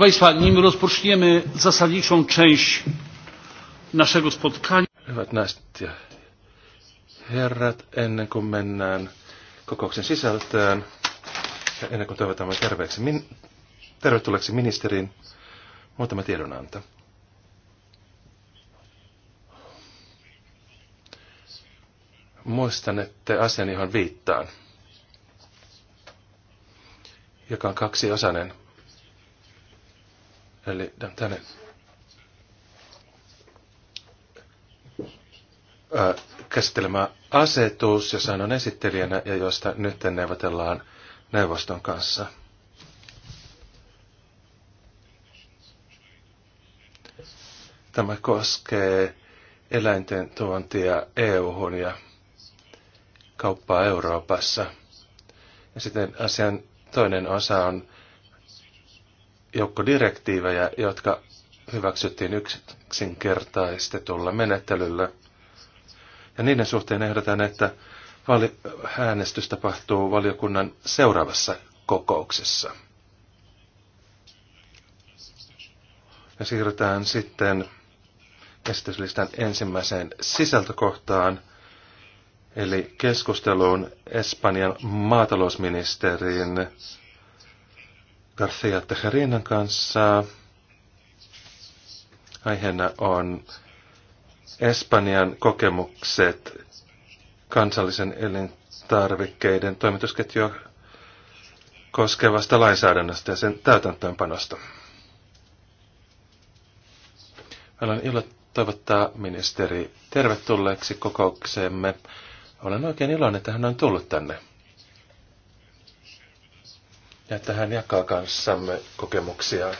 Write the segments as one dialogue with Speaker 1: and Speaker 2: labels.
Speaker 1: Proszę Państwa, nim rozpoczniemy zasadniczą część naszego spotkania. Hyvät naiset
Speaker 2: ja herrat, ennen kuin mennään kokouksen sisältöön, ja ennen kuin toivotamme terveeksi, min, tervetulleeksi ministeriin, muutama tiedonanto. Muistan, että asian, johon viittaan, joka on kaksiosainen, Eli tänne käsittelemään asetus, jossa hän on esittelijänä ja josta nyt neuvotellaan neuvoston kanssa. Tämä koskee eläinten tuontia EU-hun ja kauppaa Euroopassa. Ja sitten asian toinen osa on joukko direktiivejä, jotka hyväksyttiin yksinkertaistetulla menettelyllä. Ja niiden suhteen ehdotan, että vali- äänestys tapahtuu valiokunnan seuraavassa kokouksessa. Ja siirrytään sitten esityslistan ensimmäiseen sisältökohtaan, eli keskusteluun Espanjan maatalousministerin Garcia Teherinan kanssa. Aiheena on Espanjan kokemukset kansallisen elintarvikkeiden toimitusketjua koskevasta lainsäädännöstä ja sen täytäntöönpanosta. Olen ilo toivottaa ministeri tervetulleeksi kokoukseemme. Olen oikein iloinen, että hän on tullut tänne ja että hän jakaa kanssamme kokemuksiaan.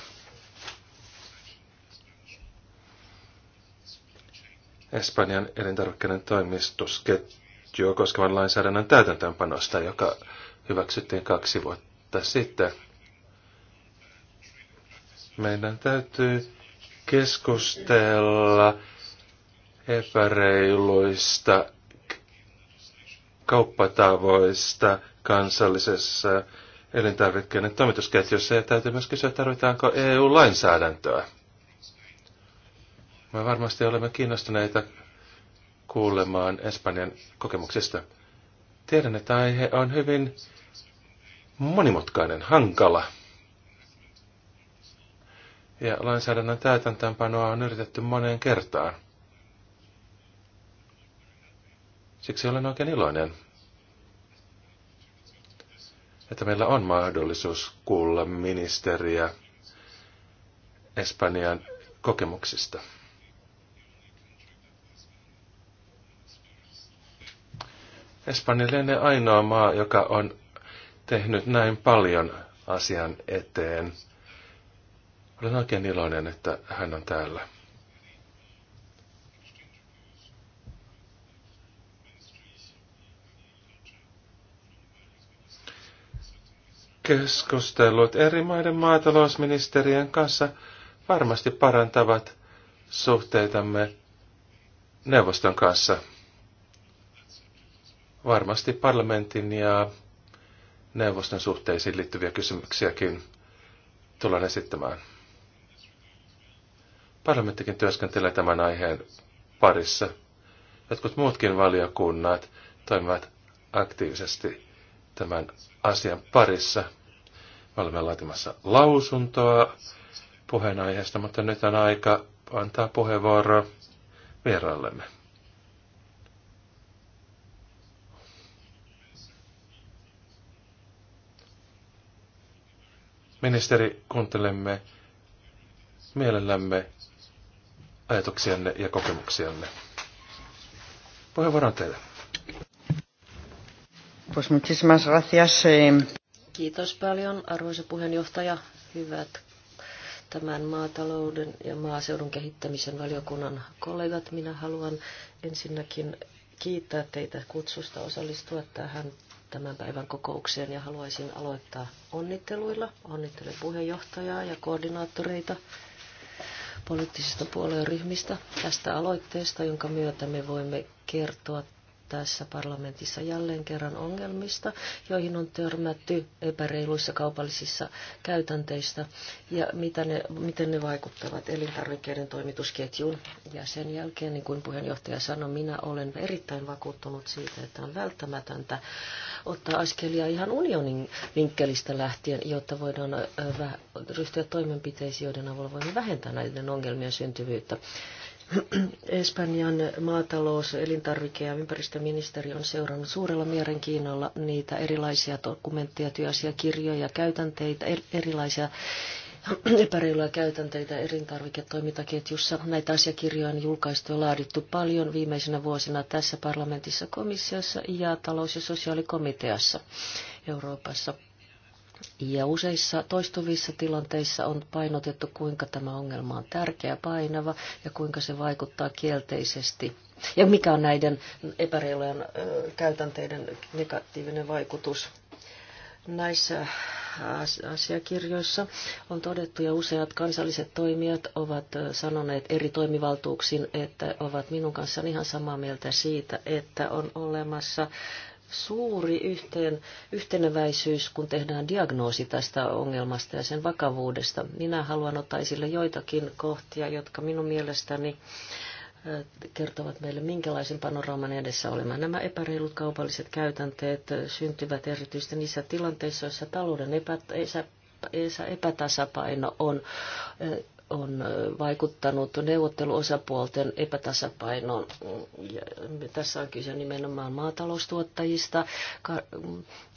Speaker 2: Espanjan elintarvikkeiden toimistusketjua koskevan lainsäädännön täytäntöönpanosta, joka hyväksyttiin kaksi vuotta sitten. Meidän täytyy keskustella epäreiluista kauppatavoista kansallisessa elintarvikkeiden toimitusketjussa ja täytyy myös kysyä, tarvitaanko EU-lainsäädäntöä. Me varmasti olemme kiinnostuneita kuulemaan Espanjan kokemuksista. Tiedän, että aihe on hyvin monimutkainen, hankala. Ja lainsäädännön täytäntöönpanoa on yritetty moneen kertaan. Siksi olen oikein iloinen, että meillä on mahdollisuus kuulla ministeriä Espanjan kokemuksista. Espanjalainen ainoa maa, joka on tehnyt näin paljon asian eteen. Olen oikein iloinen, että hän on täällä. Keskustelut eri maiden maatalousministerien kanssa varmasti parantavat suhteitamme neuvoston kanssa. Varmasti parlamentin ja neuvoston suhteisiin liittyviä kysymyksiäkin tullaan esittämään. Parlamenttikin työskentelee tämän aiheen parissa. Jotkut muutkin valiokunnat toimivat aktiivisesti tämän asian parissa. Me olemme laatimassa lausuntoa puheenaiheesta, mutta nyt on aika antaa puheenvuoro vieraillemme. Ministeri, kuuntelemme mielellämme ajatuksianne ja kokemuksianne. Puheenvuoron teille.
Speaker 3: Pues muchísimas gracias. Eh.
Speaker 4: Kiitos paljon, arvoisa puheenjohtaja. Hyvät tämän maatalouden ja maaseudun kehittämisen valiokunnan kollegat. Minä haluan ensinnäkin kiittää teitä kutsusta osallistua tähän tämän päivän kokoukseen ja haluaisin aloittaa onnitteluilla. Onnittelen puheenjohtajaa ja koordinaattoreita poliittisista puolueryhmistä tästä aloitteesta, jonka myötä me voimme kertoa tässä parlamentissa jälleen kerran ongelmista, joihin on törmätty epäreiluissa kaupallisissa käytänteissä ja mitä ne, miten ne vaikuttavat elintarvikkeiden toimitusketjuun. Ja sen jälkeen, niin kuin puheenjohtaja sanoi, minä olen erittäin vakuuttunut siitä, että on välttämätöntä ottaa askelia ihan unionin vinkkelistä lähtien, jotta voidaan ryhtyä toimenpiteisiin, joiden avulla voimme vähentää näiden ongelmien syntyvyyttä. Espanjan maatalous, elintarvike- ja ympäristöministeri on seurannut suurella mielenkiinnolla niitä erilaisia dokumentteja, työasiakirjoja, käytänteitä, erilaisia epäreiluja käytänteitä elintarviketoimintaketjussa. Näitä asiakirjoja on julkaistu ja laadittu paljon viimeisenä vuosina tässä parlamentissa, komissiossa ja talous- ja sosiaalikomiteassa Euroopassa. Ja useissa toistuvissa tilanteissa on painotettu, kuinka tämä ongelma on tärkeä, painava ja kuinka se vaikuttaa kielteisesti. Ja mikä on näiden epäreilujen käytänteiden negatiivinen vaikutus. Näissä asiakirjoissa on todettu ja useat kansalliset toimijat ovat sanoneet eri toimivaltuuksiin, että ovat minun kanssani ihan samaa mieltä siitä, että on olemassa suuri yhteen, yhteneväisyys, kun tehdään diagnoosi tästä ongelmasta ja sen vakavuudesta. Minä haluan ottaa esille joitakin kohtia, jotka minun mielestäni kertovat meille, minkälaisen panoraaman edessä olemme. Nämä epäreilut kaupalliset käytänteet syntyvät erityisesti niissä tilanteissa, joissa talouden epä, epätasapaino on on vaikuttanut neuvotteluosapuolten epätasapainoon. Ja tässä on kyse nimenomaan maataloustuottajista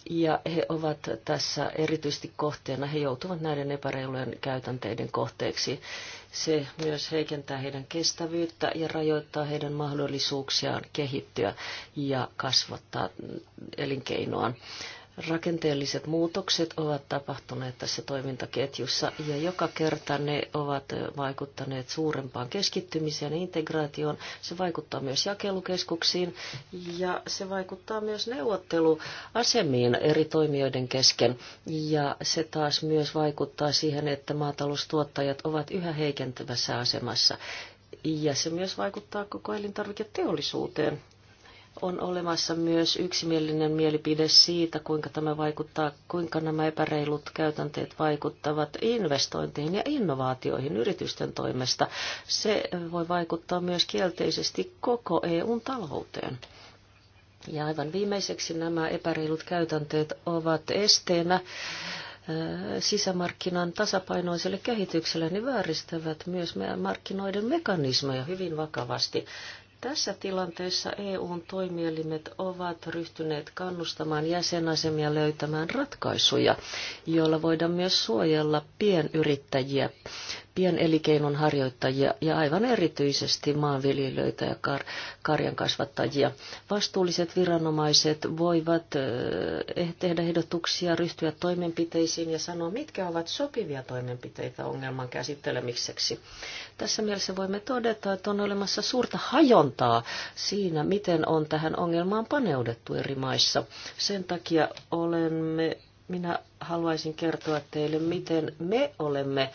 Speaker 4: ja he ovat tässä erityisesti kohteena. He joutuvat näiden epäreilujen käytänteiden kohteeksi. Se myös heikentää heidän kestävyyttä ja rajoittaa heidän mahdollisuuksiaan kehittyä ja kasvattaa elinkeinoaan. Rakenteelliset muutokset ovat tapahtuneet tässä toimintaketjussa ja joka kerta ne ovat vaikuttaneet suurempaan keskittymiseen ja integraatioon. Se vaikuttaa myös jakelukeskuksiin ja se vaikuttaa myös neuvotteluasemiin eri toimijoiden kesken. Ja se taas myös vaikuttaa siihen, että maataloustuottajat ovat yhä heikentävässä asemassa. Ja se myös vaikuttaa koko elintarviketeollisuuteen on olemassa myös yksimielinen mielipide siitä, kuinka tämä vaikuttaa, kuinka nämä epäreilut käytänteet vaikuttavat investointeihin ja innovaatioihin yritysten toimesta. Se voi vaikuttaa myös kielteisesti koko EUn talouteen. Ja aivan viimeiseksi nämä epäreilut käytänteet ovat esteenä äh, sisämarkkinan tasapainoiselle kehitykselle, niin vääristävät myös meidän markkinoiden mekanismeja hyvin vakavasti. Tässä tilanteessa EUn toimielimet ovat ryhtyneet kannustamaan jäsenasemia löytämään ratkaisuja, joilla voidaan myös suojella pienyrittäjiä pienelinkeinon harjoittajia ja aivan erityisesti maanviljelijöitä ja kar- karjankasvattajia. Vastuulliset viranomaiset voivat eh, tehdä ehdotuksia, ryhtyä toimenpiteisiin ja sanoa, mitkä ovat sopivia toimenpiteitä ongelman käsittelemiseksi. Tässä mielessä voimme todeta, että on olemassa suurta hajontaa siinä, miten on tähän ongelmaan paneuduttu eri maissa. Sen takia olemme minä haluaisin kertoa teille, miten me olemme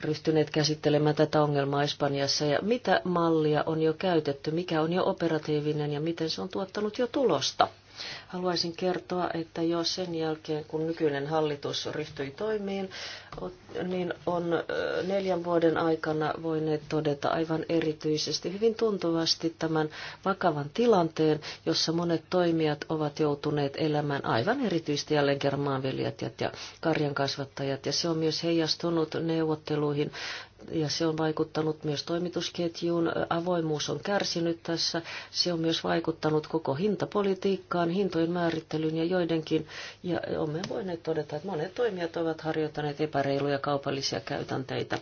Speaker 4: ryhtyneet käsittelemään tätä ongelmaa Espanjassa ja mitä mallia on jo käytetty, mikä on jo operatiivinen ja miten se on tuottanut jo tulosta. Haluaisin kertoa, että jo sen jälkeen, kun nykyinen hallitus ryhtyi toimiin, niin on neljän vuoden aikana voineet todeta aivan erityisesti hyvin tuntuvasti tämän vakavan tilanteen, jossa monet toimijat ovat joutuneet elämään aivan erityisesti jälleen kerran maanviljelijät ja karjankasvattajat. Ja se on myös heijastunut neuvotteluihin ja se on vaikuttanut myös toimitusketjuun. Avoimuus on kärsinyt tässä. Se on myös vaikuttanut koko hintapolitiikkaan, hintojen määrittelyyn ja joidenkin. Ja olemme voineet todeta, että monet toimijat ovat harjoittaneet epäreiluja kaupallisia käytänteitä.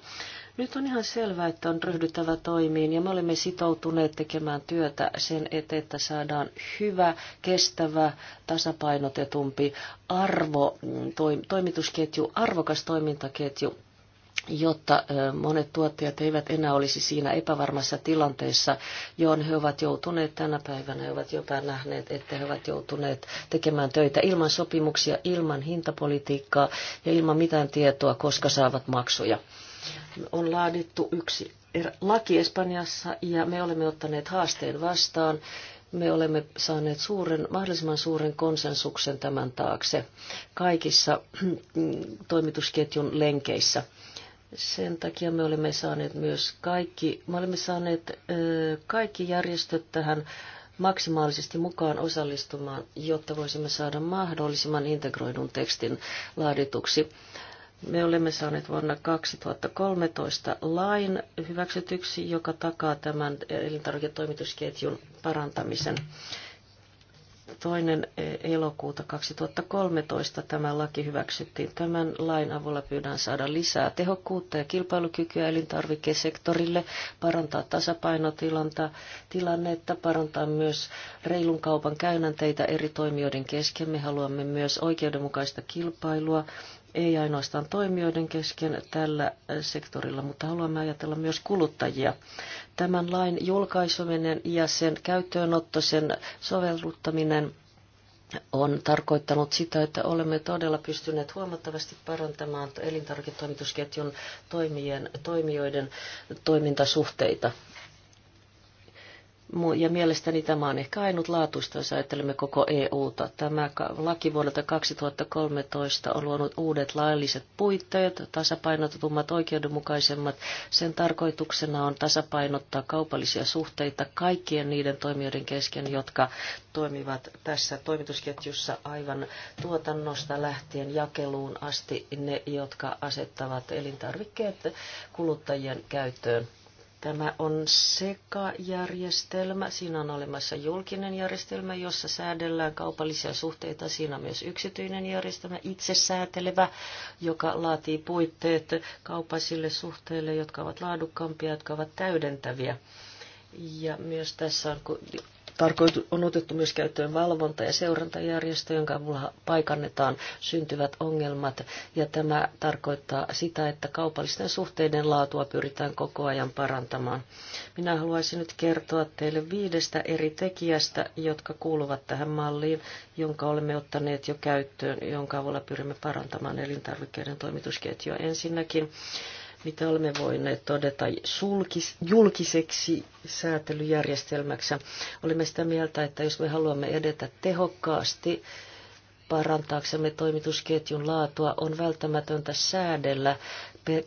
Speaker 4: Nyt on ihan selvää, että on ryhdyttävä toimiin ja me olemme sitoutuneet tekemään työtä sen eteen, että saadaan hyvä, kestävä, tasapainotetumpi arvo, mm, toimitusketju, arvokas toimintaketju jotta monet tuottajat eivät enää olisi siinä epävarmassa tilanteessa, johon he ovat joutuneet tänä päivänä. He ovat jopa nähneet, että he ovat joutuneet tekemään töitä ilman sopimuksia, ilman hintapolitiikkaa ja ilman mitään tietoa, koska saavat maksuja. On laadittu yksi er, laki Espanjassa ja me olemme ottaneet haasteen vastaan. Me olemme saaneet suuren, mahdollisimman suuren konsensuksen tämän taakse kaikissa mm, toimitusketjun lenkeissä – sen takia me olemme saaneet myös kaikki, me olemme saaneet kaikki järjestöt tähän maksimaalisesti mukaan osallistumaan, jotta voisimme saada mahdollisimman integroidun tekstin laadituksi. Me olemme saaneet vuonna 2013 lain hyväksytyksi, joka takaa tämän elintarviketoimitusketjun parantamisen toinen e, elokuuta 2013 tämä laki hyväksyttiin. Tämän lain avulla pyydän saada lisää tehokkuutta ja kilpailukykyä elintarvikesektorille, parantaa tasapainotilannetta, parantaa myös reilun kaupan käynnänteitä eri toimijoiden kesken. Me haluamme myös oikeudenmukaista kilpailua ei ainoastaan toimijoiden kesken tällä sektorilla, mutta haluamme ajatella myös kuluttajia. Tämän lain julkaiseminen ja sen käyttöönotto, sen sovelluttaminen on tarkoittanut sitä, että olemme todella pystyneet huomattavasti parantamaan elintarviketoimitusketjun toimijoiden toimintasuhteita. Ja mielestäni tämä on ehkä ainutlaatuista, jos ajattelemme koko EUta. Tämä laki vuodelta 2013 on luonut uudet lailliset puitteet, tasapainotetummat, oikeudenmukaisemmat. Sen tarkoituksena on tasapainottaa kaupallisia suhteita kaikkien niiden toimijoiden kesken, jotka toimivat tässä toimitusketjussa aivan tuotannosta lähtien jakeluun asti ne, jotka asettavat elintarvikkeet kuluttajien käyttöön Tämä on sekajärjestelmä. Siinä on olemassa julkinen järjestelmä, jossa säädellään kaupallisia suhteita. Siinä on myös yksityinen järjestelmä, itse säätelevä, joka laatii puitteet kaupallisille suhteille, jotka ovat laadukkaampia, jotka ovat täydentäviä. Ja myös tässä on Tarkoitu, on otettu myös käyttöön valvonta- ja seurantajärjestö, jonka avulla paikannetaan syntyvät ongelmat. Ja tämä tarkoittaa sitä, että kaupallisten suhteiden laatua pyritään koko ajan parantamaan. Minä haluaisin nyt kertoa teille viidestä eri tekijästä, jotka kuuluvat tähän malliin, jonka olemme ottaneet jo käyttöön, jonka avulla pyrimme parantamaan elintarvikkeiden toimitusketjua. Ensinnäkin mitä olemme voineet todeta sulkis, julkiseksi säätelyjärjestelmäksi. Olemme sitä mieltä, että jos me haluamme edetä tehokkaasti, parantaaksemme toimitusketjun laatua, on välttämätöntä säädellä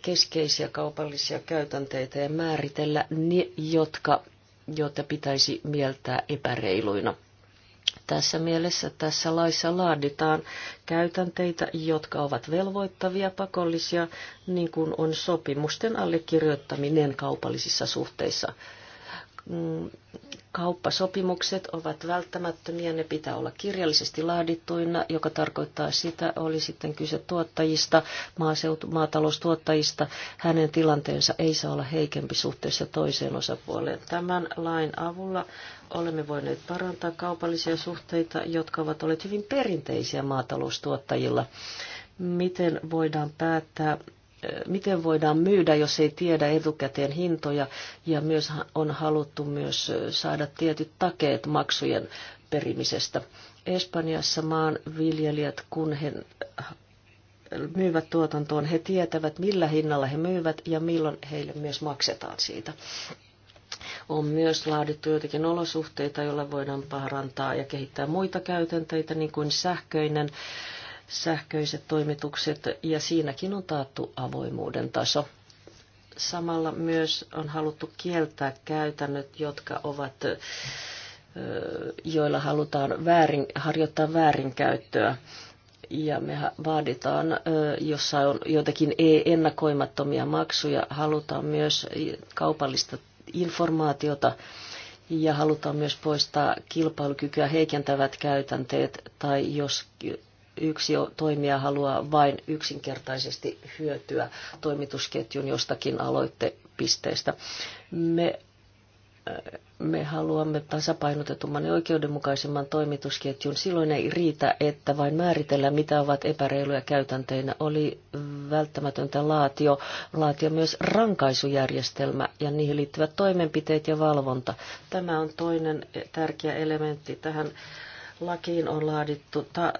Speaker 4: keskeisiä kaupallisia käytänteitä ja määritellä ne, jotka, joita pitäisi mieltää epäreiluina tässä mielessä tässä laissa laaditaan käytänteitä, jotka ovat velvoittavia, pakollisia, niin kuin on sopimusten allekirjoittaminen kaupallisissa suhteissa. Mm, kauppasopimukset ovat välttämättömiä, ne pitää olla kirjallisesti laadittuina, joka tarkoittaa sitä, oli sitten kyse tuottajista, maaseutu, maataloustuottajista, hänen tilanteensa ei saa olla heikempi suhteessa toiseen osapuoleen. Tämän lain avulla olemme voineet parantaa kaupallisia suhteita, jotka ovat olleet hyvin perinteisiä maataloustuottajilla. Miten voidaan päättää miten voidaan myydä, jos ei tiedä etukäteen hintoja, ja myös on haluttu myös saada tietyt takeet maksujen perimisestä. Espanjassa maan viljelijät kun he äh, myyvät tuotantoon, he tietävät, millä hinnalla he myyvät ja milloin heille myös maksetaan siitä. On myös laadittu joitakin olosuhteita, joilla voidaan parantaa ja kehittää muita käytänteitä, niin kuin sähköinen äh, sähköiset toimitukset ja siinäkin on taattu avoimuuden taso. Samalla myös on haluttu kieltää käytännöt, jotka ovat joilla halutaan väärin, harjoittaa väärinkäyttöä. Ja me vaaditaan, jossa on joitakin ennakoimattomia maksuja, halutaan myös kaupallista informaatiota ja halutaan myös poistaa kilpailukykyä heikentävät käytänteet tai jos yksi toimija haluaa vain yksinkertaisesti hyötyä toimitusketjun jostakin aloittepisteestä. Me äh, me haluamme tasapainotetumman ja oikeudenmukaisemman toimitusketjun. Silloin ei riitä, että vain määritellä, mitä ovat epäreiluja käytänteinä. Oli välttämätöntä laatio, laatia myös rankaisujärjestelmä ja niihin liittyvät toimenpiteet ja valvonta. Tämä on toinen tärkeä elementti tähän lakiin on laadittu ta-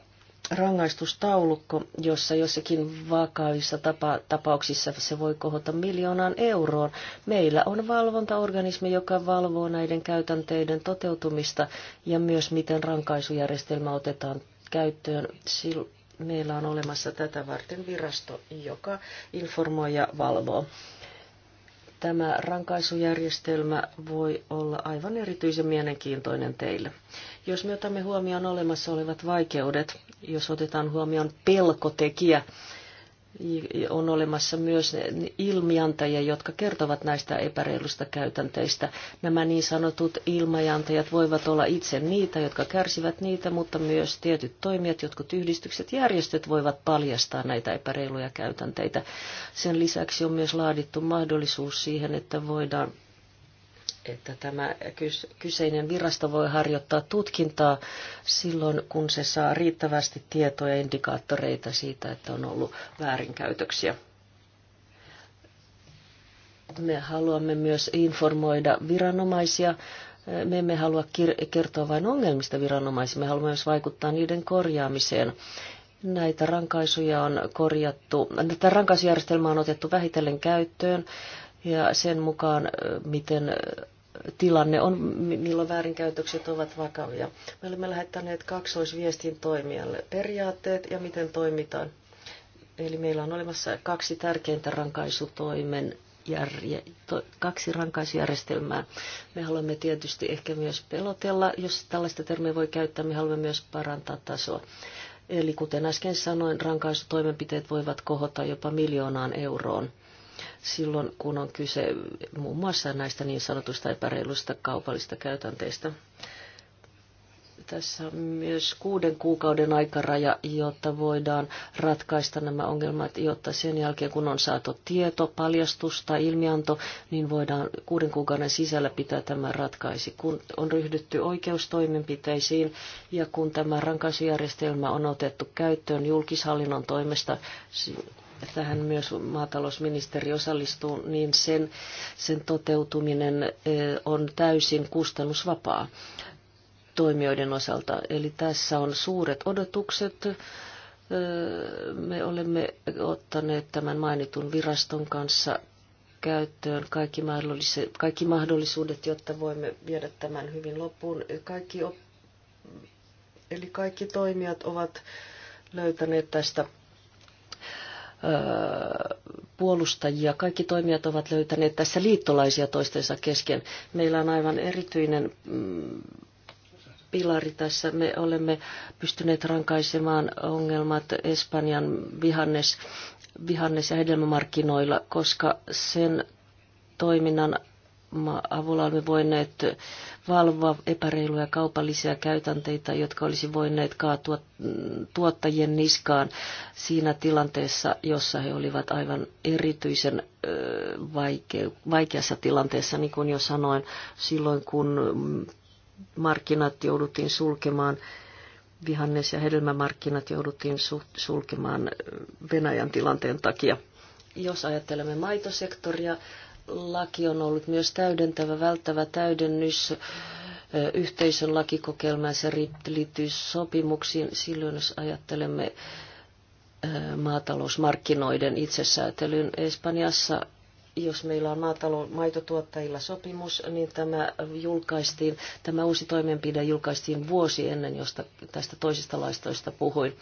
Speaker 4: rangaistustaulukko, jossa jossakin vakavissa tapa- tapauksissa se voi kohota miljoonaan euroon. Meillä on valvontaorganismi, joka valvoo näiden käytänteiden toteutumista ja myös miten rankaisujärjestelmä otetaan käyttöön. Sil- meillä on olemassa tätä varten virasto, joka informoi ja valvoo. Tämä rankaisujärjestelmä voi olla aivan erityisen mielenkiintoinen teille. Jos me otamme huomioon olemassa olevat vaikeudet, jos otetaan huomioon pelkotekijä, on olemassa myös ilmiantajia, jotka kertovat näistä epäreilusta käytänteistä. Nämä niin sanotut ilmajantajat voivat olla itse niitä, jotka kärsivät niitä, mutta myös tietyt toimijat, jotkut yhdistykset, järjestöt voivat paljastaa näitä epäreiluja käytänteitä. Sen lisäksi on myös laadittu mahdollisuus siihen, että voidaan että tämä kyseinen virasto voi harjoittaa tutkintaa silloin, kun se saa riittävästi tietoja ja indikaattoreita siitä, että on ollut väärinkäytöksiä. Me haluamme myös informoida viranomaisia. Me emme halua kertoa vain ongelmista viranomaisia. me haluamme myös vaikuttaa niiden korjaamiseen näitä rankaisuja on korjattu, tätä rankaisujärjestelmää on otettu vähitellen käyttöön ja sen mukaan, miten tilanne on, milloin väärinkäytökset ovat vakavia. Me olemme lähettäneet kaksoisviestin toimijalle periaatteet ja miten toimitaan. Eli meillä on olemassa kaksi tärkeintä rankaisutoimen järje, to, kaksi rankaisujärjestelmää. Me haluamme tietysti ehkä myös pelotella, jos tällaista termiä voi käyttää, me haluamme myös parantaa tasoa. Eli kuten äsken sanoin, rankaisutoimenpiteet voivat kohota jopa miljoonaan euroon silloin, kun on kyse muun muassa näistä niin sanotusta epäreiluista kaupallista käytänteistä. Tässä on myös kuuden kuukauden aikaraja, jotta voidaan ratkaista nämä ongelmat, jotta sen jälkeen kun on saatu tieto, paljastus tai ilmianto, niin voidaan kuuden kuukauden sisällä pitää tämä ratkaisi. Kun on ryhdytty oikeustoimenpiteisiin ja kun tämä rankaisujärjestelmä on otettu käyttöön julkishallinnon toimesta, tähän myös maatalousministeri osallistuu, niin sen, sen toteutuminen eh, on täysin kustannusvapaa toimijoiden osalta. Eli tässä on suuret odotukset. Eh, me olemme ottaneet tämän mainitun viraston kanssa käyttöön kaikki, mahdolliset, kaikki mahdollisuudet, jotta voimme viedä tämän hyvin loppuun. Kaikki, eli kaikki toimijat ovat löytäneet tästä puolustajia. Kaikki toimijat ovat löytäneet tässä liittolaisia toistensa kesken. Meillä on aivan erityinen mm, pilari tässä. Me olemme pystyneet rankaisemaan ongelmat Espanjan vihannes, vihannes- ja hedelmämarkkinoilla, koska sen toiminnan avulla olemme voineet valvoa epäreiluja kaupallisia käytänteitä, jotka olisi voineet kaatua mm, tuottajien niskaan siinä tilanteessa, jossa he olivat aivan erityisen vaikeassa tilanteessa, niin kuin jo sanoin, silloin kun markkinat jouduttiin sulkemaan, vihannes- ja hedelmämarkkinat jouduttiin sulkemaan Venäjän tilanteen takia. Jos ajattelemme maitosektoria, laki on ollut myös täydentävä, välttävä täydennys yhteisön lakikokelmaan se liittyy sopimuksiin. Silloin jos ajattelemme maatalousmarkkinoiden itsesäätelyn Espanjassa, jos meillä on maatalo- maitotuottajilla sopimus, niin tämä julkaistiin, tämä uusi toimenpide julkaistiin vuosi ennen, josta tästä toisista laistoista puhuin.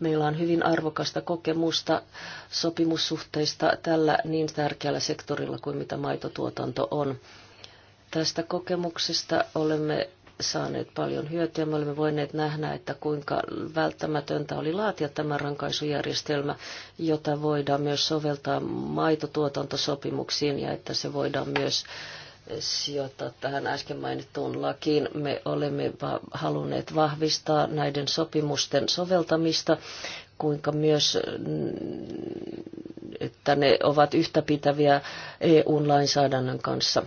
Speaker 4: Meillä on hyvin arvokasta kokemusta sopimussuhteista tällä niin tärkeällä sektorilla kuin mitä maitotuotanto on. Tästä kokemuksesta olemme saaneet paljon hyötyä. Me olemme voineet nähdä, että kuinka välttämätöntä oli laatia tämä rankaisujärjestelmä, jota voidaan myös soveltaa maitotuotantosopimuksiin ja että se voidaan myös sijoittaa tähän äsken mainittuun lakiin. Me olemme halunneet vahvistaa näiden sopimusten soveltamista, kuinka myös, mm, että ne ovat yhtäpitäviä EU-lainsäädännön kanssa.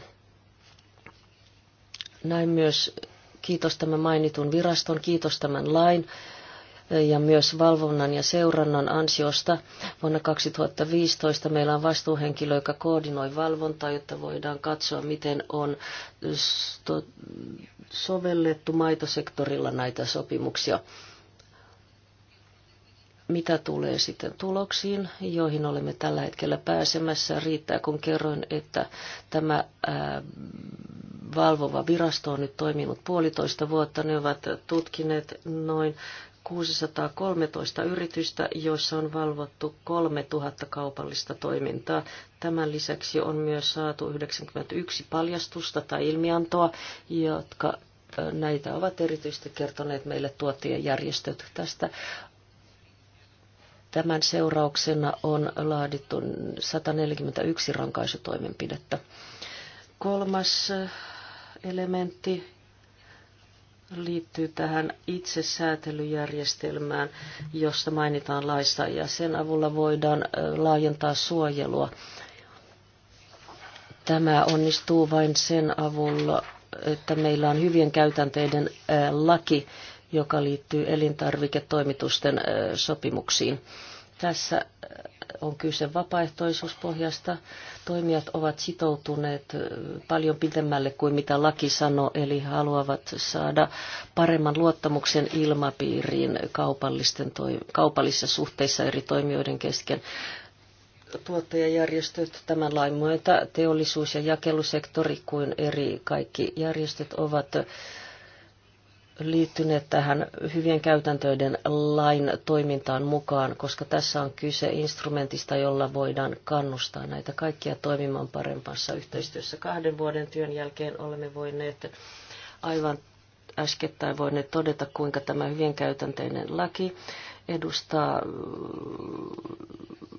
Speaker 4: Näin myös kiitos tämän mainitun viraston, kiitos tämän lain ja myös valvonnan ja seurannan ansiosta. Vuonna 2015 meillä on vastuuhenkilö, joka koordinoi valvontaa, jotta voidaan katsoa, miten on sovellettu maitosektorilla näitä sopimuksia. Mitä tulee sitten tuloksiin, joihin olemme tällä hetkellä pääsemässä, riittää kun kerroin, että tämä ää, valvova virasto on nyt toiminut puolitoista vuotta. Ne ovat tutkineet noin 613 yritystä, joissa on valvottu 3000 kaupallista toimintaa. Tämän lisäksi on myös saatu 91 paljastusta tai ilmiantoa, jotka näitä ovat erityisesti kertoneet meille tuottajajärjestöt tästä. Tämän seurauksena on laadittu 141 rankaisutoimenpidettä. Kolmas elementti liittyy tähän itsesäätelyjärjestelmään, josta mainitaan laissa, ja sen avulla voidaan laajentaa suojelua. Tämä onnistuu vain sen avulla, että meillä on hyvien käytänteiden laki, joka liittyy elintarviketoimitusten sopimuksiin. Tässä on kyse vapaaehtoisuuspohjasta. Toimijat ovat sitoutuneet paljon pidemmälle kuin mitä laki sanoo, eli haluavat saada paremman luottamuksen ilmapiiriin kaupallisten kaupallisissa suhteissa eri toimijoiden kesken tuottajajärjestöt tämän lain myötä, teollisuus- ja jakelusektori kuin eri kaikki järjestöt ovat liittyneet tähän hyvien käytäntöiden lain toimintaan mukaan, koska tässä on kyse instrumentista, jolla voidaan kannustaa näitä kaikkia toimimaan parempassa yhteistyössä. Kahden vuoden työn jälkeen olemme voineet aivan äskettäin voineet todeta, kuinka tämä hyvien käytänteinen laki edustaa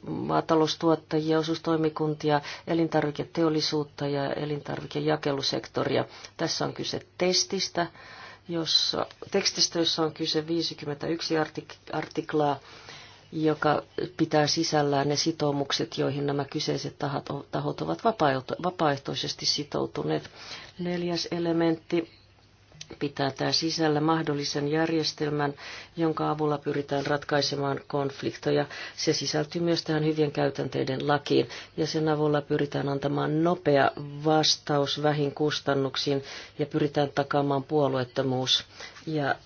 Speaker 4: maataloustuottajia, osuustoimikuntia, elintarviketeollisuutta ja elintarvikejakelusektoria. Tässä on kyse testistä, jossa, tekstistä, jossa on kyse 51 artik, artiklaa, joka pitää sisällään ne sitoumukset, joihin nämä kyseiset tahot, tahot ovat vapaaehtoisesti sitoutuneet. Neljäs elementti pitää tämä sisällä mahdollisen järjestelmän, jonka avulla pyritään ratkaisemaan konflikteja. Se sisältyy myös tähän hyvien käytänteiden lakiin ja sen avulla pyritään antamaan nopea vastaus vähin kustannuksiin ja pyritään takaamaan puolueettomuus ja äh,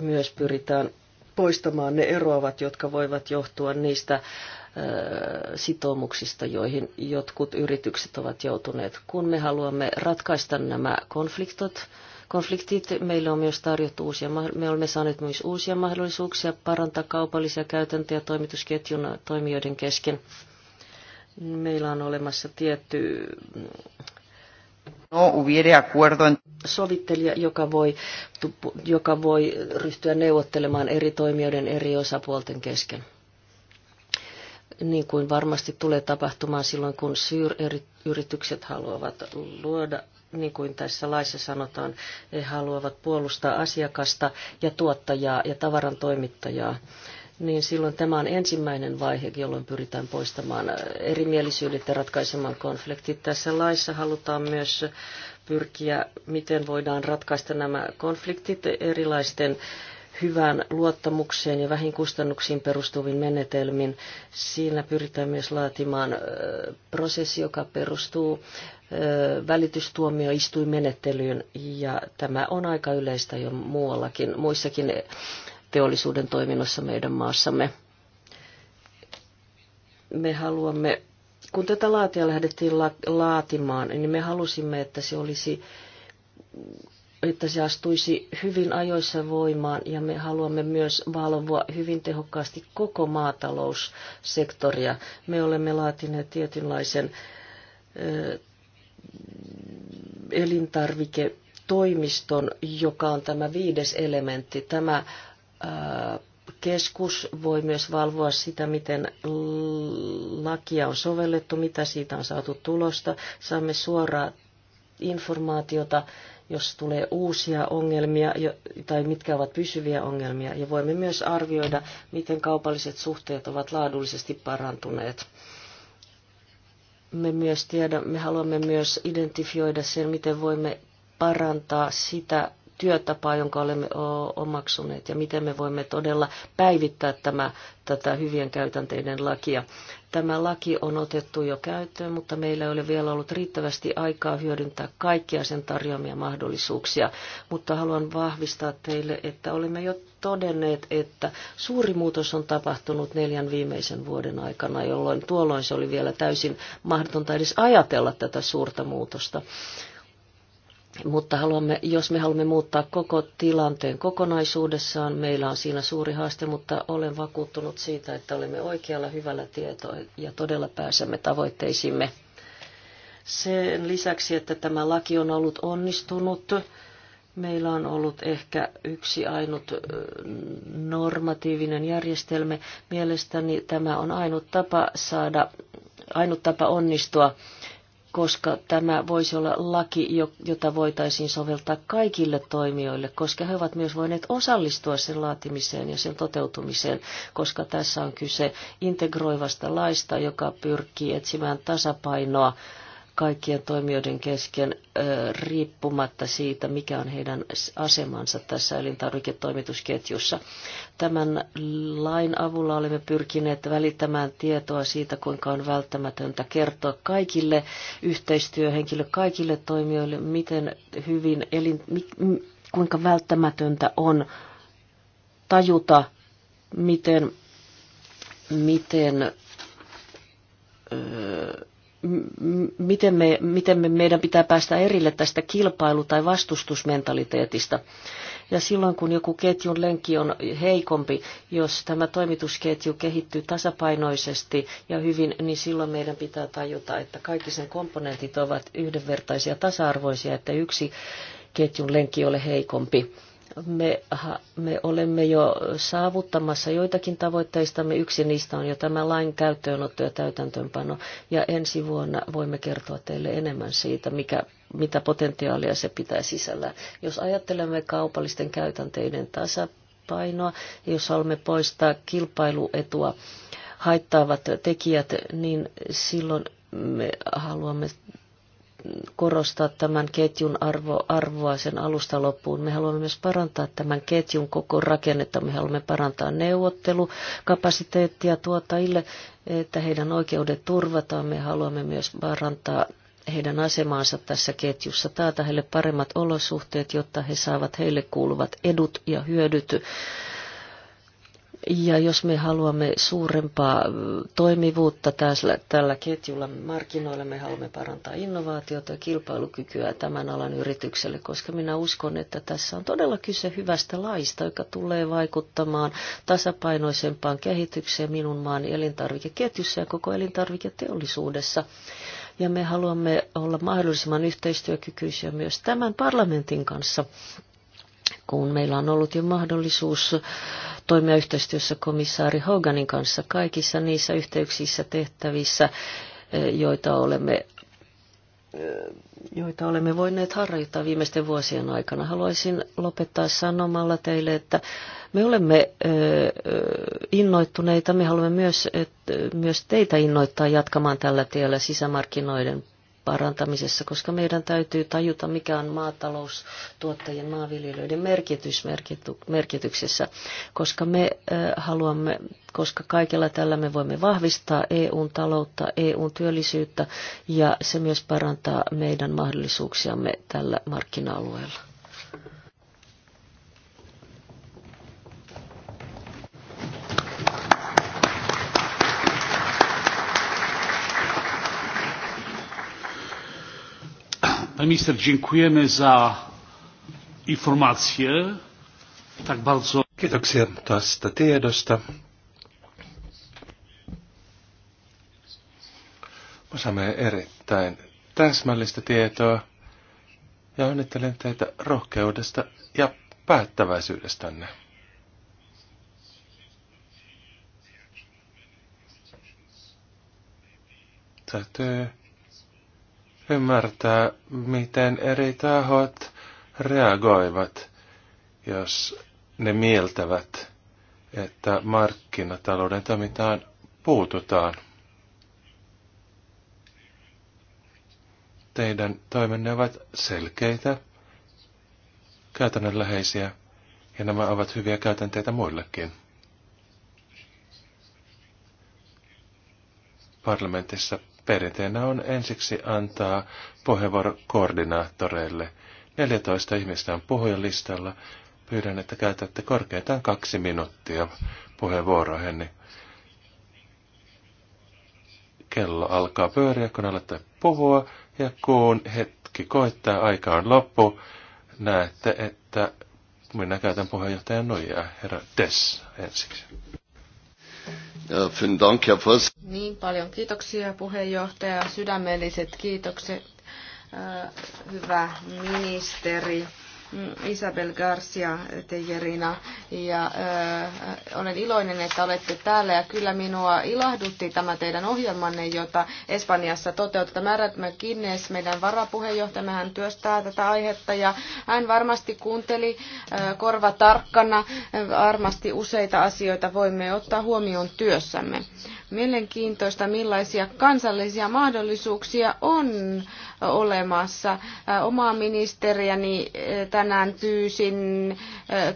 Speaker 4: myös pyritään poistamaan ne eroavat, jotka voivat johtua niistä äh, sitoumuksista, joihin jotkut yritykset ovat joutuneet. Kun me haluamme ratkaista nämä konfliktot, konfliktit. Meillä on myös tarjottu uusia, me olemme saaneet myös uusia mahdollisuuksia parantaa kaupallisia käytäntöjä toimitusketjun toimijoiden kesken. Meillä on olemassa tietty no acuerdo en... sovittelija, joka voi, joka voi ryhtyä neuvottelemaan eri toimijoiden eri osapuolten kesken. Niin kuin varmasti tulee tapahtumaan silloin, kun syr-yritykset haluavat luoda niin kuin tässä laissa sanotaan, he haluavat puolustaa asiakasta ja tuottajaa ja tavaran toimittajaa niin silloin tämä on ensimmäinen vaihe, jolloin pyritään poistamaan erimielisyydet ja ratkaisemaan konfliktit. Tässä laissa halutaan myös pyrkiä, miten voidaan ratkaista nämä konfliktit erilaisten hyvään luottamukseen ja vähin kustannuksiin perustuvin menetelmin. Siinä pyritään myös laatimaan prosessi, joka perustuu välitystuomioistuinmenettelyyn ja tämä on aika yleistä jo muuallakin, muissakin teollisuuden toiminnoissa meidän maassamme. Me haluamme, kun tätä laatia lähdettiin laatimaan, niin me halusimme, että se olisi että se astuisi hyvin ajoissa voimaan ja me haluamme myös valvoa hyvin tehokkaasti koko maataloussektoria. Me olemme laatineet tietynlaisen elintarviketoimiston, joka on tämä viides elementti. Tämä äh, keskus voi myös valvoa sitä, miten lakia on sovellettu, mitä siitä on saatu tulosta. Saamme suoraa informaatiota, jos tulee uusia ongelmia tai mitkä ovat pysyviä ongelmia. Ja voimme myös arvioida, miten kaupalliset suhteet ovat laadullisesti parantuneet me myös tiedä, me haluamme myös identifioida sen, miten voimme parantaa sitä työtapaa, jonka olemme omaksuneet ja miten me voimme todella päivittää tämä, tätä hyvien käytänteiden lakia. Tämä laki on otettu jo käyttöön, mutta meillä ei ole vielä ollut riittävästi aikaa hyödyntää kaikkia sen tarjoamia mahdollisuuksia. Mutta haluan vahvistaa teille, että olemme jo todenneet, että suuri muutos on tapahtunut neljän viimeisen vuoden aikana, jolloin tuolloin se oli vielä täysin mahdotonta edes ajatella tätä suurta muutosta. Mutta haluamme, jos me haluamme muuttaa koko tilanteen kokonaisuudessaan, meillä on siinä suuri haaste, mutta olen vakuuttunut siitä, että olemme oikealla hyvällä tietoa ja todella pääsemme tavoitteisimme. Sen lisäksi, että tämä laki on ollut onnistunut, Meillä on ollut ehkä yksi ainut normatiivinen järjestelmä. Mielestäni tämä on ainut tapa saada, ainut tapa onnistua, koska tämä voisi olla laki, jota voitaisiin soveltaa kaikille toimijoille, koska he ovat myös voineet osallistua sen laatimiseen ja sen toteutumiseen, koska tässä on kyse integroivasta laista, joka pyrkii etsimään tasapainoa kaikkien toimijoiden kesken riippumatta siitä, mikä on heidän asemansa tässä elintarviketoimitusketjussa. Tämän lain avulla olemme pyrkineet välittämään tietoa siitä, kuinka on välttämätöntä kertoa kaikille yhteistyöhenkilöille, kaikille toimijoille, miten hyvin, elin, kuinka välttämätöntä on tajuta, miten, miten öö, miten, me, miten me, meidän pitää päästä erille tästä kilpailu- tai vastustusmentaliteetista. Ja silloin kun joku ketjun lenkki on heikompi, jos tämä toimitusketju kehittyy tasapainoisesti ja hyvin, niin silloin meidän pitää tajuta, että kaikki sen komponentit ovat yhdenvertaisia, tasa-arvoisia, että yksi ketjun lenkki ole heikompi me, me olemme jo saavuttamassa joitakin tavoitteistamme. Yksi niistä on jo tämä lain käyttöönotto ja täytäntöönpano. Ja ensi vuonna voimme kertoa teille enemmän siitä, mikä, mitä potentiaalia se pitää sisällä. Jos ajattelemme kaupallisten käytänteiden tasapainoa, jos haluamme poistaa kilpailuetua haittaavat tekijät, niin silloin me haluamme korostaa tämän ketjun arvo, arvoa sen alusta loppuun. Me haluamme myös parantaa tämän ketjun koko rakennetta. Me haluamme parantaa neuvottelukapasiteettia tuottajille, että heidän oikeudet turvataan. Me haluamme myös parantaa heidän asemaansa tässä ketjussa, taata heille paremmat olosuhteet, jotta he saavat heille kuuluvat edut ja hyödyt ja jos me haluamme suurempaa toimivuutta tällä, tällä ketjulla markkinoilla, me haluamme parantaa innovaatiota ja kilpailukykyä tämän alan yritykselle, koska minä uskon, että tässä on todella kyse hyvästä laista, joka tulee vaikuttamaan tasapainoisempaan kehitykseen minun maan elintarvikeketjussa ja koko elintarviketeollisuudessa ja me haluamme olla mahdollisimman yhteistyökykyisiä myös tämän parlamentin kanssa kun meillä on ollut jo mahdollisuus toimia yhteistyössä komissaari Hoganin kanssa kaikissa niissä yhteyksissä tehtävissä, eh, joita olemme eh, joita olemme voineet harjoittaa viimeisten vuosien aikana. Haluaisin lopettaa sanomalla teille, että me olemme eh, innoittuneita. Me haluamme myös, myös teitä innoittaa jatkamaan tällä tiellä sisämarkkinoiden parantamisessa, koska meidän täytyy tajuta, mikä on maataloustuottajien, maanviljelijöiden merkitys merkityksessä, koska me äh, haluamme, koska kaikella tällä me voimme vahvistaa EUn taloutta, EUn työllisyyttä ja se myös parantaa meidän mahdollisuuksiamme tällä markkina-alueella.
Speaker 1: Pani minister, dziękujemy za informację.
Speaker 2: Tak bardzo. Kiitoksia tästä tiedosta. Osaamme erittäin täsmällistä tietoa ja onnittelen teitä rohkeudesta ja päättäväisyydestänne. Täytyy ymmärtää, miten eri tahot reagoivat, jos ne mieltävät, että markkinatalouden toimintaan puututaan. Teidän toimenne ovat selkeitä, käytännönläheisiä, ja nämä ovat hyviä käytänteitä muillekin. Parlamentissa Perinteenä on ensiksi antaa puheenvuoro koordinaattoreille. 14 ihmistä on puhujalistalla. Pyydän, että käytätte korkeintaan kaksi minuuttia puheenvuoroihin. Kello alkaa pyöriä, kun alatte puhua, ja kun hetki koittaa, aika on loppu, näette, että minä käytän puheenjohtajan nuijaa, herra Des, ensiksi.
Speaker 3: Niin paljon kiitoksia puheenjohtaja, sydämelliset kiitokset, äh, hyvä ministeri. Mm, Isabel Garcia Tejerina ja äh, olen iloinen, että olette täällä ja kyllä minua ilahdutti tämä teidän ohjelmanne, jota Espanjassa toteutetaan. Määrät McGuinness, meidän varapuheenjohtajamme, hän työstää tätä aihetta ja hän varmasti kuunteli äh, korva tarkkana, varmasti useita asioita voimme ottaa huomioon työssämme. Mielenkiintoista, millaisia kansallisia mahdollisuuksia on äh, olemassa. Omaa ministeriäni tänään pyysin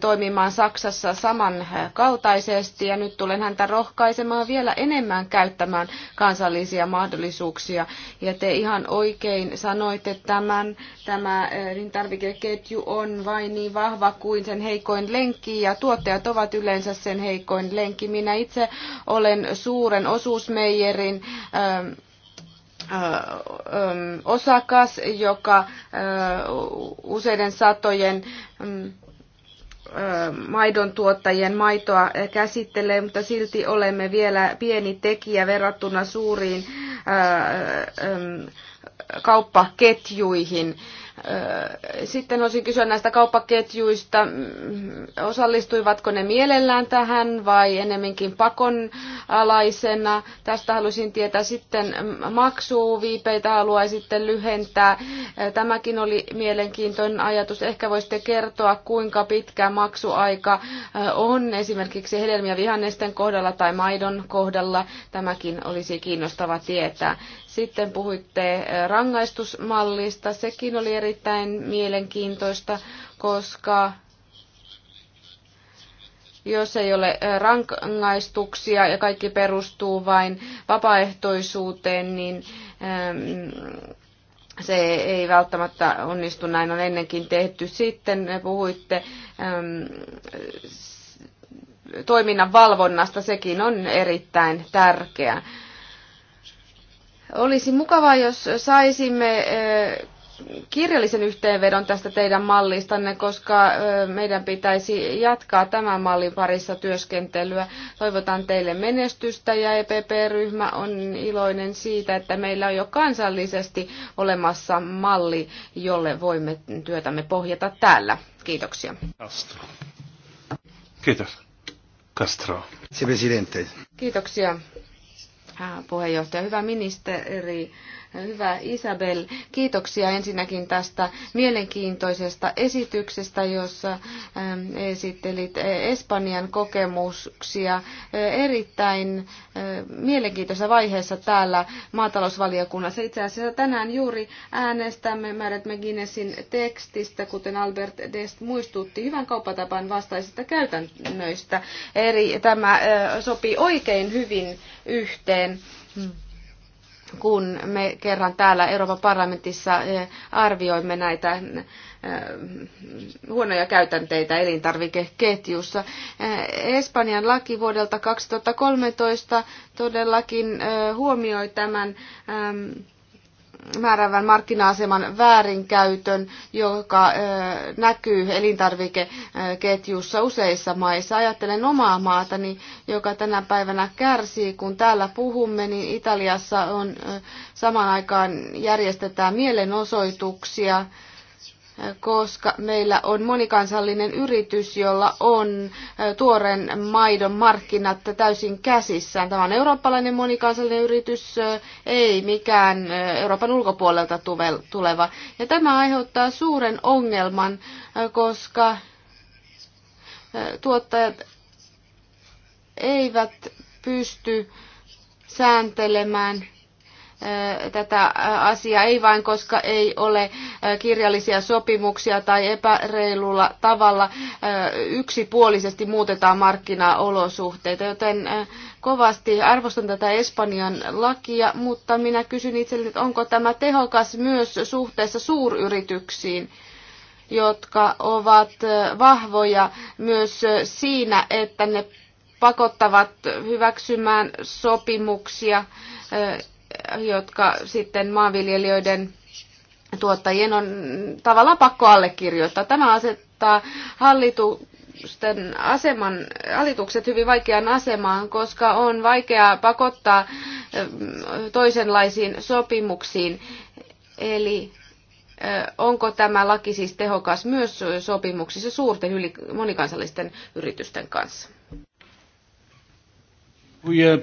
Speaker 3: toimimaan Saksassa samankaltaisesti ja nyt tulen häntä rohkaisemaan vielä enemmän käyttämään kansallisia mahdollisuuksia. Ja te ihan oikein sanoitte tämän, tämä elintarvikeketju on vain niin vahva kuin sen heikoin lenkki ja tuottajat ovat yleensä sen heikoin lenkki. Minä itse olen suuren osuusmeijerin ähm, osakas, joka useiden satojen mm, maidon tuottajien maitoa käsittelee, mutta silti olemme vielä pieni tekijä verrattuna suuriin kauppaketjuihin. Sitten olisin kysyä näistä kauppaketjuista. Mm, osallistuivatko ne mielellään tähän vai enemminkin pakonalaisena? Tästä haluaisin tietää sitten maksuviipeitä haluaisitte lyhentää. Tämäkin oli mielenkiintoinen ajatus. Ehkä voisitte kertoa, kuinka pitkä maksuaika on esimerkiksi hedelmiä vihannesten kohdalla tai maidon kohdalla. Tämäkin olisi kiinnostava tietää. Sitten puhuitte eh, rangaistusmallista. Sekin oli erittäin mielenkiintoista, koska jos ei ole eh, rangaistuksia ja kaikki perustuu vain vapaaehtoisuuteen, niin ehm, se ei välttämättä onnistu, näin on ennenkin tehty. Sitten eh, puhuitte ehm, toiminnan valvonnasta, sekin on erittäin tärkeää. Olisi mukavaa, jos saisimme eh, kirjallisen yhteenvedon tästä teidän mallistanne, koska eh, meidän pitäisi jatkaa tämän mallin parissa työskentelyä. Toivotan teille menestystä ja EPP-ryhmä on iloinen siitä, että meillä on jo kansallisesti olemassa malli, jolle voimme työtämme pohjata täällä. Kiitoksia. Castro.
Speaker 2: Kiitos. Castro.
Speaker 3: Kiitoksia Äh, puheenjohtaja. Hyvä ministeri, Hyvä Isabel, kiitoksia ensinnäkin tästä mielenkiintoisesta esityksestä, jossa ähm, esittelit äh, Espanjan kokemuksia äh, erittäin äh, mielenkiintoisessa vaiheessa täällä maatalousvaliokunnassa. Itse asiassa tänään juuri äänestämme Märät McGuinnessin tekstistä, kuten Albert Dest muistutti, hyvän kauppatapan vastaisista käytännöistä. Eli tämä sopii oikein hyvin yhteen. Hmm kun me kerran täällä Euroopan parlamentissa eh, arvioimme näitä eh, huonoja käytänteitä elintarvikeketjussa. Eh, Espanjan laki vuodelta 2013 todellakin huomioi tämän ehm, määräävän markkina-aseman väärinkäytön, joka näkyy elintarvikeketjussa useissa maissa. Ajattelen omaa maatani, joka tänä päivänä kärsii. Kun täällä puhumme, niin Italiassa on samaan aikaan järjestetään mielenosoituksia koska meillä on monikansallinen yritys, jolla on tuoren maidon markkinat täysin käsissään. Tämä on eurooppalainen monikansallinen yritys, ei mikään Euroopan ulkopuolelta tuleva. Ja tämä aiheuttaa suuren ongelman, koska tuottajat eivät pysty sääntelemään tätä asiaa, ei vain koska ei ole kirjallisia sopimuksia tai epäreilulla tavalla yksipuolisesti muutetaan markkinaolosuhteita, joten kovasti arvostan tätä Espanjan lakia, mutta minä kysyn itselleni, että onko tämä tehokas myös suhteessa suuryrityksiin? jotka ovat vahvoja myös siinä, että ne pakottavat hyväksymään sopimuksia jotka sitten maanviljelijöiden tuottajien on tavallaan pakko allekirjoittaa. Tämä asettaa hallitu, aseman, hallitukset hyvin vaikeaan asemaan, koska on vaikea pakottaa mm, toisenlaisiin sopimuksiin. Eli onko tämä laki siis tehokas myös sopimuksissa suurten yli, monikansallisten yritysten kanssa?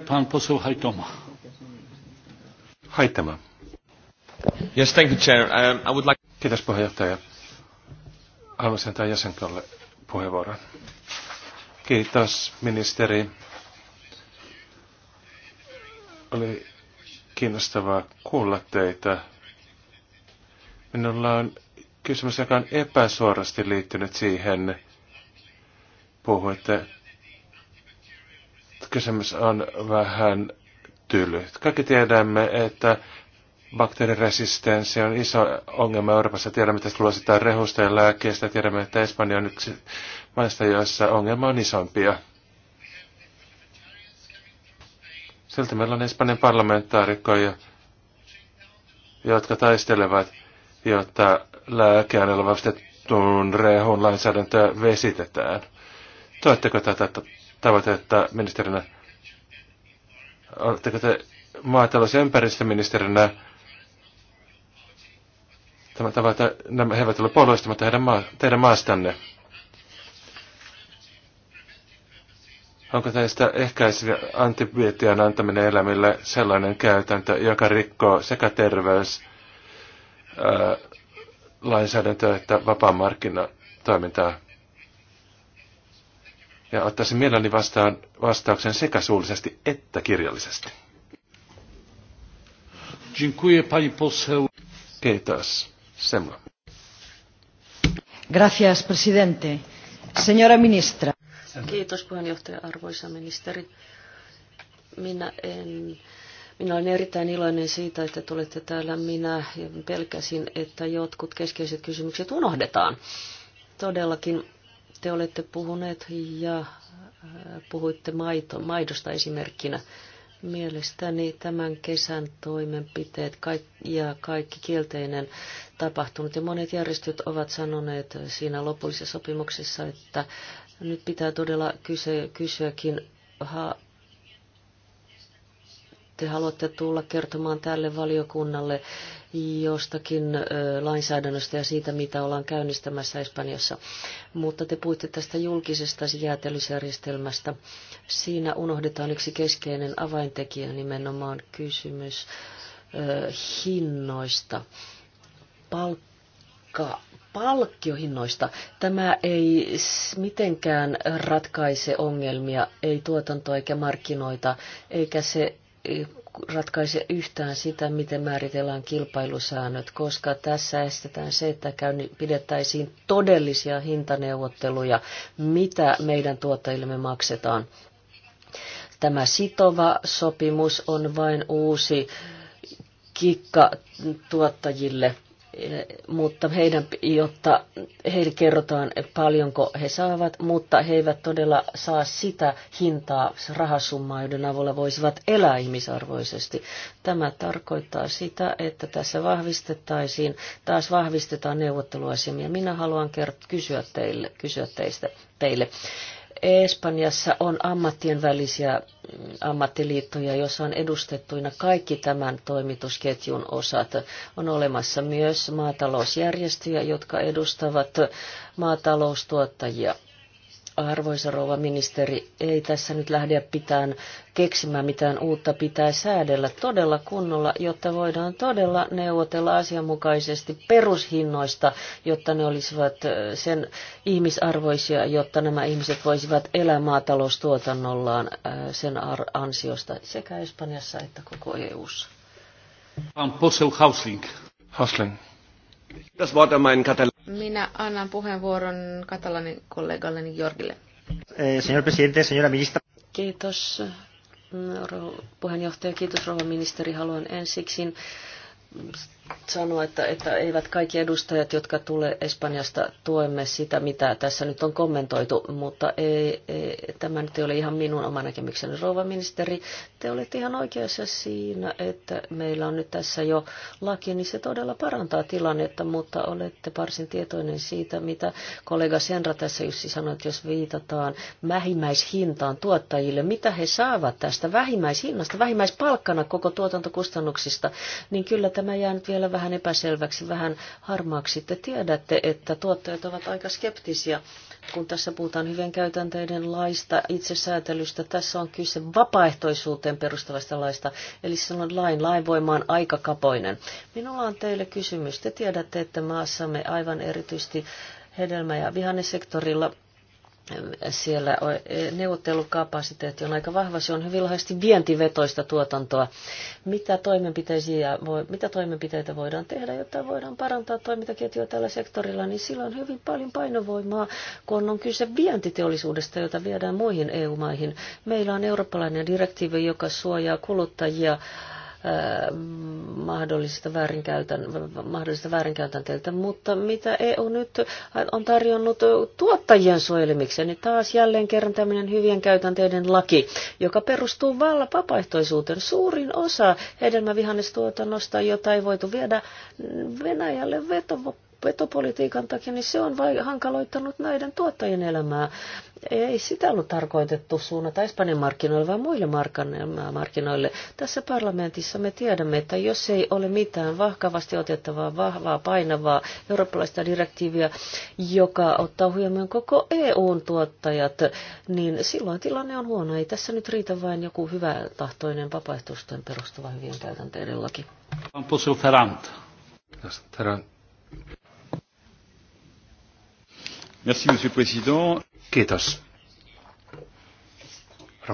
Speaker 1: Pan poseł Hajtoma.
Speaker 2: Haittama. Yes, thank you, Chair. Um, I would like... Kiitos puheenjohtaja. Haluaisin antaa jäsenkolle puheenvuoron. Kiitos ministeri. Oli kiinnostavaa kuulla teitä. Minulla on kysymys, joka on epäsuorasti liittynyt siihen. Puhuitte, kysymys on vähän tyly. Kaikki tiedämme, että bakteeriresistenssi on iso ongelma Euroopassa. Tiedämme tästä luositaan rehusta ja lääkkeestä. Tiedämme, että Espanja on yksi maista, joissa ongelma on isompia. Silti meillä on Espanjan parlamentaarikkoja, jotka taistelevat, jotta lääkeaineella vastettuun rehun lainsäädäntöä vesitetään. Tuetteko tätä tavoitetta ministerinä? Oletteko te maatalous- ja ympäristöministerinä tämä että nämä he eivät ole puolueista, heidän maa, teidän maastanne? Onko tästä ehkäisiä antibioottian antaminen eläimille sellainen käytäntö, joka rikkoo sekä terveys, ää, lainsäädäntöä että vapaamarkkinatoimintaa? Ja ottaisin mielelläni vastaan vastauksen sekä suullisesti että kirjallisesti. Dziękuję pani poseł. Kiitos.
Speaker 1: Semla.
Speaker 4: Gracias, presidente. Señora ministra. Kiitos puheenjohtaja, arvoisa ministeri. Minä en minä olen erittäin iloinen siitä, että tulette täällä. Minä pelkäsin, että jotkut keskeiset kysymykset unohdetaan. Todellakin te olette puhuneet ja äh, puhuitte maito, maidosta esimerkkinä. Mielestäni tämän kesän toimenpiteet ja kaikki kielteinen tapahtunut ja monet järjestöt ovat sanoneet siinä lopullisessa sopimuksessa, että nyt pitää todella kyse, kysyäkin ha, te haluatte tulla kertomaan tälle valiokunnalle jostakin lainsäädännöstä ja siitä, mitä ollaan käynnistämässä Espanjassa. Mutta te puhuitte tästä julkisesta jäätelysjärjestelmästä. Siinä unohdetaan yksi keskeinen avaintekijä, nimenomaan kysymys hinnoista, palkka, palkkiohinnoista. Tämä ei mitenkään ratkaise ongelmia, ei tuotantoa eikä markkinoita, eikä se ratkaise yhtään sitä, miten määritellään kilpailusäännöt, koska tässä estetään se, että pidettäisiin todellisia hintaneuvotteluja, mitä meidän tuottajillemme maksetaan. Tämä sitova sopimus on vain uusi kikka tuottajille – mutta heidän, jotta heille kerrotaan paljonko he saavat, mutta he eivät todella saa sitä hintaa, rahasummaa, joiden avulla voisivat elää ihmisarvoisesti. Tämä tarkoittaa sitä, että tässä vahvistettaisiin, taas vahvistetaan neuvotteluasemia. Minä haluan kert- kysyä, teille, kysyä teistä, teille Espanjassa on ammattien välisiä mm, ammattiliittoja, joissa on edustettuina kaikki tämän toimitusketjun osat. On olemassa myös maatalousjärjestöjä, jotka edustavat maataloustuottajia. Arvoisa rouva ministeri, ei tässä nyt lähde pitään keksimään mitään uutta, pitää säädellä todella kunnolla, jotta voidaan todella neuvotella asianmukaisesti perushinnoista, jotta ne olisivat sen ihmisarvoisia, jotta nämä ihmiset voisivat elää maataloustuotannollaan sen ansiosta sekä Espanjassa
Speaker 1: että koko EU:ssa. Pan Posel Hausling. Das Wort an meinen Katalan.
Speaker 3: Minä annan puheenvuoron katalanin kollegalleni Jorgille.
Speaker 2: Eh, señor presidente, señora ministra.
Speaker 3: Kiitos mm, puheenjohtaja,
Speaker 4: kiitos rouva ministeri. Haluan ensiksi sanoa, että, että eivät kaikki edustajat, jotka tulee Espanjasta, tuemme sitä, mitä tässä nyt on kommentoitu, mutta ei, ei, tämä nyt ei ole ihan minun oma näkemykseni. Rouva ministeri, te olette ihan oikeassa siinä, että meillä on nyt tässä jo laki, niin se todella parantaa tilannetta, mutta olette varsin tietoinen siitä, mitä kollega Senra tässä Jussi sanoi, että jos viitataan vähimmäishintaan tuottajille, mitä he saavat tästä vähimmäishinnasta, vähimmäispalkkana koko tuotantokustannuksista, niin kyllä tämä jää nyt vielä vielä vähän epäselväksi, vähän harmaaksi. Te tiedätte, että tuottajat ovat aika skeptisiä, kun tässä puhutaan hyvien käytänteiden laista, itsesäätelystä. Tässä on kyse vapaaehtoisuuteen perustuvasta laista, eli silloin lain lainvoima voimaan aika kapoinen. Minulla on teille kysymys. Te tiedätte, että maassamme aivan erityisesti hedelmä- ja vihannesektorilla siellä e, neuvottelukapasiteetti on aika vahva, se on hyvin laajasti vientivetoista tuotantoa. Mitä toimenpiteitä, mitä toimenpiteitä voidaan tehdä, jotta voidaan parantaa toimintaketjua tällä sektorilla, niin sillä on hyvin paljon painovoimaa, kun on kyse vientiteollisuudesta, jota viedään muihin EU-maihin. Meillä on eurooppalainen direktiivi, joka suojaa kuluttajia mahdollisista, väärinkäytän, mahdollisista väärinkäytänteiltä, mutta mitä EU nyt on tarjonnut tuottajien suojelemiseksi, niin taas jälleen kerran tämmöinen hyvien käytänteiden laki, joka perustuu valla vapaaehtoisuuteen. Suurin osa hedelmävihannestuotannosta, jota ei voitu viedä Venäjälle vetovo petopolitiikan takia, niin se on vai hankaloittanut näiden tuottajien elämää. Ei sitä ollut tarkoitettu suunnata Espanjan markkinoille, vaan muille markkinoille. Tässä parlamentissa me tiedämme, että jos ei ole mitään vahkavasti otettavaa, vahvaa, painavaa eurooppalaista direktiiviä, joka ottaa huomioon koko EUn tuottajat, niin silloin tilanne on huono. Ei tässä nyt riitä vain joku hyvä tahtoinen vapaaehtoisten perustuva hyvien käytänteiden laki.
Speaker 2: Merci, monsieur président. Kiitos.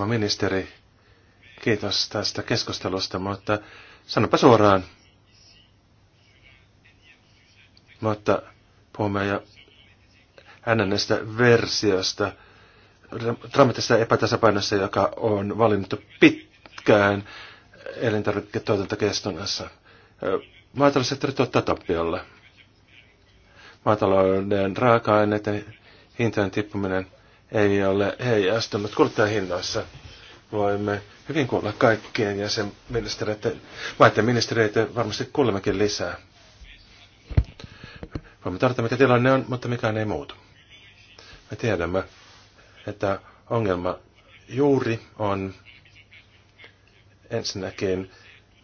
Speaker 2: ministeri, kiitos tästä keskustelusta, mutta sanonpa suoraan. Mutta puhumme jo NNstä versiosta, dramaattisesta epätasapainossa, joka on valinnut pitkään elintarviketuotantokeskunnassa. Maataloussektori tuottaa tappiolla maatalouden raaka-aineiden hintojen tippuminen ei ole heijastunut kuluttajahinnoissa. Voimme hyvin kuulla kaikkien ja jäsenministeriöiden, maiden ministeriöitä varmasti kuulemmekin lisää. Voimme tarvita, mikä tilanne on, mutta mikään ei muutu. Me tiedämme, että ongelma juuri on ensinnäkin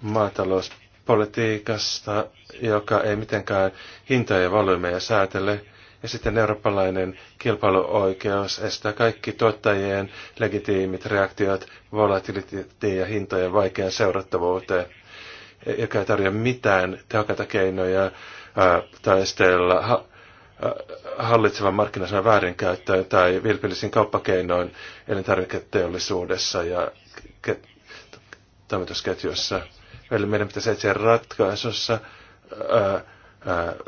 Speaker 2: maatalous politiikasta, joka ei mitenkään hintoja ja volyymeja säätele. Ja sitten eurooppalainen kilpailuoikeus estää kaikki tuottajien legitiimit reaktiot volatilitiin ja hintojen vaikean seurattavuuteen, joka ei tarjoa mitään tehokkaita keinoja ää, taistella ha, hallitsevan markkinasanan väärinkäyttöön tai vilpillisin kauppakeinoin elintarviketeollisuudessa ja ke, Eli meidän pitäisi etsiä ratkaisussa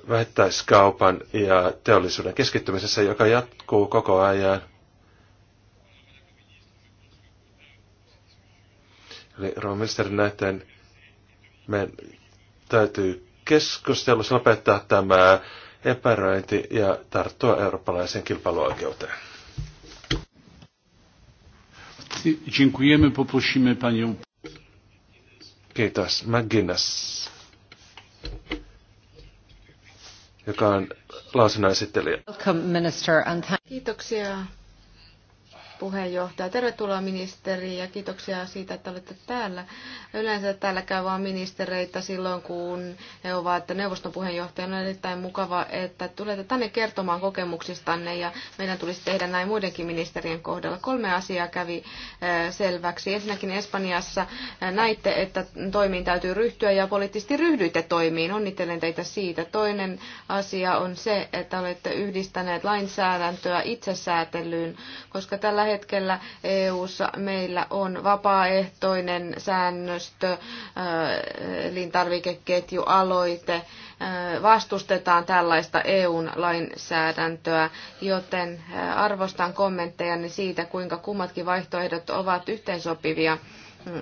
Speaker 2: vähittäiskaupan ja teollisuuden keskittymisessä, joka jatkuu koko ajan. Eli ministeri näiden meidän täytyy keskustelussa lopettaa tämä epäröinti ja tarttua eurooppalaiseen kilpailuoikeuteen.
Speaker 1: Dziękujemy, poprosimy panią
Speaker 2: Kiitos. McGinnis, joka on lausunnon esittelijä.
Speaker 3: Kiitoksia puheenjohtaja. Tervetuloa ministeri ja kiitoksia siitä, että olette täällä. Yleensä täällä käy vain ministereitä silloin, kun he ovat neuvoston puheenjohtajana. On erittäin mukava, että tulette tänne kertomaan kokemuksistanne ja meidän tulisi tehdä näin muidenkin ministerien kohdalla. Kolme asiaa kävi eh, selväksi. Ensinnäkin Espanjassa eh, näitte, että toimiin täytyy ryhtyä ja poliittisesti ryhdyitte toimiin. Onnittelen teitä siitä. Toinen asia on se, että olette yhdistäneet lainsäädäntöä itsesäätelyyn, koska tällä hetkellä EU:ssa meillä on vapaaehtoinen säännöstö, äh, elintarvikeketjualoite. Äh, vastustetaan tällaista EUn lainsäädäntöä, joten äh, arvostan kommenttejani siitä, kuinka kummatkin vaihtoehdot ovat yhteensopivia mm.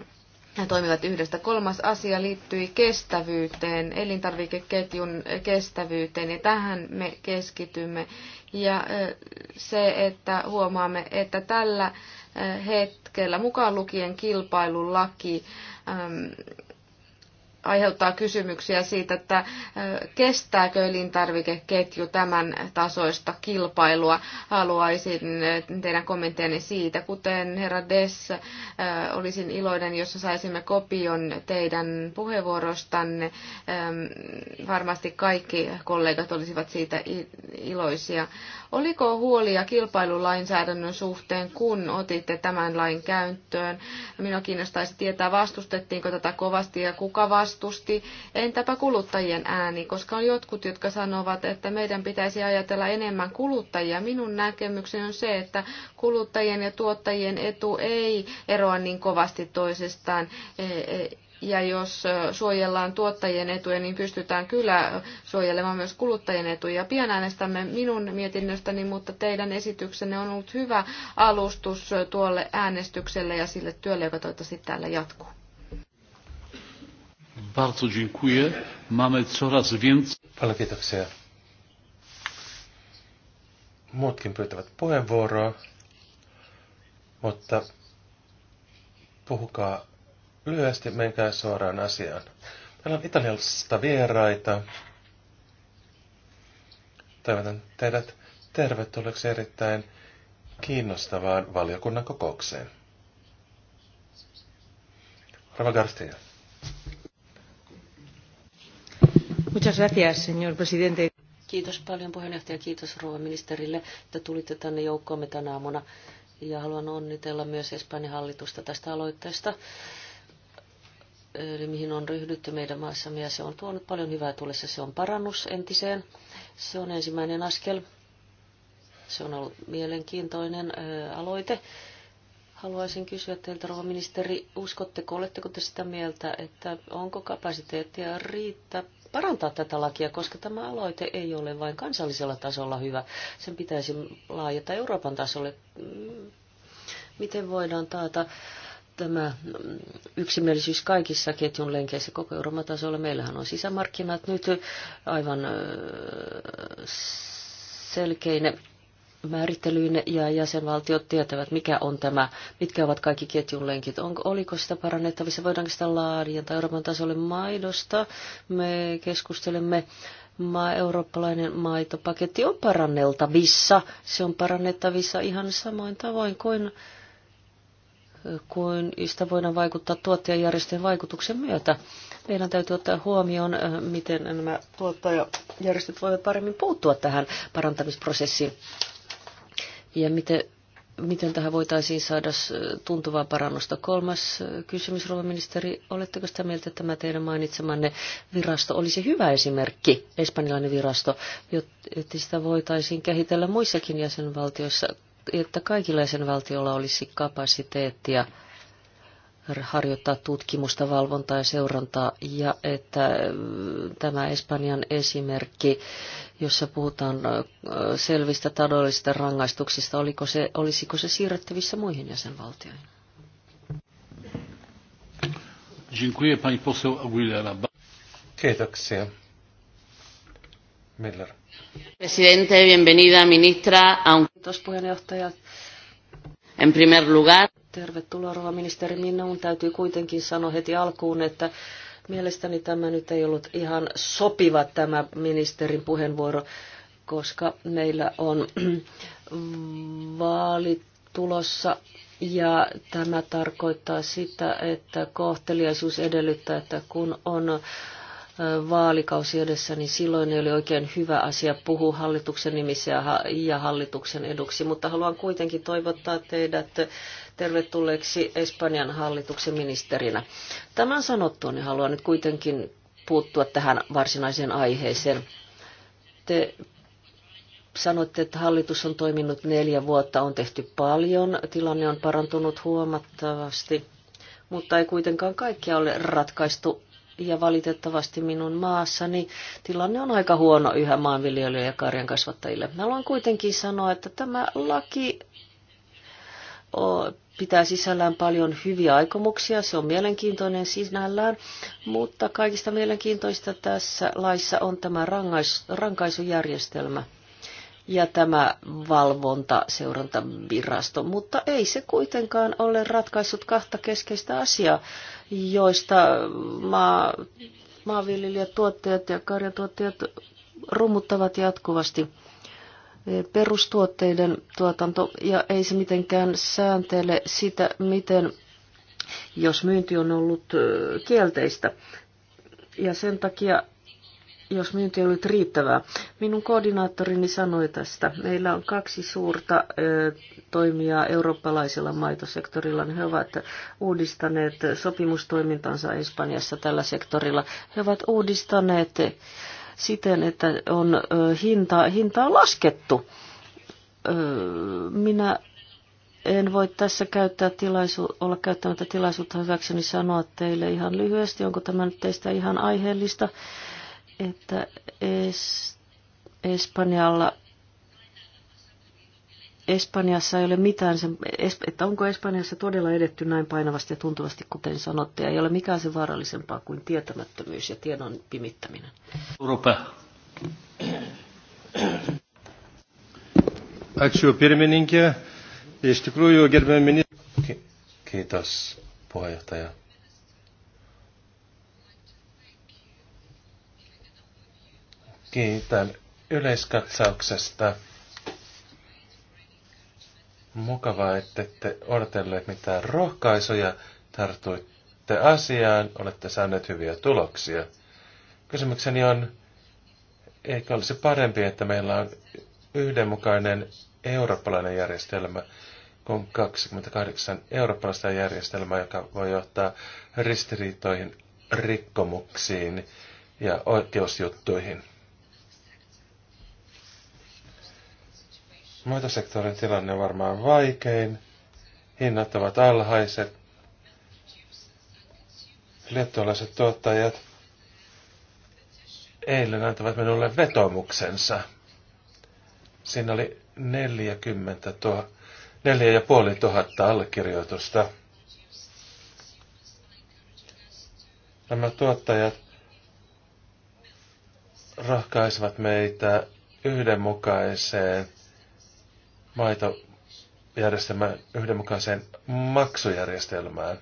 Speaker 3: He toimivat yhdestä. Kolmas asia liittyi kestävyyteen, elintarvikeketjun kestävyyteen, ja tähän me keskitymme. Ja se, että huomaamme, että tällä hetkellä, mukaan lukien kilpailulaki, aiheuttaa kysymyksiä siitä, että kestääkö elintarvikeketju tämän tasoista kilpailua. Haluaisin teidän kommenttianne siitä. Kuten herra Dess, olisin iloinen, jos saisimme kopion teidän puheenvuorostanne. Varmasti kaikki kollegat olisivat siitä iloisia. Oliko huolia kilpailulainsäädännön suhteen, kun otitte tämän lain käyttöön? Minua kiinnostaisi tietää, vastustettiinko tätä kovasti ja kuka vastusti. Entäpä kuluttajien ääni, koska on jotkut, jotka sanovat, että meidän pitäisi ajatella enemmän kuluttajia. Minun näkemykseni on se, että kuluttajien ja tuottajien etu ei eroa niin kovasti toisestaan e, e, ja jos suojellaan tuottajien etuja, niin pystytään kyllä suojelemaan myös kuluttajien etuja. Pian äänestämme minun mietinnöstäni, mutta teidän esityksenne on ollut hyvä alustus tuolle äänestykselle ja sille työlle, joka toivottavasti täällä jatkuu.
Speaker 1: Bardzo dziękuję. Mamy coraz więcej. Paljon kiitoksia.
Speaker 2: Muutkin pyytävät puheenvuoroa, mutta puhukaa lyhyesti menkää suoraan asiaan. Meillä on italialaisista vieraita. Toivotan teidät tervetulleeksi erittäin kiinnostavaan valiokunnan kokoukseen. Rava Garcia.
Speaker 4: Muchas gracias, señor presidente. Kiitos paljon puheenjohtaja, kiitos rouva ministerille, että tulitte tänne joukkoomme tänä aamuna. Ja haluan onnitella myös Espanjan hallitusta tästä aloitteesta mihin on ryhdytty meidän maassamme ja se on tuonut paljon hyvää tullessa. Se on parannus entiseen. Se on ensimmäinen askel. Se on ollut mielenkiintoinen aloite. Haluaisin kysyä teiltä, rouva ministeri, uskotteko, oletteko te sitä mieltä, että onko kapasiteettia riittää parantaa tätä lakia, koska tämä aloite ei ole vain kansallisella tasolla hyvä. Sen pitäisi laajata Euroopan tasolle. Mm. Miten voidaan taata tämä yksimielisyys kaikissa ketjun lenkeissä koko Euroopan tasolla. Meillähän on sisämarkkinat nyt aivan selkeine määrittelyyn ja jäsenvaltiot tietävät, mikä on tämä, mitkä ovat kaikki ketjun lenkit. Onko, oliko sitä parannettavissa, voidaanko sitä laajentaa Euroopan tasolle maidosta? Me keskustelemme Ma, eurooppalainen maitopaketti on paranneltavissa. Se on parannettavissa ihan samoin tavoin kuin kuin sitä voidaan vaikuttaa tuottajajärjestöjen vaikutuksen myötä. Meidän täytyy ottaa huomioon, äh, miten nämä tuottajajärjestöt voivat paremmin puuttua tähän parantamisprosessiin ja miten, miten tähän voitaisiin saada äh, tuntuvaa parannusta. Kolmas äh, kysymys, rouva ministeri, oletteko sitä mieltä, että tämä teidän mainitsemanne virasto olisi hyvä esimerkki, espanjalainen virasto, jotta sitä voitaisiin kehitellä muissakin jäsenvaltioissa että kaikilla valtiolla olisi kapasiteettia harjoittaa tutkimusta, valvontaa ja seurantaa. Ja että tämä Espanjan esimerkki, jossa puhutaan selvistä taloudellisista rangaistuksista, oliko se, olisiko se siirrettävissä muihin jäsenvaltioihin?
Speaker 1: Kiitoksia. Miller.
Speaker 4: Presidente, bienvenida, ministra. Kiitos puheenjohtaja.
Speaker 2: En primer lugar.
Speaker 4: Tervetuloa, rouva ministeri. Minun täytyy kuitenkin sanoa heti alkuun, että mielestäni tämä nyt ei ollut ihan sopiva tämä ministerin puheenvuoro, koska meillä on vaalit tulossa ja tämä tarkoittaa sitä, että kohteliaisuus edellyttää, että kun on vaalikausi edessä, niin silloin ei ole oikein hyvä asia puhua hallituksen nimissä ja hallituksen eduksi, mutta haluan kuitenkin toivottaa teidät tervetulleeksi Espanjan hallituksen ministerinä. Tämän sanottua, niin haluan nyt kuitenkin puuttua tähän varsinaiseen aiheeseen. Te sanoitte, että hallitus on toiminut neljä vuotta, on tehty paljon, tilanne on parantunut huomattavasti, mutta ei kuitenkaan kaikkia ole ratkaistu ja valitettavasti minun maassani tilanne on aika huono yhä maanviljelijöille ja karjan kasvattajille. Mä Haluan kuitenkin sanoa, että tämä laki pitää sisällään paljon hyviä aikomuksia, se on mielenkiintoinen sisällään, mutta kaikista mielenkiintoista tässä laissa on tämä rangais, rankaisujärjestelmä ja tämä valvonta seurantavirasto, mutta ei se kuitenkaan ole ratkaissut kahta keskeistä asiaa joista maa, maanviljelijät, tuottajat ja karjatuottajat rummuttavat jatkuvasti perustuotteiden tuotanto, ja ei se mitenkään sääntele sitä, miten, jos myynti on ollut kielteistä. Ja sen takia jos myynti ei ollut riittävää. Minun koordinaattorini sanoi tästä. Meillä on kaksi suurta ö, toimijaa eurooppalaisella maitosektorilla. He ovat uudistaneet sopimustoimintansa Espanjassa tällä sektorilla. He ovat uudistaneet siten, että on ö, hinta, hintaa laskettu. Ö, minä en voi tässä käyttää tilaisu- olla käyttämättä tilaisuutta hyväkseni sanoa teille ihan lyhyesti, onko tämä nyt teistä ihan aiheellista että es, Espanjalla Espanjassa ei ole mitään, sen, että onko Espanjassa todella edetty näin painavasti ja tuntuvasti, kuten sanotte, ja ei ole mikään se vaarallisempaa kuin tietämättömyys ja tiedon pimittäminen.
Speaker 1: Rupe.
Speaker 2: Ačiū pirmininkė. Iš tikrųjų, gerbiami ministrai. Kiitos puheenjohtaja. Kiitän yleiskatsauksesta. Mukavaa, että ette odotelleet mitään rohkaisuja, tartuitte asiaan, olette saaneet hyviä tuloksia. Kysymykseni on, eikö olisi parempi, että meillä on yhdenmukainen eurooppalainen järjestelmä kuin 28 eurooppalaista järjestelmää, joka voi johtaa ristiriitoihin, rikkomuksiin ja oikeusjuttuihin. Maitosektorin tilanne on varmaan vaikein. Hinnat ovat alhaiset. Liettualaiset tuottajat eilen antavat minulle vetomuksensa. Siinä oli 40 000, 4 tuhatta allekirjoitusta. Nämä tuottajat rohkaisivat meitä yhdenmukaiseen järjestämään yhdenmukaiseen maksujärjestelmään.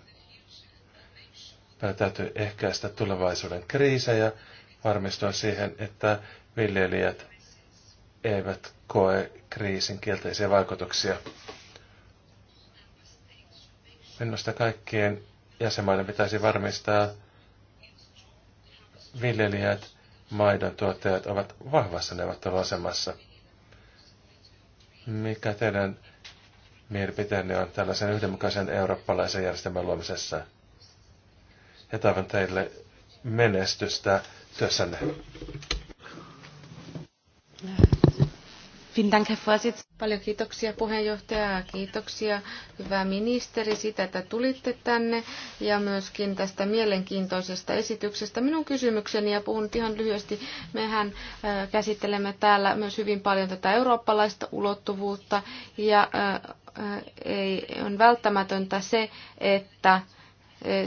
Speaker 2: Meidän täytyy ehkäistä tulevaisuuden kriisejä, varmistua siihen, että viljelijät eivät koe kriisin kielteisiä vaikutuksia. Minusta kaikkien jäsenmaiden pitäisi varmistaa, viljelijät, maidon tuottajat ovat vahvassa neuvotteluasemassa – mikä teidän mielipiteenne on tällaisen yhdenmukaisen eurooppalaisen järjestelmän luomisessa? Ja toivon teille menestystä työssänne.
Speaker 3: Paljon kiitoksia puheenjohtaja, kiitoksia hyvä ministeri sitä, että tulitte tänne ja myöskin tästä mielenkiintoisesta esityksestä. Minun kysymykseni ja puhun ihan lyhyesti, mehän äh, käsittelemme täällä myös hyvin paljon tätä eurooppalaista ulottuvuutta ja äh, äh, ei, on välttämätöntä se, että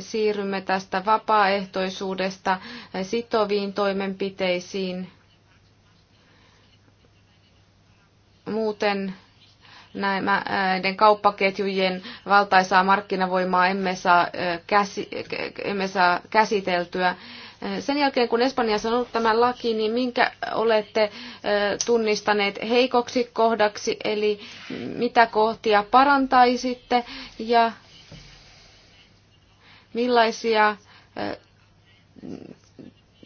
Speaker 3: siirrymme tästä vapaaehtoisuudesta sitoviin toimenpiteisiin Muuten näiden kauppaketjujen valtaisaa markkinavoimaa emme saa, käsi, emme saa käsiteltyä. Sen jälkeen, kun Espanjassa on ollut tämä laki, niin minkä olette tunnistaneet heikoksi kohdaksi, eli mitä kohtia parantaisitte ja millaisia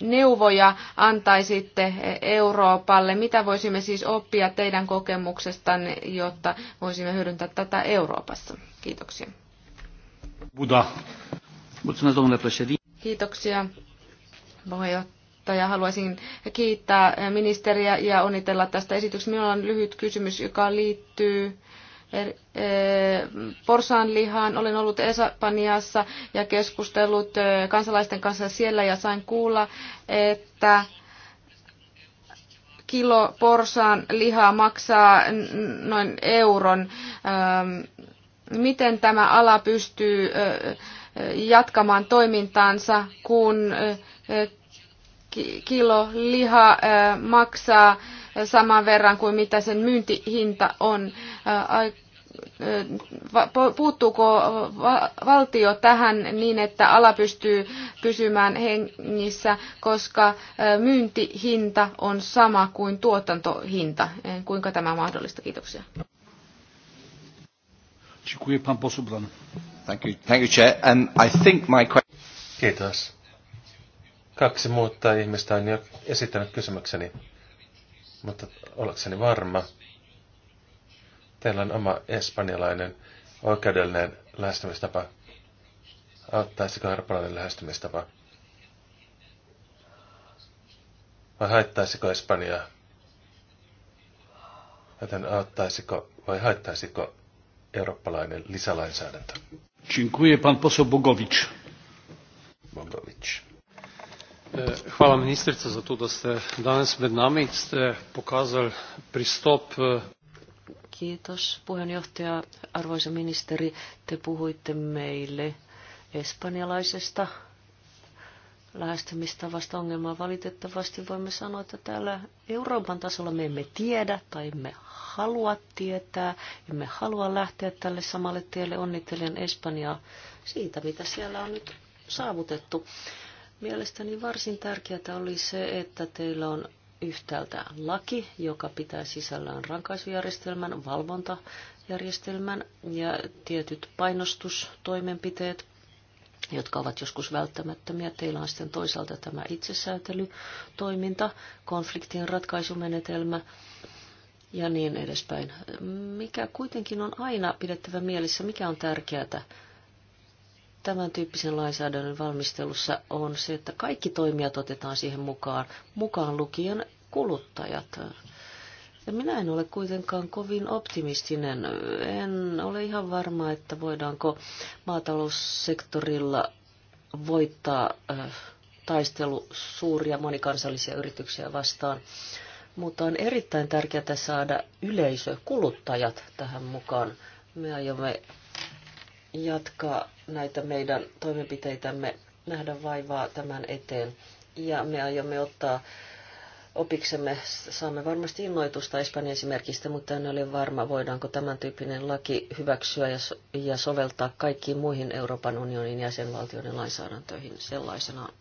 Speaker 3: neuvoja antaisitte Euroopalle? Mitä voisimme siis oppia teidän kokemuksestanne, jotta voisimme hyödyntää tätä Euroopassa? Kiitoksia. Buda. Kiitoksia, puheenjohtaja. Haluaisin kiittää ministeriä ja onnitella tästä esityksestä. Minulla on lyhyt kysymys, joka liittyy Eh, porsaanlihaan. Olen ollut Espanjassa ja keskustellut eh, kansalaisten kanssa siellä ja sain kuulla, että kilo porsaan lihaa maksaa noin euron. Ehm, miten tämä ala pystyy eh, jatkamaan toimintaansa, kun kilo liha maksaa saman verran kuin mitä sen myyntihinta on. Puuttuuko valtio tähän niin, että ala pystyy pysymään hengissä, koska myyntihinta on sama kuin tuotantohinta? Kuinka tämä on mahdollista? Kiitoksia.
Speaker 2: Thank you, Chair. Um, I think my Kiitos. Kaksi muuta ihmistä on jo esittänyt kysymykseni. Mutta ollakseni varma, teillä on oma espanjalainen oikeudellinen lähestymistapa. Auttaisiko herpalainen lähestymistapa? Vai haittaisiko Espanjaa? Joten auttaisiko vai haittaisiko eurooppalainen lisälainsäädäntö?
Speaker 1: Dziękuję pan poseł Bogowicz.
Speaker 2: Bogowicz.
Speaker 1: E, hvala ministrica za to, da ste danes med nami. Ste pokazali pristop. E,
Speaker 4: Kiitos puheenjohtaja. Arvoisa ministeri, te puhuitte meille espanjalaisesta lähestymistavasta ongelmaa. Valitettavasti voimme sanoa, että täällä Euroopan tasolla me emme tiedä tai emme halua tietää, emme halua lähteä tälle samalle tielle. Onnittelen Espanjaa siitä, mitä siellä on nyt saavutettu. Mielestäni varsin tärkeää oli se, että teillä on yhtäältä laki, joka pitää sisällään rankaisujärjestelmän, valvontajärjestelmän ja tietyt painostustoimenpiteet, jotka ovat joskus välttämättömiä. Teillä on sitten toisaalta tämä itsesäätelytoiminta, konfliktin ratkaisumenetelmä ja niin edespäin. Mikä kuitenkin on aina pidettävä mielessä, mikä on tärkeää tämän tyyppisen lainsäädännön valmistelussa on se, että kaikki toimijat otetaan siihen mukaan, mukaan lukien kuluttajat. Ja minä en ole kuitenkaan kovin optimistinen. En ole ihan varma, että voidaanko maataloussektorilla voittaa äh, taistelu suuria monikansallisia yrityksiä vastaan. Mutta on erittäin tärkeää saada yleisö, kuluttajat tähän mukaan. Me aiomme jatkaa näitä meidän toimenpiteitämme, nähdä vaivaa tämän eteen. Ja me aiomme ottaa opiksemme, saamme varmasti innoitusta Espanjan esimerkistä, mutta en ole varma, voidaanko tämän tyyppinen laki hyväksyä ja, so- ja soveltaa kaikkiin muihin Euroopan unionin jäsenvaltioiden lainsäädäntöihin sellaisenaan.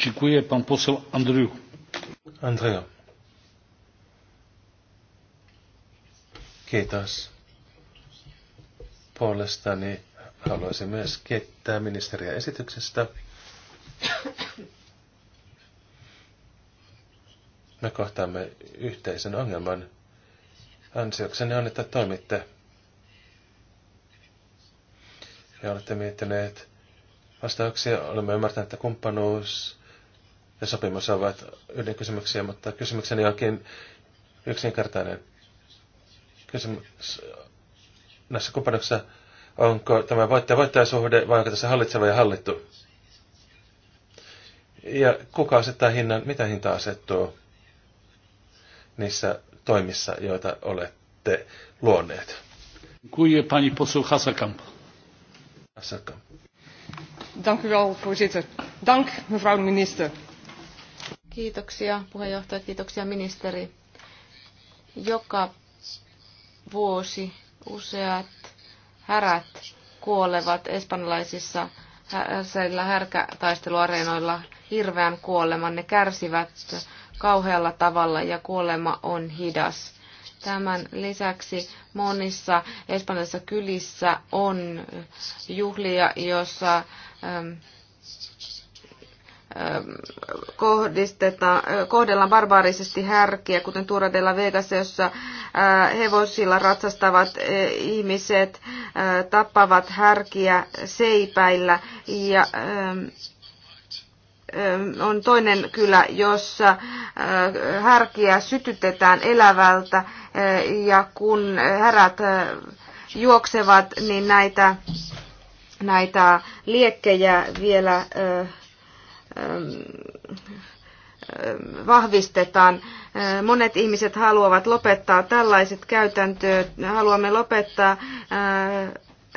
Speaker 1: Dziękuję pan poseł Andrew. Andrea.
Speaker 2: Kiitos puolestani haluaisin myös kiittää ministeriä esityksestä. Me kohtaamme yhteisen ongelman. Ansioksenne on, että toimitte. Ja olette miettineet vastauksia. Olemme ymmärtäneet, että kumppanuus ja sopimus ovat ydinkysymyksiä, mutta kysymykseni onkin yksinkertainen. Kysymys näissä kumppanuksissa, onko tämä voittaja suhde vai onko tässä hallitseva ja hallittu? Ja kuka asettaa hinnan, mitä hinta asettuu niissä toimissa, joita olette luoneet? Kuinka pani posu Hasakamp? Hasakamp.
Speaker 3: Dank u wel, voorzitter. Dank, mevrouw de minister. Kiitoksia puheenjohtaja, kiitoksia ministeri. Joka vuosi Useat härät kuolevat espanjalaisissa sillä härkätaisteluareenoilla hirveän kuoleman. Ne kärsivät kauhealla tavalla ja kuolema on hidas. Tämän lisäksi monissa espanjalaisissa kylissä on juhlia, jossa ähm, Ähm, kohdisteta, äh, kohdellaan barbaarisesti härkiä, kuten Turadella de Vegassa, jossa äh, hevosilla ratsastavat äh, ihmiset tappavat härkiä seipäillä. Ja ähm, ähm, on toinen kylä, jossa härkiä sytytetään elävältä ja kun härät juoksevat, niin näitä, näitä liekkejä vielä vahvistetaan. Monet ihmiset haluavat lopettaa tällaiset käytäntöt. Haluamme lopettaa äh,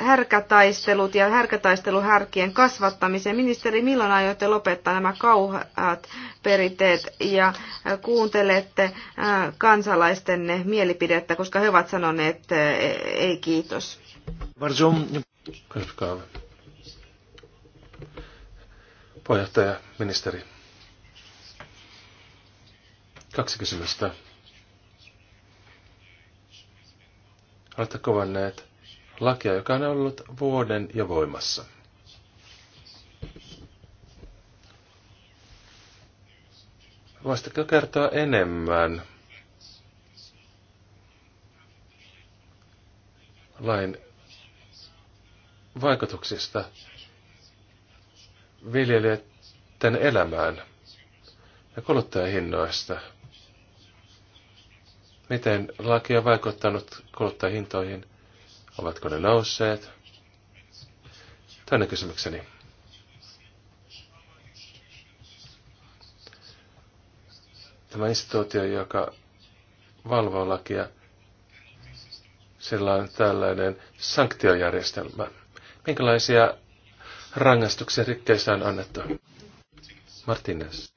Speaker 3: härkätaistelut ja härkätaisteluhärkien kasvattamisen. Ministeri, milloin aiotte lopettaa nämä kauheat perinteet ja äh, kuuntelette äh, kansalaistenne mielipidettä, koska he ovat sanoneet ei kiitos?
Speaker 2: Puheenjohtaja, ministeri. Kaksi kysymystä. Olette kovanneet lakia, joka on ollut vuoden ja voimassa. Voisitteko kertoa enemmän lain vaikutuksista viljelijöiden elämään ja kuluttajahinnoista. Miten laki on vaikuttanut kuluttajahintoihin? Ovatko ne nousseet? Toinen kysymykseni. Tämä instituutio, joka valvoo lakia, sillä on tällainen sanktiojärjestelmä. Minkälaisia rangaistuksen rikkeistä on annettu. Martínez.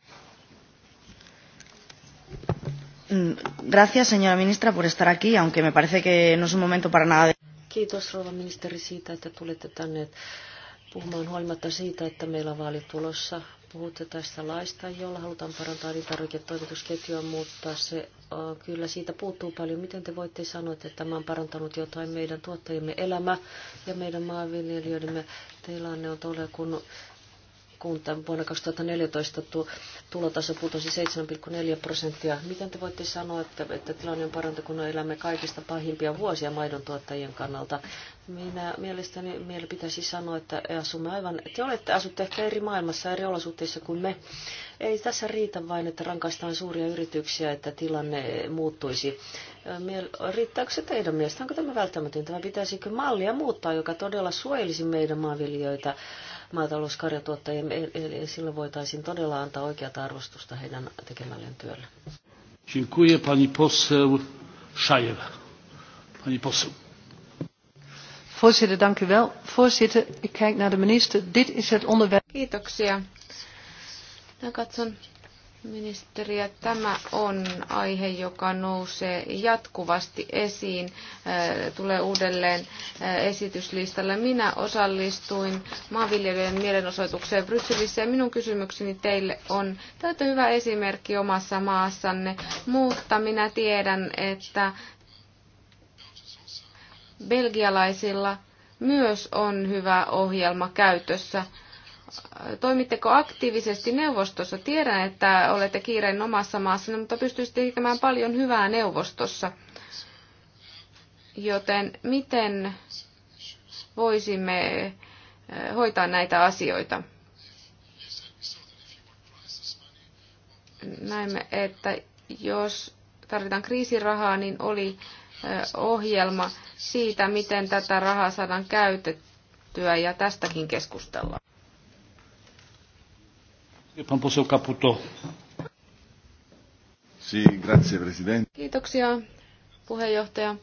Speaker 3: Mm, gracias, señora ministra, por estar aquí, aunque me parece que no es un momento para nada Kiitos,
Speaker 4: rouva ministeri, siitä, että tulitte tänne puhumaan huolimatta siitä, että meillä on vaalit tulossa puhutte tästä laista, jolla halutaan parantaa elintarviketoimitusketjua, mutta se on, kyllä siitä puuttuu paljon. Miten te voitte sanoa, että tämä on parantanut jotain meidän tuottajiemme elämä ja meidän maanviljelijöidemme tilanne on todella, kun kun tämän vuonna 2014 tulotaso putosi 7,4 prosenttia. Miten te voitte sanoa, että, että tilanne on parantunut, kun elämme kaikista pahimpia vuosia maidon tuottajien kannalta? Minä mielestäni meillä pitäisi sanoa, että asumme aivan, te olette, asutte ehkä eri maailmassa, eri olosuhteissa kuin me. Ei tässä riitä vain, että rankaistaan suuria yrityksiä, että tilanne muuttuisi. Riittääkö se teidän mielestä? Onko tämä välttämätöntä vai pitäisikö mallia muuttaa, joka todella suojelisi meidän maanviljelijöitä? maatalouskarjatuottajien, eli sillä voitaisiin todella antaa oikeat arvostusta heidän tekemälleen työlle.
Speaker 1: Dziękuję pani poseł Szajew. Pani poseł.
Speaker 3: Voorzitter, dank u wel. Voorzitter, ik kijk naar de minister. Dit is het onderwerp. Kiitoksia. katson Ministeri, tämä on aihe, joka nousee jatkuvasti esiin, tulee uudelleen esityslistalle. Minä osallistuin maanviljelijöiden mielenosoitukseen Brysselissä ja minun kysymykseni teille on, täytyy hyvä esimerkki omassa maassanne, mutta minä tiedän, että belgialaisilla myös on hyvä ohjelma käytössä toimitteko aktiivisesti neuvostossa? Tiedän, että olette kiireen omassa maassa, mutta pystyisitte tekemään paljon hyvää neuvostossa. Joten miten voisimme eh, hoitaa näitä asioita? näemme että jos tarvitaan kriisirahaa, niin oli eh, ohjelma siitä, miten tätä rahaa saadaan käytettyä ja tästäkin keskustellaan.
Speaker 1: Pan poseł Caputo.
Speaker 3: Kiitoksia puheenjohtaja.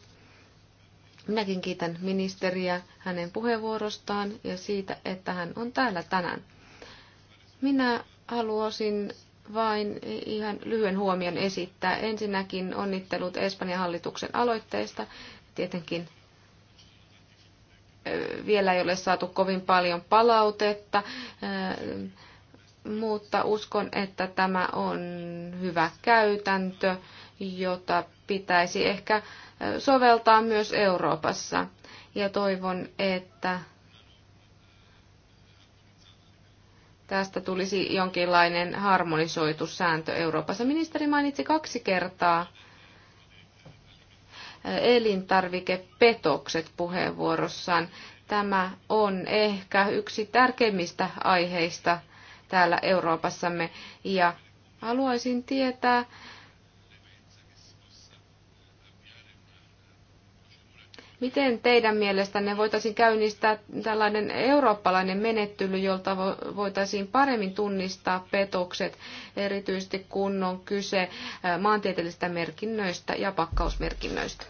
Speaker 3: Minäkin kiitän ministeriä hänen puheenvuorostaan ja siitä, että hän on täällä tänään. Minä haluaisin vain ihan lyhyen huomion esittää. Ensinnäkin onnittelut Espanjan hallituksen aloitteesta. Tietenkin vielä ei ole saatu kovin paljon palautetta mutta uskon, että tämä on hyvä käytäntö, jota pitäisi ehkä soveltaa myös Euroopassa. Ja toivon, että tästä tulisi jonkinlainen harmonisoitu sääntö Euroopassa. Ministeri mainitsi kaksi kertaa elintarvikepetokset puheenvuorossaan. Tämä on ehkä yksi tärkeimmistä aiheista täällä Euroopassamme. Ja haluaisin tietää, Miten teidän mielestänne voitaisiin käynnistää tällainen eurooppalainen menettely, jolta voitaisiin paremmin tunnistaa petokset, erityisesti kun on kyse maantieteellisistä merkinnöistä ja pakkausmerkinnöistä?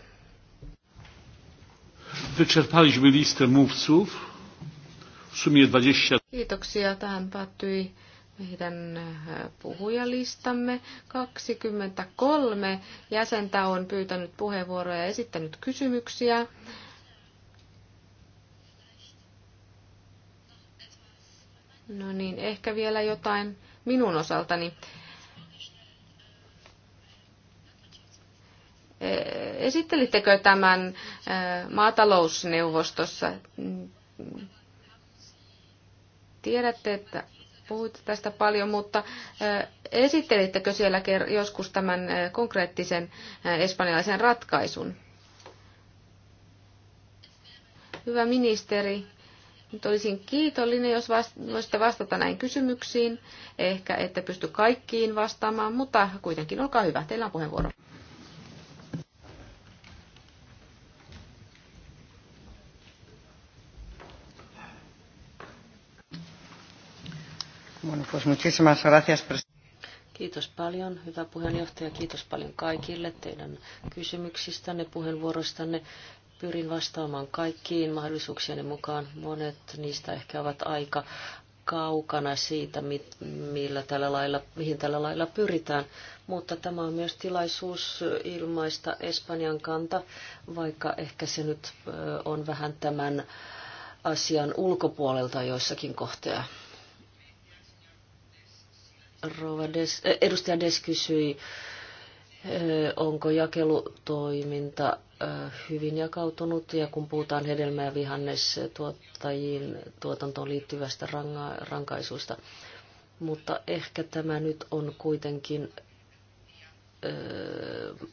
Speaker 1: Wyczerpaliśmy listę mówców. W sumie 20.
Speaker 3: Kiitoksia. Tähän päättyi meidän äh, puhujalistamme. 23 jäsentä on pyytänyt puheenvuoroja ja esittänyt kysymyksiä. No niin, ehkä vielä jotain minun osaltani. E, esittelittekö tämän äh, maatalousneuvostossa? Tiedätte, että puhuitte tästä paljon, mutta esittelittekö siellä joskus tämän konkreettisen espanjalaisen ratkaisun? Hyvä ministeri, nyt olisin kiitollinen, jos voisitte vastata näin kysymyksiin. Ehkä ette pysty kaikkiin vastaamaan, mutta kuitenkin olkaa hyvä, teillä on puheenvuoro.
Speaker 4: Kiitos paljon, hyvä puheenjohtaja. Kiitos paljon kaikille teidän kysymyksistänne, puheenvuoroistanne. Pyrin vastaamaan kaikkiin mahdollisuuksieni mukaan. Monet niistä ehkä ovat aika kaukana siitä, millä tällä lailla, mihin tällä lailla pyritään. Mutta tämä on myös tilaisuus ilmaista Espanjan kanta, vaikka ehkä se nyt on vähän tämän asian ulkopuolelta joissakin kohteja. Rova Des, eh, edustaja Des kysyi, eh, onko jakelutoiminta eh, hyvin jakautunut ja kun puhutaan hedelmä- ja vihannestuottajiin tuotantoon liittyvästä rankaisuista. Mutta ehkä tämä nyt on kuitenkin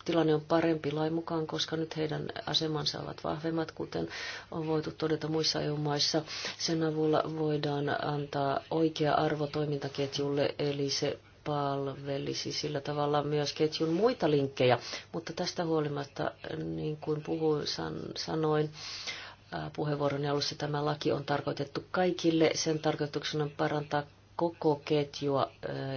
Speaker 4: tilanne on parempi lain mukaan, koska nyt heidän asemansa ovat vahvemmat, kuten on voitu todeta muissa EU-maissa. Sen avulla voidaan antaa oikea arvo toimintaketjulle, eli se palvelisi sillä tavalla myös ketjun muita linkkejä. Mutta tästä huolimatta, niin kuin puhuin, san, sanoin, puheenvuoroni alussa tämä laki on tarkoitettu kaikille. Sen tarkoituksena on parantaa koko ketjua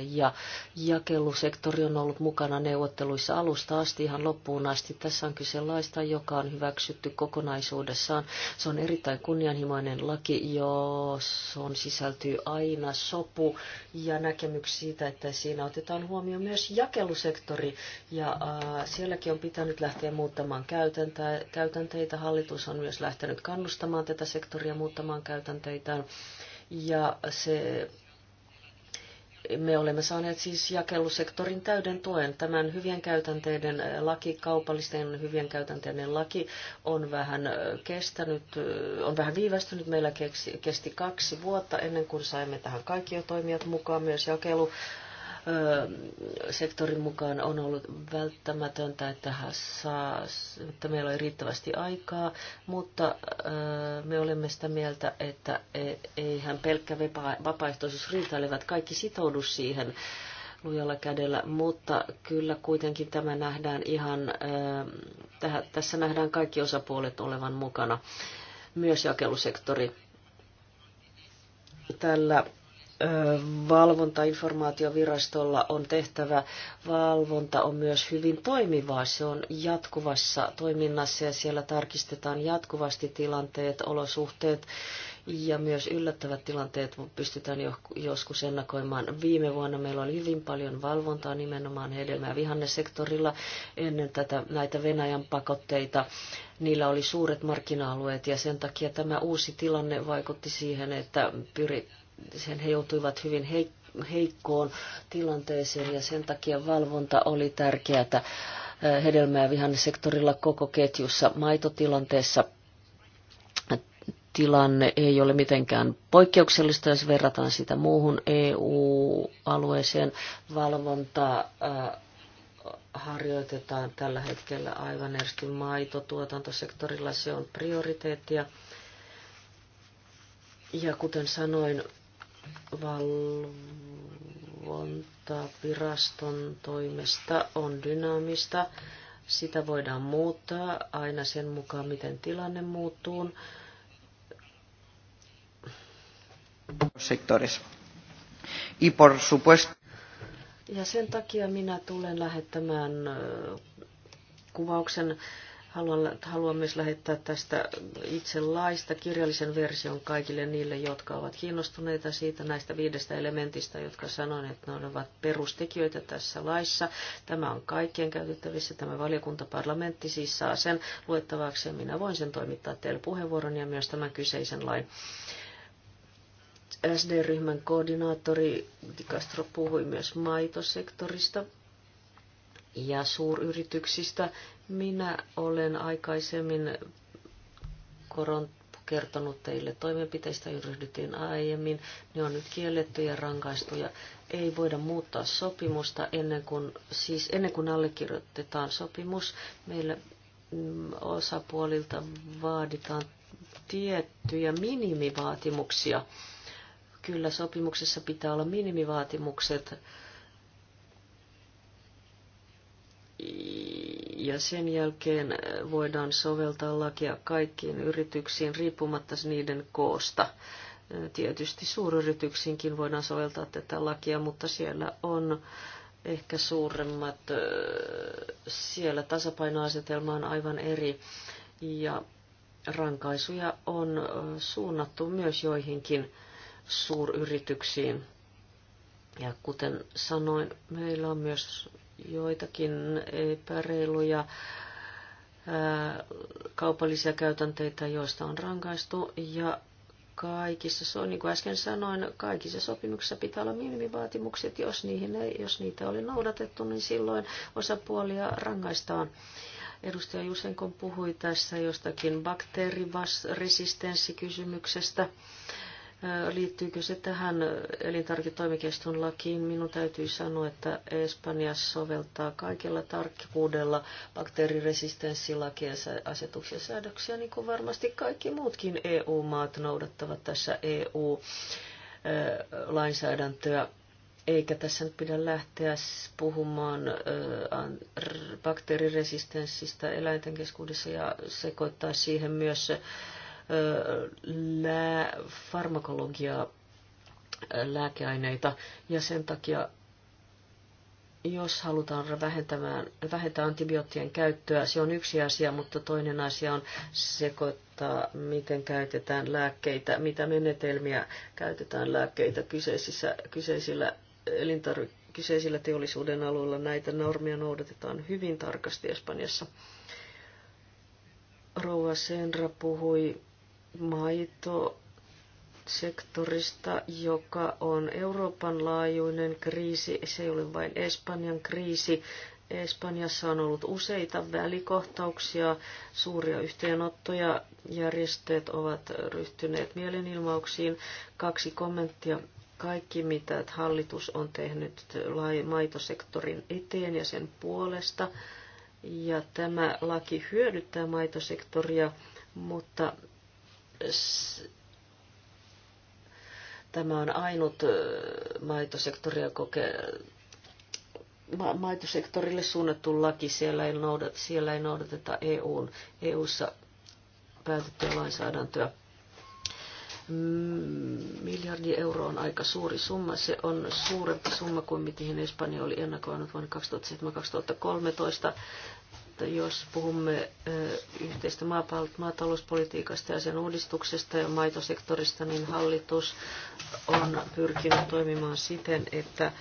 Speaker 4: ja jakelusektori on ollut mukana neuvotteluissa alusta asti ihan loppuun asti. Tässä on kyse laista, joka on hyväksytty kokonaisuudessaan. Se on erittäin kunnianhimoinen laki, jos on sisältyy aina sopu ja näkemyksiä siitä, että siinä otetaan huomioon myös jakelusektori ja sielläkin on pitänyt lähteä muuttamaan käytänteitä. Hallitus on myös lähtenyt kannustamaan tätä sektoria muuttamaan käytänteitä. ja se me olemme saaneet siis jakelusektorin täyden tuen. Tämän hyvien käytänteiden eh, laki, kaupallisten hyvien käytänteiden laki on vähän eh, kestänyt, eh, on vähän viivästynyt. Meillä kesti kaksi vuotta ennen kuin saimme tähän kaikki jo toimijat mukaan myös jakelu sektorin mukaan on ollut välttämätöntä, että, saa, että meillä on riittävästi aikaa, mutta me olemme sitä mieltä, että e, eihän pelkkä vapaaehtoisuus riitä, eivät kaikki sitoudu siihen lujalla kädellä, mutta kyllä kuitenkin tämä nähdään ihan, tässä nähdään kaikki osapuolet olevan mukana, myös jakelusektori. Tällä valvontainformaatiovirastolla on tehtävä. Valvonta on myös hyvin toimivaa. Se on jatkuvassa toiminnassa ja siellä tarkistetaan jatkuvasti tilanteet, olosuhteet ja myös yllättävät tilanteet pystytään joskus ennakoimaan. Viime vuonna meillä oli hyvin paljon valvontaa nimenomaan hedelmä- ja vihannesektorilla ennen tätä, näitä Venäjän pakotteita. Niillä oli suuret markkina-alueet ja sen takia tämä uusi tilanne vaikutti siihen, että pyri, sen he joutuivat hyvin heik- heikkoon tilanteeseen ja sen takia valvonta oli tärkeää hedelmä- ja vihannesektorilla koko ketjussa maitotilanteessa tilanne ei ole mitenkään poikkeuksellista, jos verrataan sitä muuhun EU-alueeseen. Valvontaa harjoitetaan tällä hetkellä aivan erityisesti maitotuotantosektorilla. Se on prioriteettia. Ja kuten sanoin, valvontaviraston toimesta on dynaamista. Sitä voidaan muuttaa aina sen mukaan, miten tilanne muuttuu. Ja sen takia minä tulen lähettämään äh, kuvauksen Haluan, haluan myös lähettää tästä itse laista kirjallisen version kaikille niille, jotka ovat kiinnostuneita siitä näistä viidestä elementistä, jotka sanoin, että ne ovat perustekijöitä tässä laissa. Tämä on kaikkien käytettävissä. Tämä valiokuntaparlamentti siis saa sen luettavaksi ja minä voin sen toimittaa teille puheenvuoron ja myös tämän kyseisen lain. SD-ryhmän koordinaattori Di Castro puhui myös maitosektorista ja suuryrityksistä. Minä olen aikaisemmin koron kertonut teille toimenpiteistä, joihin ryhdyttiin aiemmin. Ne on nyt kielletty ja rangaistuja. Ei voida muuttaa sopimusta ennen kuin, siis ennen kuin allekirjoitetaan sopimus. Meillä mm, osapuolilta vaaditaan tiettyjä minimivaatimuksia. Kyllä sopimuksessa pitää olla minimivaatimukset ja sen jälkeen voidaan soveltaa lakia kaikkiin yrityksiin riippumatta niiden koosta. Tietysti suuryrityksiinkin voidaan soveltaa tätä lakia, mutta siellä on ehkä suuremmat, siellä tasapainoasetelma on aivan eri ja rankaisuja on suunnattu myös joihinkin suuryrityksiin. Ja kuten sanoin, meillä on myös joitakin epäreiluja kaupallisia käytänteitä, joista on rankaistu. Ja kaikissa, se on niin kuin äsken sanoin, kaikissa sopimuksissa pitää olla minimivaatimukset. Jos, niihin ei, jos niitä oli noudatettu, niin silloin osapuolia rangaistaan. Edustaja Jusenkon puhui tässä jostakin bakteeriresistenssikysymyksestä. kysymyksestä Liittyykö se tähän elintarviketoimikeston lakiin? Minun täytyy sanoa, että Espanja soveltaa kaikella tarkkuudella bakteeriresistenssilakia asetuksia säädöksiä, niin kuin varmasti kaikki muutkin EU-maat noudattavat tässä EU-lainsäädäntöä. Eikä tässä nyt pidä lähteä puhumaan bakteeriresistenssistä eläinten keskuudessa ja sekoittaa siihen myös lää, farmakologiaa, lääkeaineita ja sen takia jos halutaan vähentämään, vähentää antibioottien käyttöä, se on yksi asia, mutta toinen asia on sekoittaa, miten käytetään lääkkeitä, mitä menetelmiä käytetään lääkkeitä kyseisissä, kyseisillä elintarvi, kyseisillä teollisuuden alueilla. Näitä normeja noudatetaan hyvin tarkasti Espanjassa. Rouva Senra puhui maito sektorista, joka on Euroopan laajuinen kriisi. Se ei ole vain Espanjan kriisi. Espanjassa on ollut useita välikohtauksia, suuria yhteenottoja. Järjestöt ovat ryhtyneet mielenilmauksiin. Kaksi kommenttia. Kaikki, mitä hallitus on tehnyt maitosektorin eteen ja sen puolesta. Ja tämä laki hyödyttää maitosektoria, mutta Tämä on ainut maitosektoria koke- ma- maitosektorille suunnattu laki. Siellä ei, noudat- siellä ei noudateta EUn, EUssa päätettyä lainsäädäntöä mm, miljardi euroa on aika suuri summa. Se on suurempi summa kuin mihin Espanja oli ennakoinut vuonna 2007-2013 jos puhumme yhteistä maatalouspolitiikasta ja sen uudistuksesta ja maitosektorista, niin hallitus on pyrkinyt toimimaan siten, että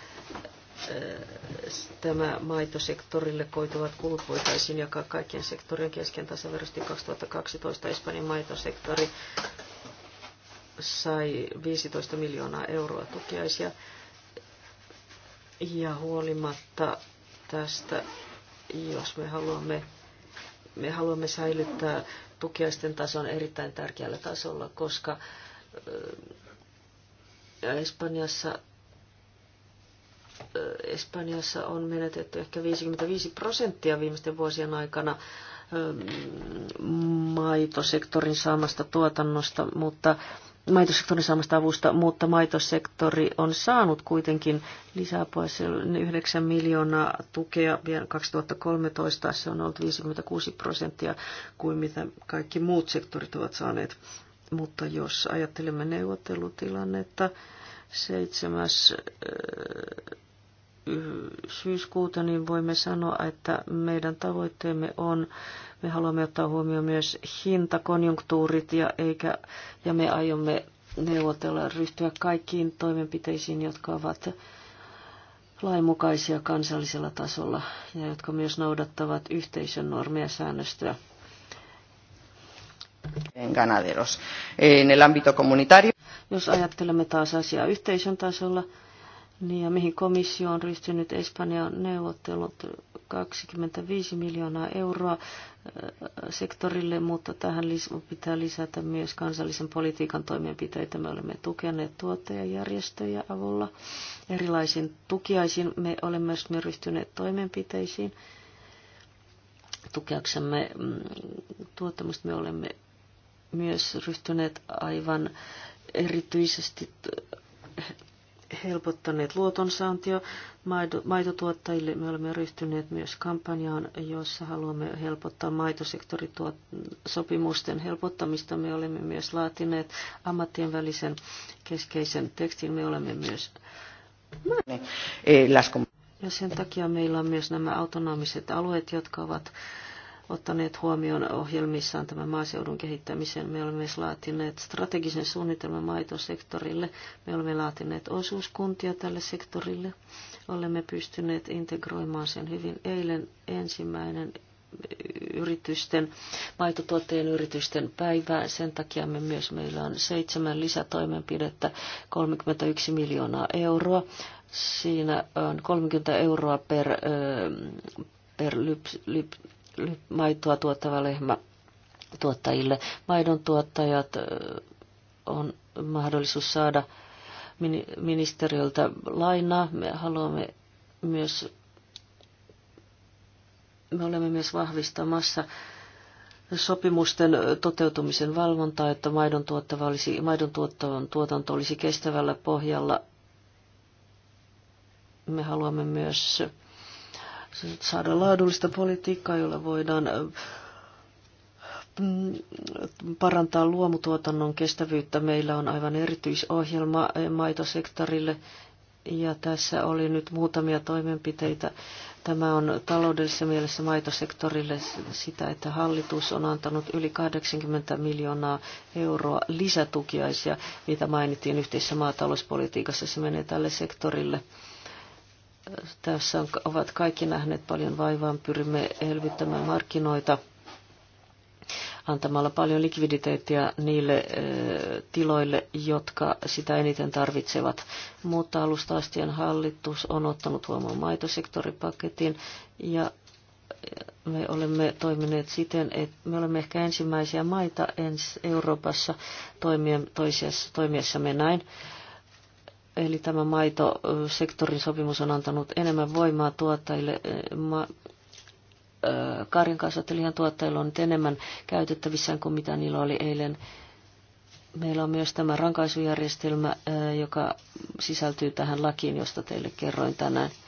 Speaker 4: tämä maitosektorille koituvat kulut voitaisiin jakaa kaikkien sektorien kesken tasaverosti 2012 Espanjan maitosektori sai 15 miljoonaa euroa tukiaisia ja huolimatta tästä jos me haluamme, me haluamme säilyttää tukiaisten tason erittäin tärkeällä tasolla, koska Espanjassa Espanjassa on menetetty ehkä 55 prosenttia viimeisten vuosien aikana maitosektorin saamasta tuotannosta, mutta maitosektorin saamasta avusta, mutta maitosektori on saanut kuitenkin lisää pois 9 miljoonaa tukea vielä 2013. Se on ollut 56 prosenttia kuin mitä kaikki muut sektorit ovat saaneet. Mutta jos ajattelemme neuvottelutilannetta, 7. Eh, syyskuuta, niin voimme sanoa, että meidän tavoitteemme on me haluamme ottaa huomioon myös hintakonjunktuurit ja, eikä, ja me aiomme neuvotella ryhtyä kaikkiin toimenpiteisiin, jotka ovat lainmukaisia kansallisella tasolla ja jotka myös noudattavat yhteisön normeja säännöstöä.
Speaker 3: Ganaderos. En el ámbito comunitario. Jos
Speaker 4: ajattelemme taas asiaa yhteisön tasolla, niin ja mihin komissio on ryhtynyt Espanjan neuvottelut 25 miljoonaa euroa äh, sektorille, mutta tähän pitää lisätä myös kansallisen politiikan toimenpiteitä. Me olemme tukeneet tuottajajärjestöjä avulla erilaisin tukiaisin. Me olemme myös ryhtyneet toimenpiteisiin tukeaksemme mm, tuottamusta. Me olemme myös ryhtyneet aivan erityisesti helpottaneet luotonsaantia maitotuottajille. Me olemme ryhtyneet myös kampanjaan, jossa haluamme helpottaa maitosektorisopimusten helpottamista. Me olemme myös laatineet ammattien välisen keskeisen tekstin. Me olemme myös... Eh, ja sen takia meillä on myös nämä autonomiset alueet, jotka ovat ottaneet huomioon ohjelmissaan tämän maaseudun kehittämisen. Me olemme myös laatineet strategisen suunnitelman maitosektorille. Me olemme laatineet osuuskuntia tälle sektorille. Olemme pystyneet integroimaan sen hyvin. Eilen ensimmäinen yritysten, maitotuottajien yritysten päivää. Sen takia me myös meillä on seitsemän lisätoimenpidettä, 31 miljoonaa euroa. Siinä on 30 euroa per, per lyp, lyp, maitoa tuottava lehmä tuottajille. Maidon tuottajat on mahdollisuus saada ministeriöltä lainaa. Me haluamme myös, me olemme myös vahvistamassa sopimusten toteutumisen valvontaa, että maidon, tuottava olisi, maidon tuotanto olisi kestävällä pohjalla. Me haluamme myös saada laadullista politiikkaa, jolla voidaan mm, parantaa luomutuotannon kestävyyttä. Meillä on aivan erityisohjelma maitosektorille ja tässä oli nyt muutamia toimenpiteitä. Tämä on taloudellisessa mielessä maitosektorille sitä, että hallitus on antanut yli 80 miljoonaa euroa lisätukiaisia, mitä mainittiin yhteisessä maatalouspolitiikassa. Se menee tälle sektorille. Tässä on, ovat kaikki nähneet paljon vaivaa. Pyrimme elvyttämään markkinoita antamalla paljon likviditeettiä niille tiloille, jotka sitä eniten tarvitsevat. Mutta alusta astien hallitus on ottanut huomioon maitosektoripaketin ja me olemme toimineet siten, että me olemme ehkä ensimmäisiä maita ensi Euroopassa toimien, toisessa, toimiessamme näin. Eli tämä maitosektorin sopimus on antanut enemmän voimaa tuottajille. Ma- karjan kasvattelijan tuottajilla on nyt enemmän käytettävissään kuin mitä niillä oli eilen. Meillä on myös tämä rankaisujärjestelmä, joka sisältyy tähän lakiin, josta teille kerroin tänään –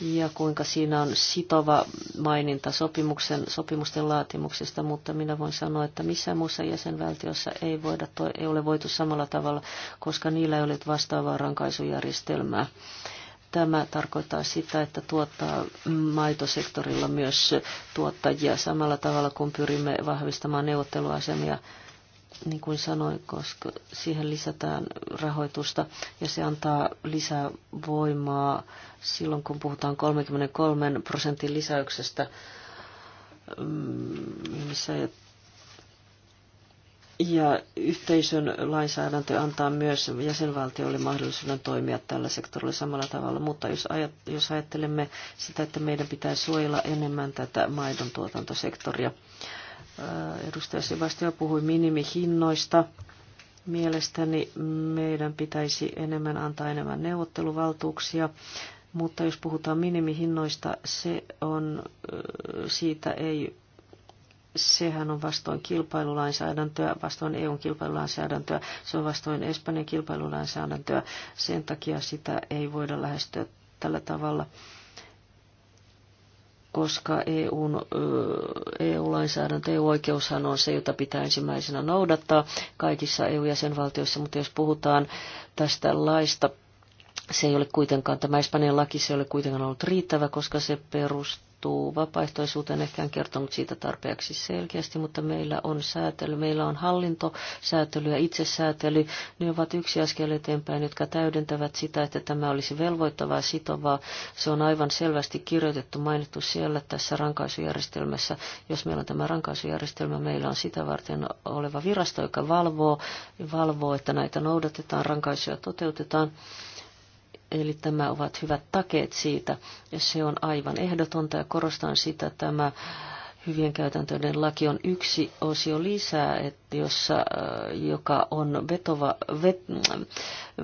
Speaker 4: ja kuinka siinä on sitova maininta sopimuksen, sopimusten laatimuksesta, mutta minä voin sanoa, että missään muussa jäsenvaltiossa ei, voida, ei ole voitu samalla tavalla, koska niillä ei ole vastaavaa rankaisujärjestelmää. Tämä tarkoittaa sitä, että tuottaa maitosektorilla myös tuottajia samalla tavalla, kun pyrimme vahvistamaan neuvotteluasemia niin kuin sanoin, koska siihen lisätään rahoitusta ja se antaa lisää voimaa silloin, kun puhutaan 33 prosentin lisäyksestä, missä mm, ja yhteisön lainsäädäntö antaa myös jäsenvaltioille mahdollisuuden toimia tällä sektorilla samalla tavalla, mutta jos, ajat, jos ajattelemme sitä, että meidän pitää suojella enemmän tätä maidon tuotantosektoria, Edustaja Sebastian puhui minimihinnoista. Mielestäni meidän pitäisi enemmän antaa enemmän neuvotteluvaltuuksia, mutta jos puhutaan minimihinnoista, se on, siitä ei sehän on vastoin kilpailulainsäädäntöä, vastoin EUn kilpailulainsäädäntöä, se on vastoin Espanjan kilpailulainsäädäntöä. Sen takia sitä ei voida lähestyä tällä tavalla koska EUn, EU-lainsäädäntö, EU-oikeushan on se, jota pitää ensimmäisenä noudattaa kaikissa EU-jäsenvaltioissa, mutta jos puhutaan tästä laista, se ei ole kuitenkaan, tämä Espanjan laki, se ei ole kuitenkaan ollut riittävä, koska se perustuu perustuu vapaaehtoisuuteen. Ehkä en kertonut siitä tarpeeksi selkeästi, mutta meillä on säätely, meillä on hallintosäätely ja itsesäätely. Ne ovat yksi askel eteenpäin, jotka täydentävät sitä, että tämä olisi velvoittavaa ja sitovaa. Se on aivan selvästi kirjoitettu, mainittu siellä tässä rankaisujärjestelmässä. Jos meillä on tämä rankaisujärjestelmä, meillä on sitä varten oleva virasto, joka valvoo, valvoo että näitä noudatetaan, rankaisuja toteutetaan. Eli tämä ovat hyvät takeet siitä, ja se on aivan ehdotonta, ja korostan sitä, että tämä hyvien käytäntöiden laki on yksi osio lisää, että jossa, äh, joka on vetova, vet, äh,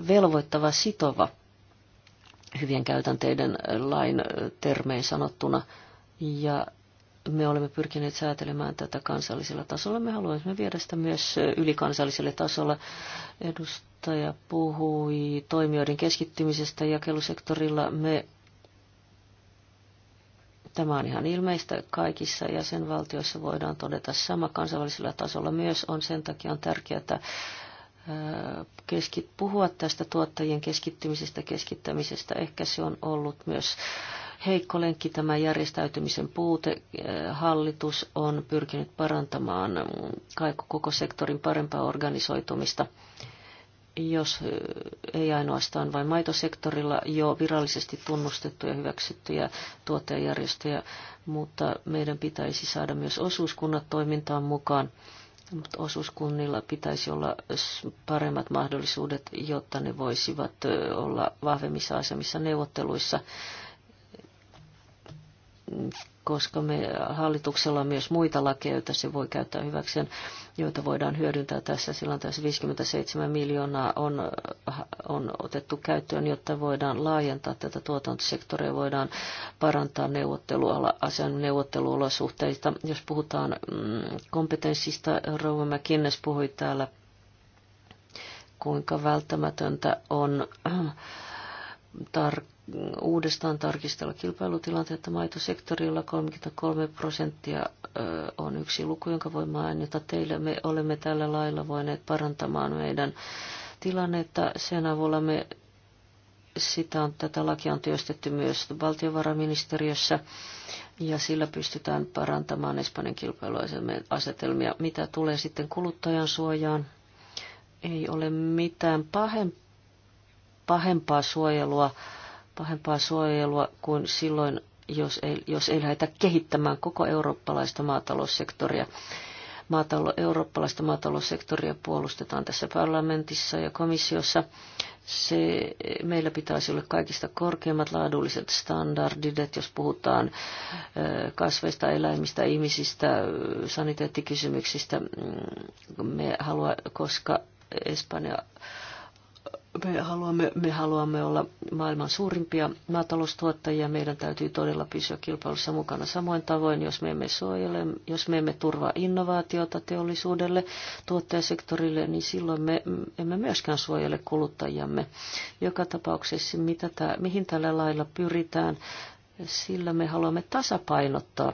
Speaker 4: velvoittava sitova hyvien käytänteiden äh, lain termein sanottuna. Ja me olemme pyrkineet säätelemään tätä kansallisella tasolla. Me haluaisimme viedä sitä myös ylikansalliselle tasolla. Edustaja puhui toimijoiden keskittymisestä jakelusektorilla. Me Tämä on ihan ilmeistä. Kaikissa jäsenvaltioissa voidaan todeta sama kansainvälisellä tasolla myös on. Sen takia on tärkeää keskit, puhua tästä tuottajien keskittymisestä, keskittämisestä. Ehkä se on ollut myös heikko lenkki tämä järjestäytymisen puute. Äh, hallitus on pyrkinyt parantamaan mm, koko sektorin parempaa organisoitumista jos äh, ei ainoastaan vain maitosektorilla jo virallisesti tunnustettuja hyväksyttyjä tuottajajärjestöjä, mutta äh, meidän pitäisi saada myös osuuskunnat toimintaan mukaan. Mutta osuuskunnilla pitäisi olla paremmat mahdollisuudet, jotta ne voisivat olla vahvemmissa asemissa neuvotteluissa koska me hallituksella on myös muita lakeja, joita se voi käyttää hyväkseen, joita voidaan hyödyntää tässä tilanteessa. 57 miljoonaa on, on otettu käyttöön, jotta voidaan laajentaa tätä tuotantosektoria, voidaan parantaa neuvotteluasian neuvotteluolosuhteita. Jos puhutaan mm, kompetenssista, Rouva McInnes puhui täällä, kuinka välttämätöntä on äh, tarkkaan uudestaan tarkistella kilpailutilanteita maitosektorilla. 33 prosenttia on yksi luku, jonka voi mainita teille. Me olemme tällä lailla voineet parantamaan meidän tilannetta. Sen avulla me sitä on, tätä lakia on työstetty myös valtiovarainministeriössä ja sillä pystytään parantamaan Espanjan kilpailuasetelmia. Mitä tulee sitten kuluttajan suojaan, ei ole mitään pahempaa suojelua pahempaa suojelua kuin silloin, jos ei, jos ei lähdetä kehittämään koko eurooppalaista maataloussektoria. Maatalo, eurooppalaista maataloussektoria puolustetaan tässä parlamentissa ja komissiossa. Se, meillä pitäisi olla kaikista korkeimmat laadulliset standardit, jos puhutaan kasveista, eläimistä, ihmisistä, saniteettikysymyksistä, mm, me halua, koska Espanja me haluamme, me haluamme olla maailman suurimpia maataloustuottajia. Meidän täytyy todella pysyä kilpailussa mukana samoin tavoin, jos me emme suojele, jos me emme turvaa innovaatiota teollisuudelle, tuottajasektorille, niin silloin me emme myöskään suojele kuluttajiamme. Joka tapauksessa, mitä tää, mihin tällä lailla pyritään, sillä me haluamme tasapainottaa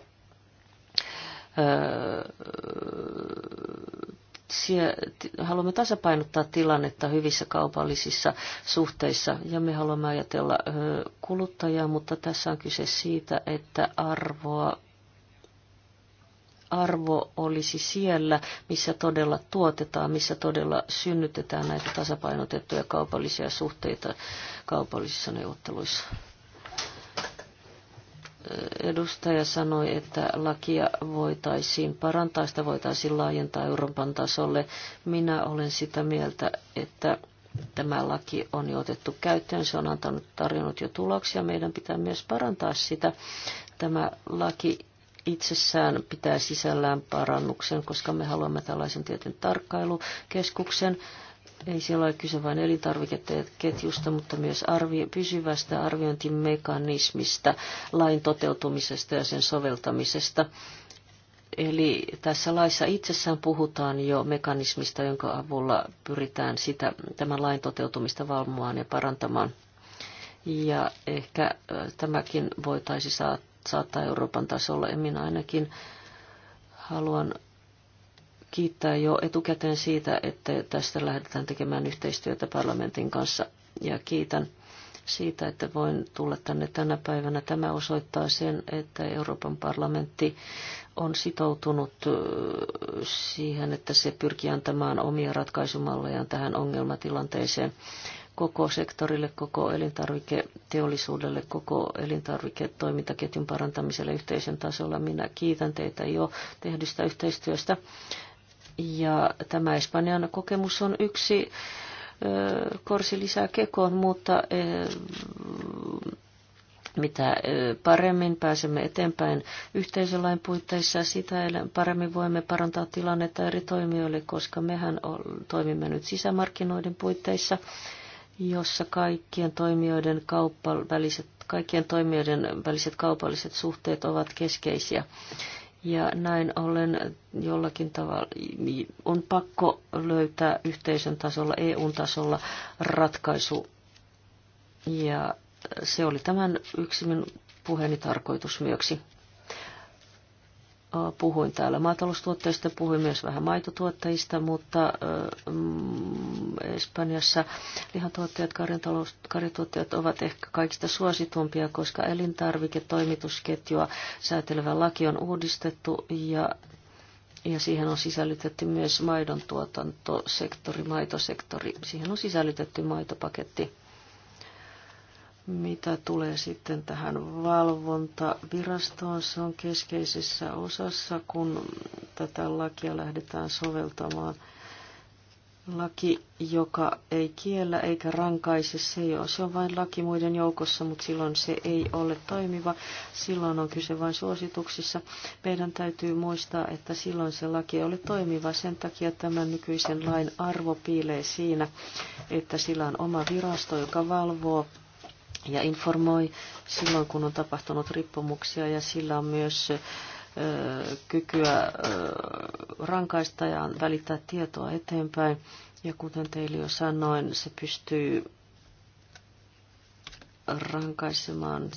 Speaker 4: öö, haluamme tasapainottaa tilannetta hyvissä kaupallisissa suhteissa ja me haluamme ajatella kuluttajaa, mutta tässä on kyse siitä, että arvoa arvo olisi siellä, missä todella tuotetaan, missä todella synnytetään näitä tasapainotettuja kaupallisia suhteita kaupallisissa neuvotteluissa edustaja sanoi, että lakia voitaisiin parantaa, sitä voitaisiin laajentaa Euroopan tasolle. Minä olen sitä mieltä, että tämä laki on jo otettu käyttöön, se on antanut, tarjonnut jo tuloksia, meidän pitää myös parantaa sitä. Tämä laki itsessään pitää sisällään parannuksen, koska me haluamme tällaisen tietyn tarkkailukeskuksen, ei siellä ole kyse vain elintarvikeketjusta, mutta myös arvi, pysyvästä arviointimekanismista, lain toteutumisesta ja sen soveltamisesta. Eli tässä laissa itsessään puhutaan jo mekanismista, jonka avulla pyritään sitä, tämän lain toteutumista valvomaan ja parantamaan. Ja ehkä äh, tämäkin voitaisiin saattaa Euroopan tasolla. Minä ainakin haluan kiittää jo etukäteen siitä, että tästä lähdetään tekemään yhteistyötä parlamentin kanssa. Ja kiitän siitä, että voin tulla tänne tänä päivänä. Tämä osoittaa sen, että Euroopan parlamentti on sitoutunut siihen, että se pyrkii antamaan omia ratkaisumallejaan tähän ongelmatilanteeseen koko sektorille, koko elintarviketeollisuudelle, koko elintarviketoimintaketjun parantamiselle yhteisön tasolla. Minä kiitän teitä jo tehdystä yhteistyöstä. Ja tämä Espanjan kokemus on yksi korsi lisää kekoon, mutta mitä paremmin pääsemme eteenpäin yhteisölain puitteissa, sitä paremmin voimme parantaa tilannetta eri toimijoille, koska mehän toimimme nyt sisämarkkinoiden puitteissa, jossa kaikkien toimijoiden, kauppa, väliset, kaikkien toimijoiden väliset kaupalliset suhteet ovat keskeisiä. Ja näin ollen jollakin tavalla on pakko löytää yhteisön tasolla, eu tasolla ratkaisu. Ja se oli tämän yksi minun puheeni tarkoitus myöksi. Puhuin täällä maataloustuotteista, puhuin myös vähän maitotuotteista, mutta mm, Espanjassa lihatuottajat, karjatuottajat ovat ehkä kaikista suositumpia, koska elintarviketoimitusketjua säätelevä laki on uudistettu ja ja siihen on sisällytetty myös maidon tuotantosektori, maitosektori. Siihen on sisällytetty maitopaketti. Mitä tulee sitten tähän valvontavirastoon, se on keskeisessä osassa, kun tätä lakia lähdetään soveltamaan. Laki, joka ei kiellä eikä rankaise, se ei ole. Se on vain laki muiden joukossa, mutta silloin se ei ole toimiva. Silloin on kyse vain suosituksissa. Meidän täytyy muistaa, että silloin se laki ei ole toimiva. Sen takia tämän nykyisen lain arvo piilee siinä, että sillä on oma virasto, joka valvoo ja informoi silloin, kun on tapahtunut rippumuksia ja sillä on myös kykyä rankaista ja välittää tietoa eteenpäin. Ja kuten teille jo sanoin, se pystyy rankaisemaan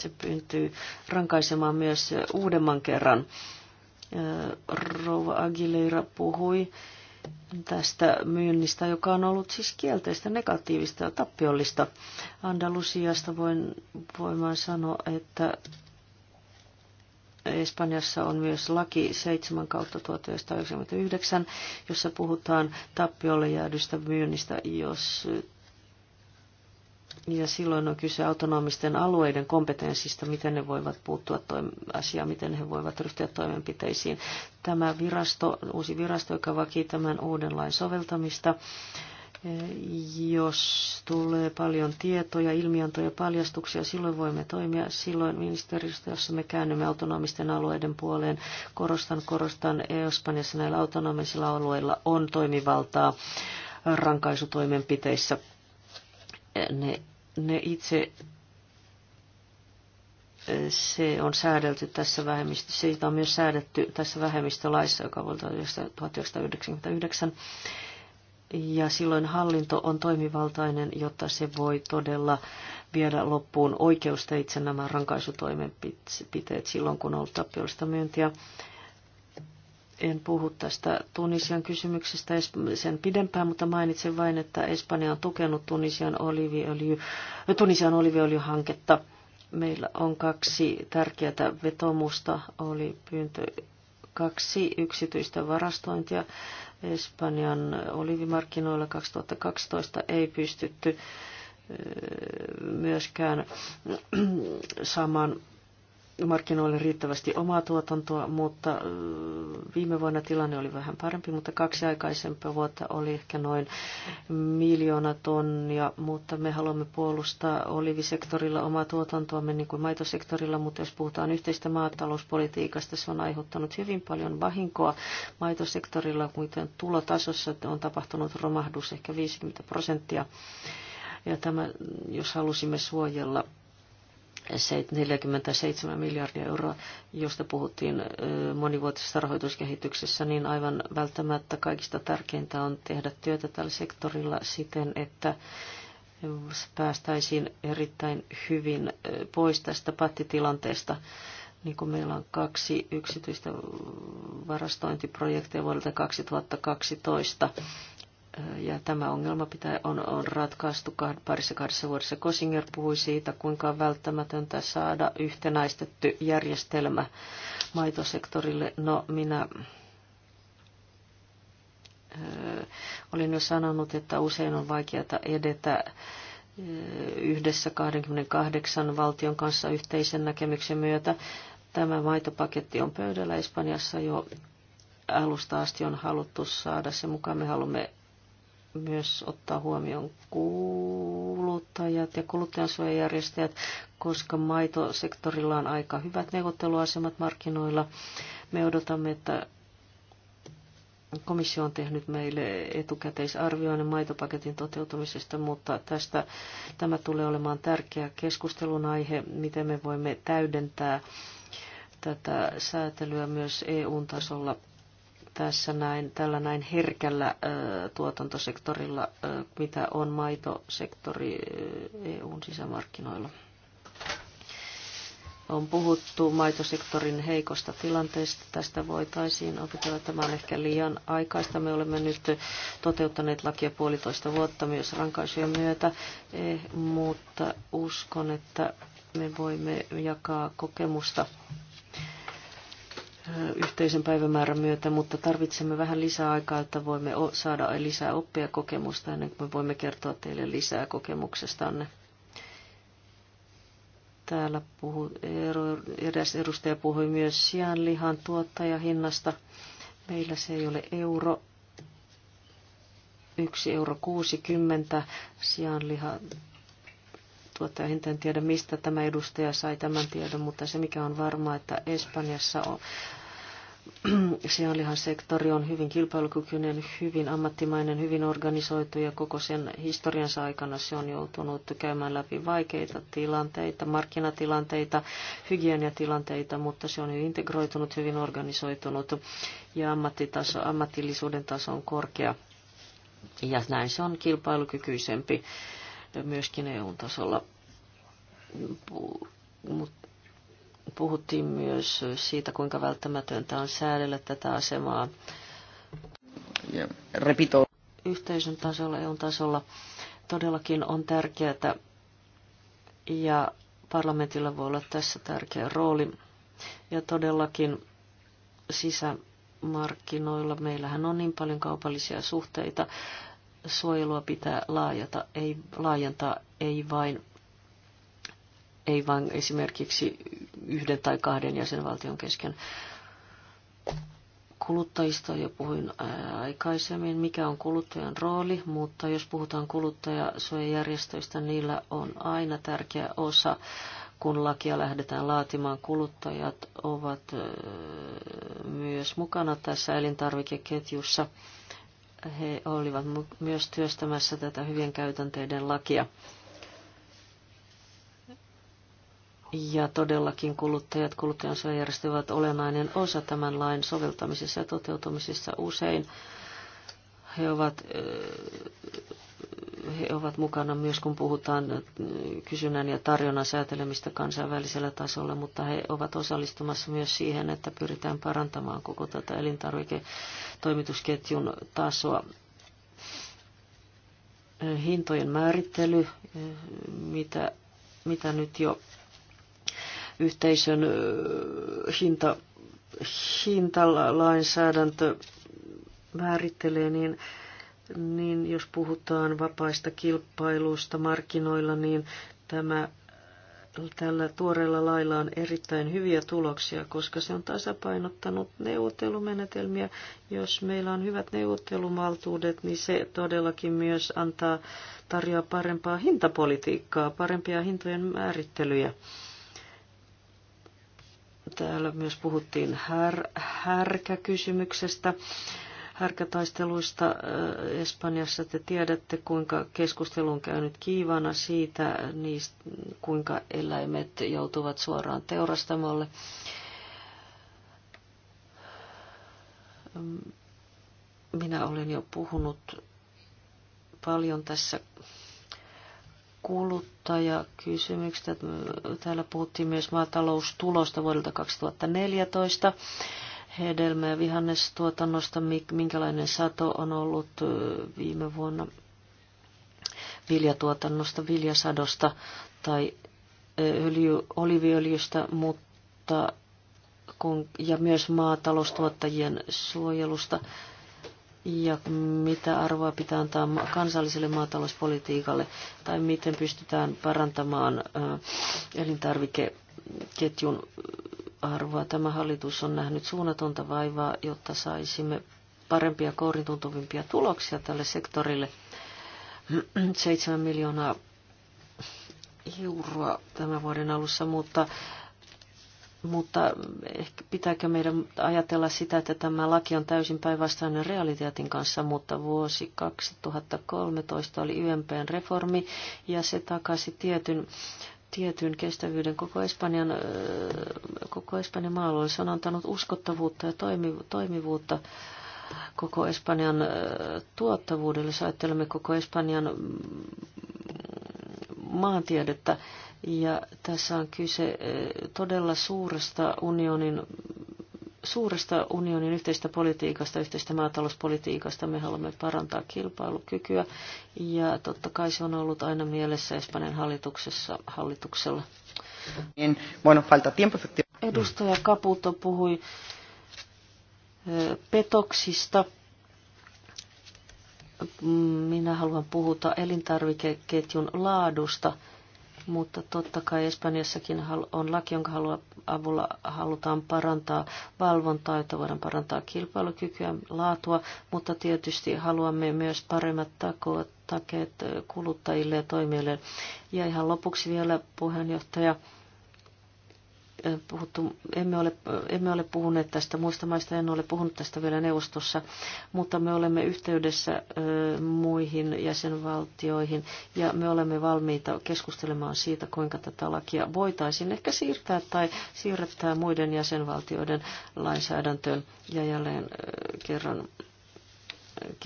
Speaker 4: se pystyy rankaisemaan myös uudemman kerran. Rouva Aguilera puhui tästä myynnistä, joka on ollut siis kielteistä, negatiivista ja tappiollista. Andalusiasta voin, voin vain sanoa, että Espanjassa on myös laki 7 kautta 1999, jossa puhutaan tappiolle jäädystä myynnistä, jos ja silloin on kyse autonomisten alueiden kompetenssista, miten ne voivat puuttua asiaan, miten he voivat ryhtyä toimenpiteisiin. Tämä virasto, uusi virasto, joka vakii tämän uuden lain soveltamista, jos tulee paljon tietoja, ilmiantoja, paljastuksia, silloin voimme toimia. Silloin ministeriöstä, jossa me käännymme autonomisten alueiden puoleen. Korostan, korostan, Espanjassa näillä autonomisilla alueilla on toimivaltaa rankaisutoimenpiteissä. Ne ne itse eh, se on säädelty tässä vähemmistö, siitä on myös säädetty tässä vähemmistölaissa, joka vuonna 1999. Ja silloin hallinto on toimivaltainen, jotta se voi todella viedä loppuun oikeusteitse nämä rankaisutoimenpiteet silloin, kun on ollut tappiollista myyntiä. En puhu tästä Tunisian kysymyksestä sen pidempään, mutta mainitsen vain, että Espanja on tukenut Tunisian, oliviöljy, Tunisian oliviöljyhanketta. Meillä on kaksi tärkeää vetomusta, oli pyyntö kaksi yksityistä varastointia. Espanjan olivimarkkinoilla 2012 ei pystytty myöskään saman markkinoille riittävästi omaa tuotantoa, mutta viime vuonna tilanne oli vähän parempi, mutta kaksi aikaisempaa vuotta oli ehkä noin miljoona tonnia, mutta me haluamme puolustaa olivisektorilla omaa tuotantoamme niin kuin maitosektorilla, mutta jos puhutaan yhteistä maatalouspolitiikasta, se on aiheuttanut hyvin paljon vahinkoa maitosektorilla, kuten tulotasossa on tapahtunut romahdus ehkä 50 prosenttia. Ja tämä, jos halusimme suojella 47 miljardia euroa, josta puhuttiin monivuotisessa rahoituskehityksessä, niin aivan välttämättä kaikista tärkeintä on tehdä työtä tällä sektorilla siten, että päästäisiin erittäin hyvin pois tästä pattitilanteesta. Niin kuin meillä on kaksi yksityistä varastointiprojekteja vuodelta 2012, ja tämä ongelma pitää, on, on ratkaistu parissa kahdessa vuodessa. Kosinger puhui siitä, kuinka on välttämätöntä saada yhtenäistetty järjestelmä maitosektorille. No, minä ö, olin jo sanonut, että usein on vaikeaa edetä yhdessä 28 valtion kanssa yhteisen näkemyksen myötä. Tämä maitopaketti on pöydällä Espanjassa jo alusta asti on haluttu saada se mukaan. Me haluamme myös ottaa huomioon kuluttajat ja kuluttajansuojajärjestäjät, koska maitosektorilla on aika hyvät neuvotteluasemat markkinoilla. Me odotamme, että komissio on tehnyt meille etukäteisarvioinnin maitopaketin toteutumisesta, mutta tästä, tämä tulee olemaan tärkeä keskustelun aihe, miten me voimme täydentää tätä säätelyä myös EU-tasolla tässä näin, tällä näin herkällä ö, tuotantosektorilla, ö, mitä on maitosektori EUn sisämarkkinoilla. On puhuttu maitosektorin heikosta tilanteesta. Tästä voitaisiin opetella. Tämä on ehkä liian aikaista. Me olemme nyt toteuttaneet lakia puolitoista vuotta myös rankaisujen myötä, eh, mutta uskon, että me voimme jakaa kokemusta yhteisen päivämäärän myötä, mutta tarvitsemme vähän lisää aikaa, että voimme saada lisää oppia kokemusta ennen kuin me voimme kertoa teille lisää kokemuksestanne. Täällä puhu, eräs edustaja puhui myös sianlihan tuottajahinnasta. Meillä se ei ole euro, 1,60 euro sianliha tuota, En tiedä, mistä tämä edustaja sai tämän tiedon, mutta se mikä on varmaa, että Espanjassa on sianlihan sektori on hyvin kilpailukykyinen, hyvin ammattimainen, hyvin organisoitu ja koko sen historiansa aikana se on joutunut käymään läpi vaikeita tilanteita, markkinatilanteita, hygieniatilanteita, mutta se on hyvin integroitunut, hyvin organisoitunut ja ammattitaso, ammatillisuuden taso on korkea ja näin se on kilpailukykyisempi myöskin EU-tasolla. Puhuttiin myös siitä, kuinka välttämätöntä on säädellä tätä asemaa repito. yhteisön tasolla, EUn tasolla. Todellakin on tärkeää ja parlamentilla voi olla tässä tärkeä rooli. Ja todellakin sisämarkkinoilla meillähän on niin paljon kaupallisia suhteita suojelua pitää laajata, ei, laajentaa, ei vain, ei vain esimerkiksi yhden tai kahden jäsenvaltion kesken. Kuluttajista jo puhuin aikaisemmin, mikä on kuluttajan rooli, mutta jos puhutaan kuluttajasuojajärjestöistä, niillä on aina tärkeä osa kun lakia lähdetään laatimaan, kuluttajat ovat myös mukana tässä elintarvikeketjussa he olivat myös työstämässä tätä hyvien käytänteiden lakia. Ja todellakin kuluttajat, kuluttajansuojajärjestö ovat olennainen osa tämän lain soveltamisessa ja toteutumisessa usein. He ovat he ovat mukana myös, kun puhutaan kysynnän ja tarjonnan säätelemistä kansainvälisellä tasolla, mutta he ovat osallistumassa myös siihen, että pyritään parantamaan koko tätä elintarviketoimitusketjun tasoa. Hintojen määrittely, mitä, mitä nyt jo yhteisön hinta, hintalainsäädäntö määrittelee, niin niin jos puhutaan vapaista kilpailusta markkinoilla, niin tämä, tällä tuoreella lailla on erittäin hyviä tuloksia, koska se on tasapainottanut neuvottelumenetelmiä. Jos meillä on hyvät neuvottelumaltuudet, niin se todellakin myös antaa, tarjoaa parempaa hintapolitiikkaa, parempia hintojen määrittelyjä. Täällä myös puhuttiin här, härkäkysymyksestä härkätaisteluista Espanjassa. Te tiedätte, kuinka keskustelu on käynyt kiivana siitä, niistä, kuinka eläimet joutuvat suoraan teurastamolle. Minä olen jo puhunut paljon tässä kuluttajakysymyksestä. Täällä puhuttiin myös maataloustulosta vuodelta 2014 hedelmä- ja vihannestuotannosta, minkälainen sato on ollut viime vuonna viljatuotannosta, viljasadosta tai öljy, oliviöljystä, mutta kun, ja myös maataloustuottajien suojelusta ja mitä arvoa pitää antaa kansalliselle maatalouspolitiikalle tai miten pystytään parantamaan elintarvikeketjun arvoa. Tämä hallitus on nähnyt suunnatonta vaivaa, jotta saisimme parempia kourintuntuvimpia tuloksia tälle sektorille. 7 miljoonaa euroa tämän vuoden alussa, mutta, mutta ehkä pitääkö meidän ajatella sitä, että tämä laki on täysin päinvastainen realiteetin kanssa, mutta vuosi 2013 oli YMPn reformi ja se takasi tietyn äh, tietyn kestävyyden koko Espanjan, koko Espanjan maa Se on antanut uskottavuutta ja toimivuutta koko Espanjan tuottavuudelle. Jos ajattelemme koko Espanjan mm, maantiedettä, ja tässä on kyse todella suuresta unionin suuresta unionin yhteistä politiikasta, yhteistä maatalouspolitiikasta. Me haluamme parantaa kilpailukykyä ja totta kai se on ollut aina mielessä Espanjan hallituksessa, hallituksella. Edustaja Kaputo puhui petoksista. Mm, minä haluan puhuta elintarvikeketjun laadusta – mutta totta kai Espanjassakin on laki, jonka avulla halutaan parantaa valvontaa, jotta voidaan parantaa kilpailukykyä, laatua, mutta tietysti haluamme myös paremmat takeet kuluttajille ja toimijoille. Ja ihan lopuksi vielä puheenjohtaja puhuttu, emme ole, emme ole puhuneet tästä muista maista, en ole puhunut tästä vielä neuvostossa, mutta me olemme yhteydessä muihin jäsenvaltioihin ja me olemme valmiita keskustelemaan siitä, kuinka tätä lakia voitaisiin ehkä siirtää tai siirrettää muiden jäsenvaltioiden lainsäädäntöön. Ja jälleen kerran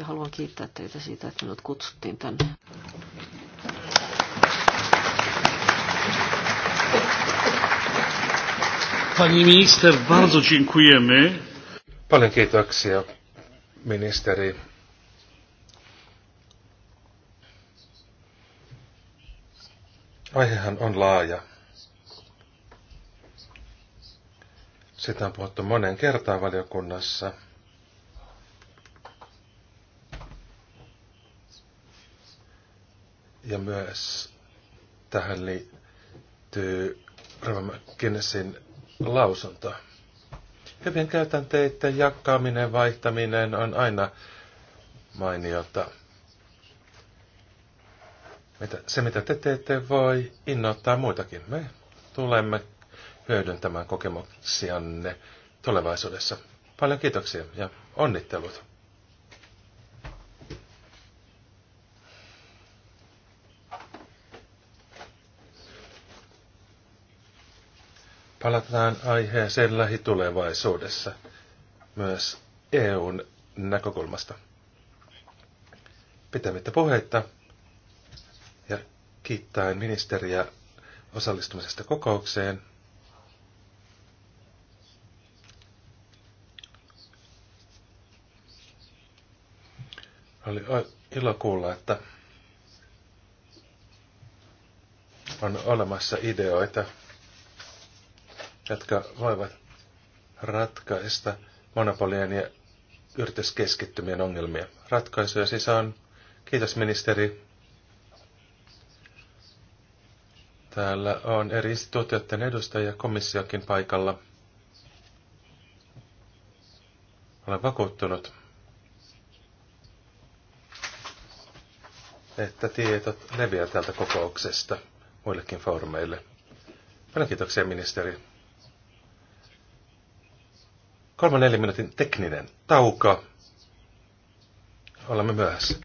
Speaker 4: haluan kiittää teitä siitä, että minut kutsuttiin tänne.
Speaker 1: Pani minister, bardzo
Speaker 2: dziękujemy. Paljon kiitoksia, ministeri. Aihehan on laaja. Sitä on puhuttu monen kertaan valiokunnassa. Ja myös tähän liittyy Rava lausunto. Hyvien käytänteiden jakaminen, vaihtaminen on aina mainiota. Se, mitä te teette, voi innoittaa muitakin. Me tulemme hyödyntämään kokemuksianne tulevaisuudessa. Paljon kiitoksia ja onnittelut. Palataan aiheeseen lähitulevaisuudessa myös EUn näkökulmasta. Pitämättä puheita ja kiittäen ministeriä osallistumisesta kokoukseen. Oli ilo kuulla, että on olemassa ideoita jotka voivat ratkaista monopolien ja yrityskeskittymien ongelmia. Ratkaisuja siis on. Kiitos ministeri. Täällä on eri instituutioiden edustajia, komissiokin paikalla. Olen vakuuttunut, että tietot leviää tältä kokouksesta muillekin foorumeille. Paljon kiitoksia, ministeri kolmen neljän minuutin tekninen tauko. Olemme myöhässä.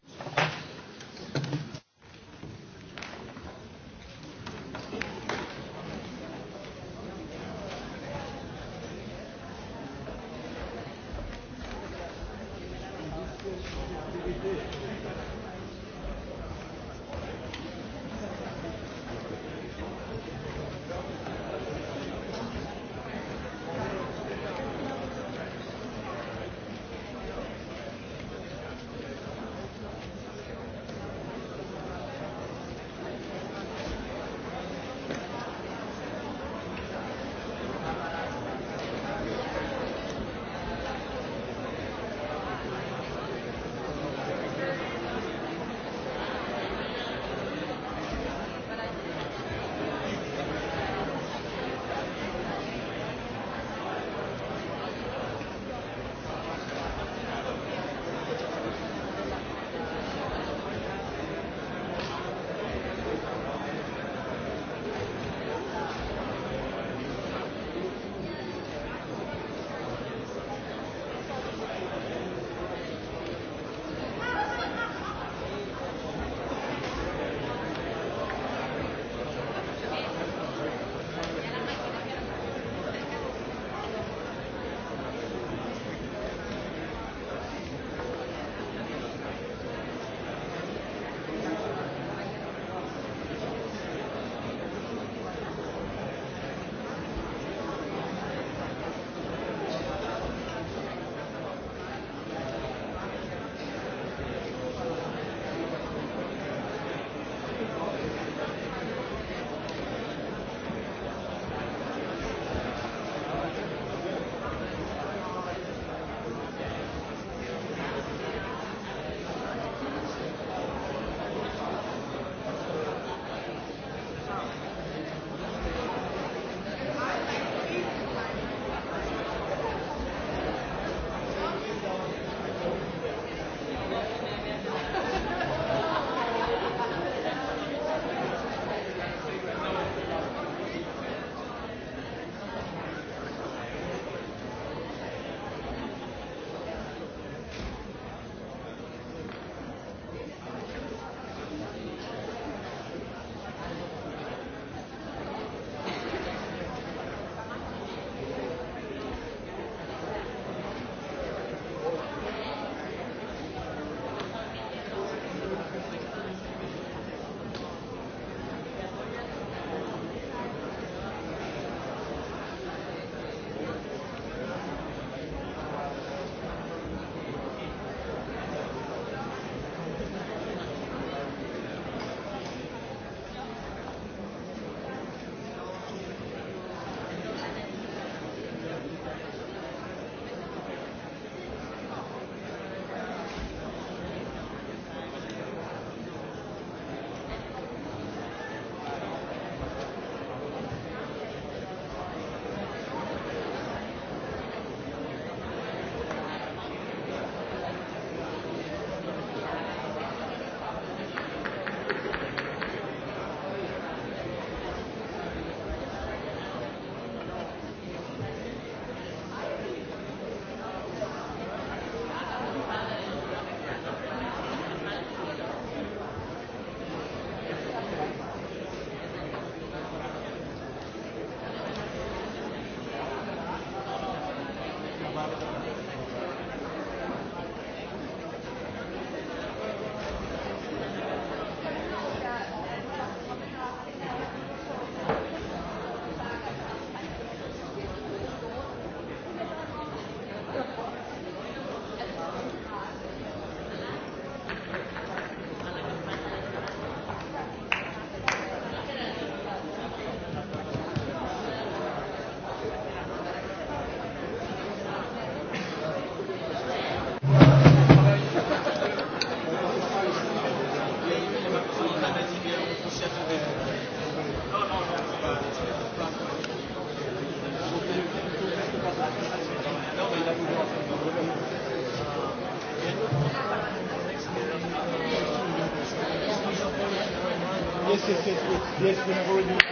Speaker 1: yes, yes, yes, yes, we have already.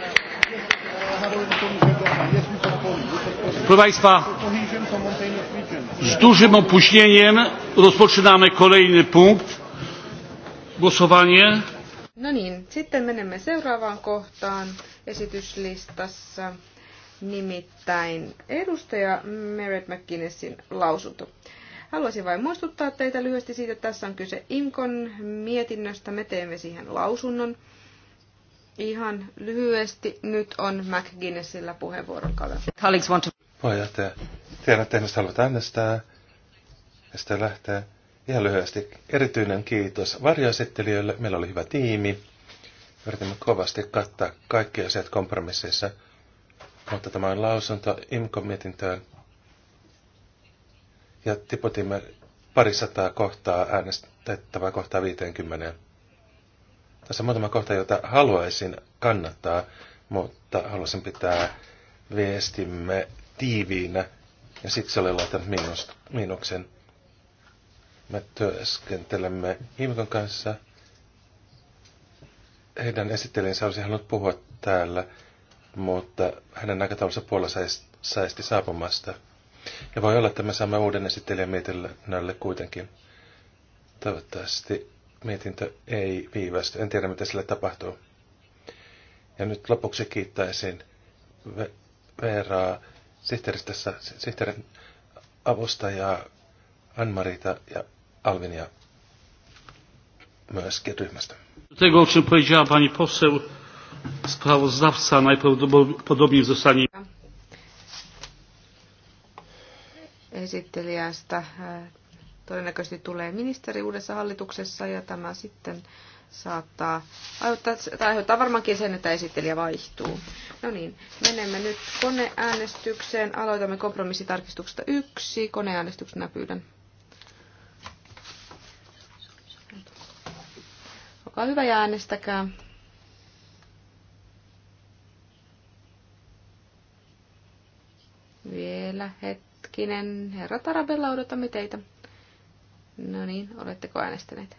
Speaker 1: Proszę Państwa, z dużym opóźnieniem rozpoczynamy kolejny punkt. Głosowanie.
Speaker 3: No niin, sitten menemme seuraavaan kohtaan esityslistassa, nimittäin edustaja Merit McKinnessin lausunto. Haluaisin vain muistuttaa teitä lyhyesti siitä, että tässä on kyse Inkon mietinnöstä. Me teemme siihen lausunnon. Ihan lyhyesti, nyt on McGuinnessillä puheenvuoron kautta.
Speaker 2: want Puheenjohtaja, tiedän, että ihmiset haluavat äänestää ja sitten lähtee. Ihan lyhyesti, erityinen kiitos varjoesittelijöille. Meillä oli hyvä tiimi. Yritimme kovasti kattaa kaikki asiat kompromisseissa, mutta tämä on lausunto IMCO-mietintöön. Ja tiputimme parisataa kohtaa äänestettävää kohtaa 50. Tässä on muutama kohta, jota haluaisin kannattaa, mutta haluaisin pitää viestimme tiiviinä ja siksi olen laittanut miinus, miinuksen. Me työskentelemme Imkon kanssa. Heidän esittelijänsä olisi halunnut puhua täällä, mutta hänen aikataulunsa puolella saisti saapumasta. Ja voi olla, että me saamme uuden esittelijän mietinnölle kuitenkin. Toivottavasti mietintö ei viivästy. En tiedä, mitä sille tapahtuu. Ja nyt lopuksi kiittäisin Veeraa sihteeristössä, sihteerin avustajaa Anmarita ja Alvinia myöskin ryhmästä.
Speaker 1: Tego, o czym powiedziała pani poseł, sprawozdawca najprawdopodobniej zostanie...
Speaker 3: Esittelijästä todennäköisesti tulee ministeri uudessa hallituksessa ja tämä sitten saattaa aiheuttaa, tai aiheuttaa varmaankin sen, että esittelijä vaihtuu. No niin, menemme nyt koneäänestykseen. Aloitamme kompromissitarkistuksesta yksi. Koneäänestyksenä pyydän. Olkaa hyvä ja äänestäkää. Vielä hetkinen. Herra Tarabella, odotamme teitä. No niin, oletteko äänestäneet?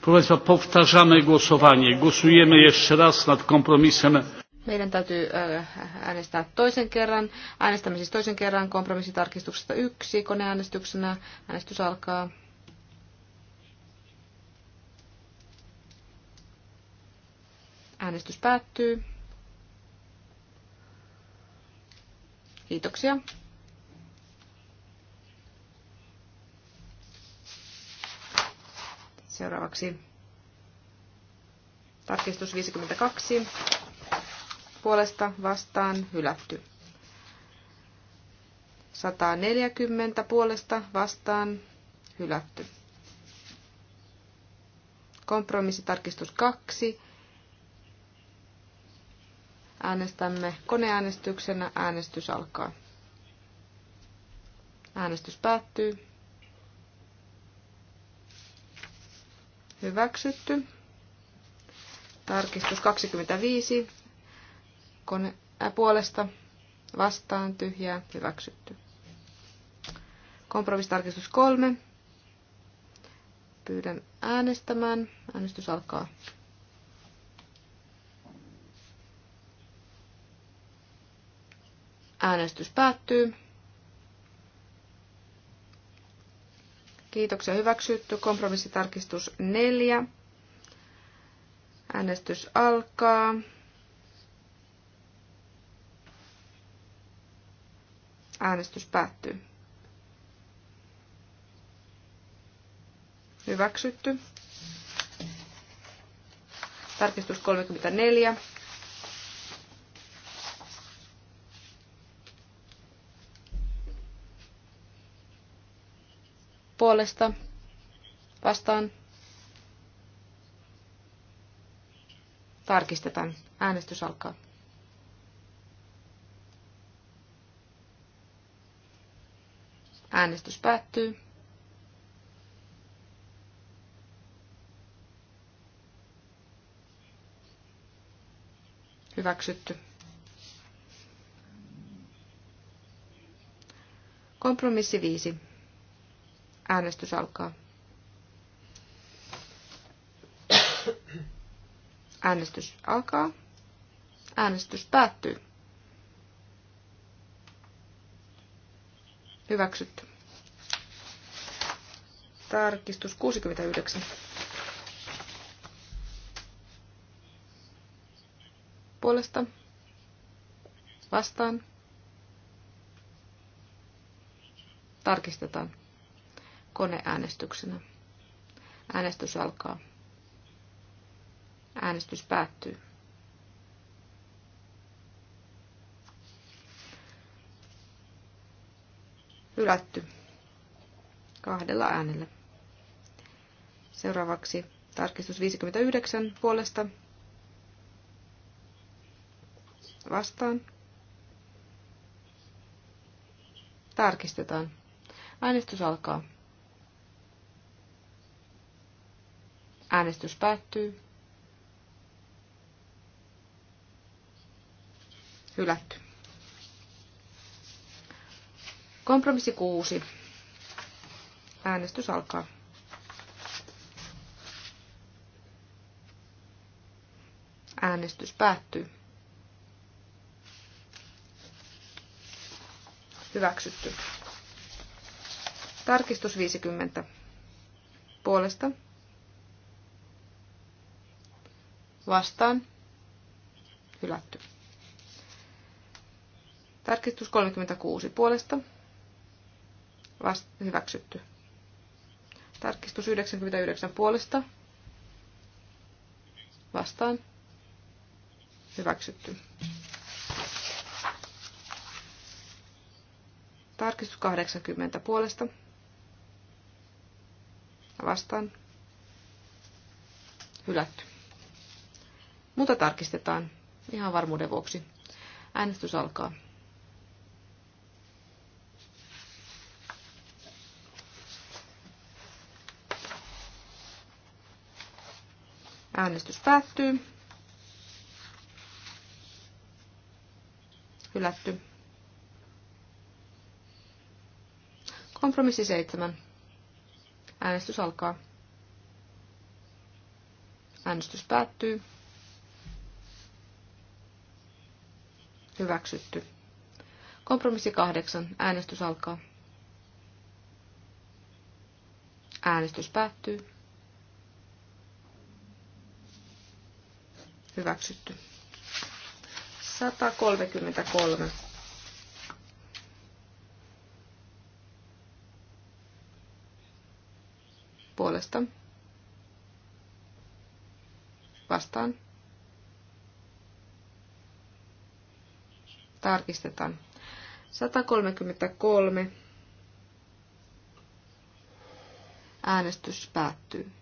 Speaker 1: Proszę powtarzamy głosowanie. Głosujemy jeszcze raz nad kompromisem.
Speaker 3: Meidän täytyy e, äänestää toisen kerran. Äänestämme siis toisen kerran kompromissitarkistuksesta yksi koneäänestyksenä. Äänestys alkaa. Äänestys päättyy. Kiitoksia. Seuraavaksi tarkistus 52. Puolesta vastaan hylätty. 140 puolesta vastaan hylätty. Kompromissitarkistus 2 Äänestämme koneäänestyksenä. Äänestys alkaa. Äänestys päättyy. Hyväksytty. Tarkistus 25. Kone äh, puolesta vastaan tyhjää hyväksytty. Kompromistarkistus 3. Pyydän äänestämään. Äänestys alkaa. Äänestys päättyy. Kiitoksia hyväksytty. Kompromissitarkistus 4. Äänestys alkaa. Äänestys päättyy. Hyväksytty. Tarkistus 34. puolesta vastaan. Tarkistetaan. Äänestys alkaa. Äänestys päättyy. Hyväksytty. Kompromissi 5 Äänestys alkaa. Äänestys alkaa. Äänestys päättyy. Hyväksytty. Tarkistus 69. Puolesta. Vastaan. Tarkistetaan koneäänestyksenä. Äänestys alkaa. Äänestys päättyy. Hylätty kahdella äänellä. Seuraavaksi tarkistus 59 puolesta vastaan. Tarkistetaan. Äänestys alkaa. Äänestys päättyy. Hylätty. Kompromissi 6. Äänestys alkaa. Äänestys päättyy. Hyväksytty. Tarkistus 50. Puolesta vastaan hylätty. Tarkistus 36 puolesta vast- hyväksytty. Tarkistus 99 puolesta vastaan hyväksytty. Tarkistus 80 puolesta vastaan hylätty. Mutta tarkistetaan ihan varmuuden vuoksi. Äänestys alkaa. Äänestys päättyy. Hylätty. Kompromissi 7. Äänestys alkaa. Äänestys päättyy. Hyväksytty. Kompromissi kahdeksan. Äänestys alkaa. Äänestys päättyy. Hyväksytty. 133. Puolesta. Vastaan. tarkistetaan. 133. Äänestys päättyy.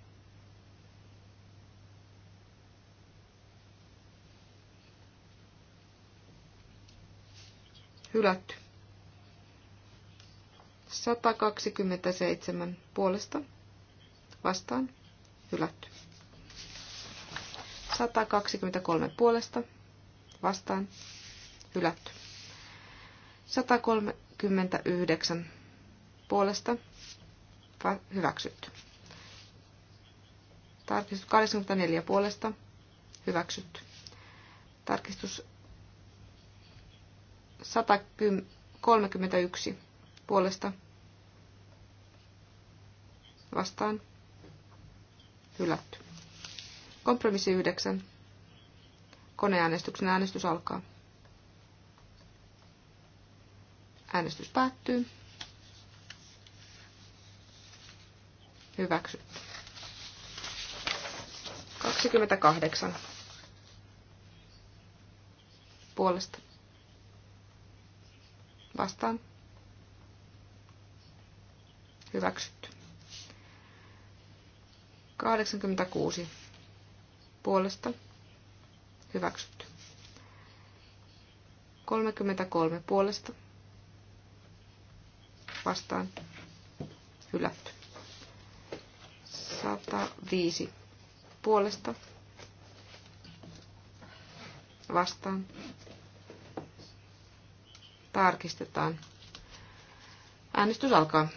Speaker 3: Hylätty. 127 puolesta vastaan hylätty. 123 puolesta vastaan hylätty. 139 puolesta hyväksytty. Tarkistus 84 puolesta hyväksytty. Tarkistus 131 puolesta vastaan hylätty. Kompromissi 9. Koneäänestyksen äänestys alkaa. Äänestys päättyy. Hyväksytty. 28. Puolesta. Vastaan. Hyväksytty. 86. Puolesta. Hyväksytty. 33. Puolesta vastaan hylätty. 105 puolesta vastaan tarkistetaan. Äänestys alkaa.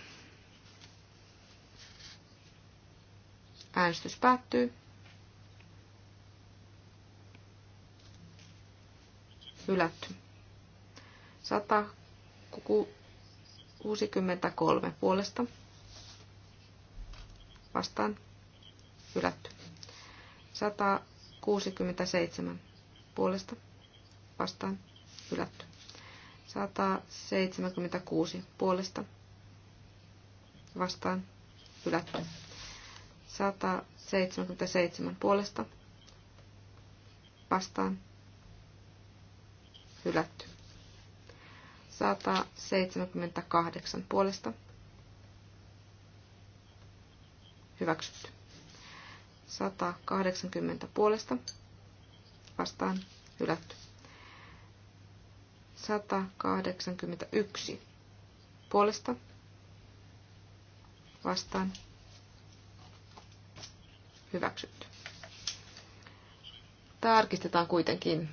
Speaker 3: Äänestys päättyy. Hylätty. 106 63 puolesta. Vastaan. Hylätty. 167 puolesta. Vastaan. Hylätty. 176 puolesta. Vastaan. Hylätty. 177 puolesta. Vastaan. Hylätty. 178 puolesta. Hyväksytty. 180 puolesta. Vastaan hylätty. 181 puolesta. Vastaan hyväksytty. Tarkistetaan kuitenkin.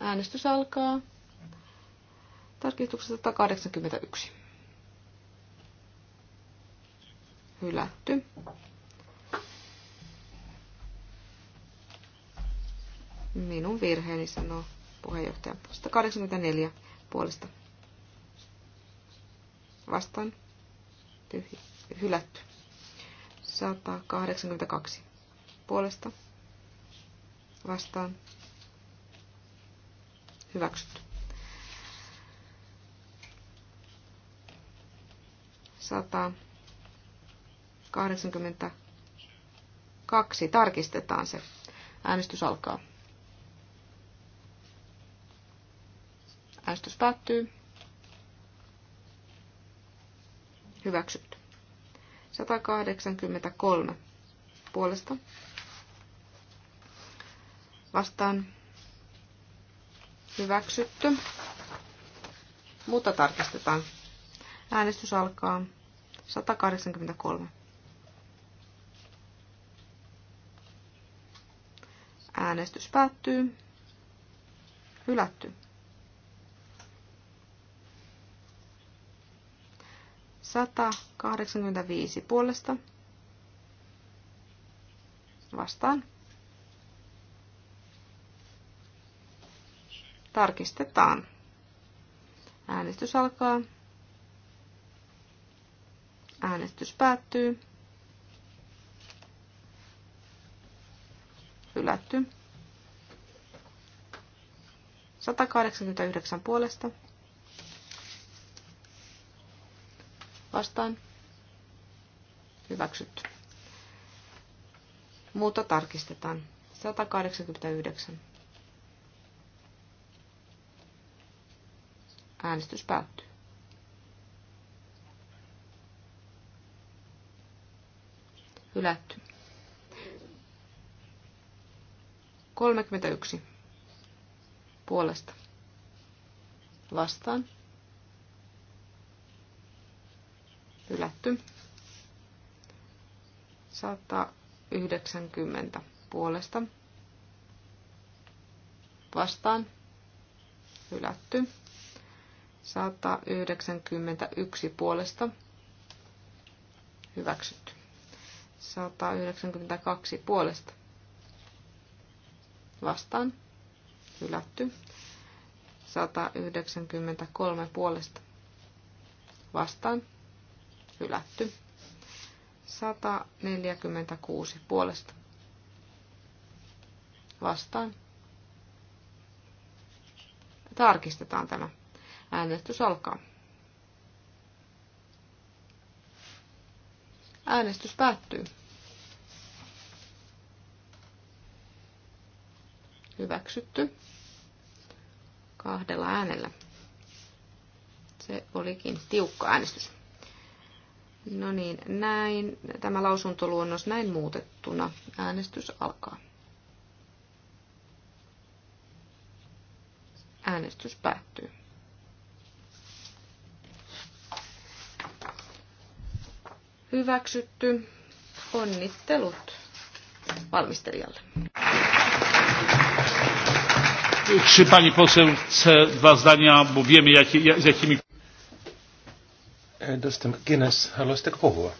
Speaker 3: Äänestys alkaa. Tarkistuksesta 181. Hylätty. Minun virheeni sanoo puheenjohtaja. 184 puolesta. Vastaan. Tyhjä. Hylätty. 182 puolesta. Vastaan. Hyväksytty. 182. Tarkistetaan se. Äänestys alkaa. Äänestys päättyy. Hyväksytty. 183 puolesta. Vastaan hyväksytty, mutta tarkistetaan Äänestys alkaa 183. Äänestys päättyy. Hylätty. 185 puolesta. Vastaan. Tarkistetaan. Äänestys alkaa. Äänestys päättyy. Hylätty. 189 puolesta. Vastaan. Hyväksytty. Muuta tarkistetaan. 189. Äänestys päättyy. Hylätty. 31. Puolesta. Vastaan. Hylätty. 190 puolesta. Vastaan. Hylätty. 191 puolesta. Hyväksytty. 192 puolesta. Vastaan. Hylätty. 193 puolesta. Vastaan. Hylätty. 146 puolesta. Vastaan. Tarkistetaan tämä. Äänestys alkaa. Äänestys päättyy. Hyväksytty. Kahdella äänellä. Se olikin tiukka äänestys. No niin, näin, tämä lausuntoluonnos näin muutettuna. Äänestys alkaa. Äänestys päättyy. hyväksytty. Onnittelut valmistelijalle.
Speaker 1: Czy pani poseł chce dwa zdania, bo wiemy jakie, z jakimi... Edustaja McGuinness,
Speaker 2: haluaisitteko puhua?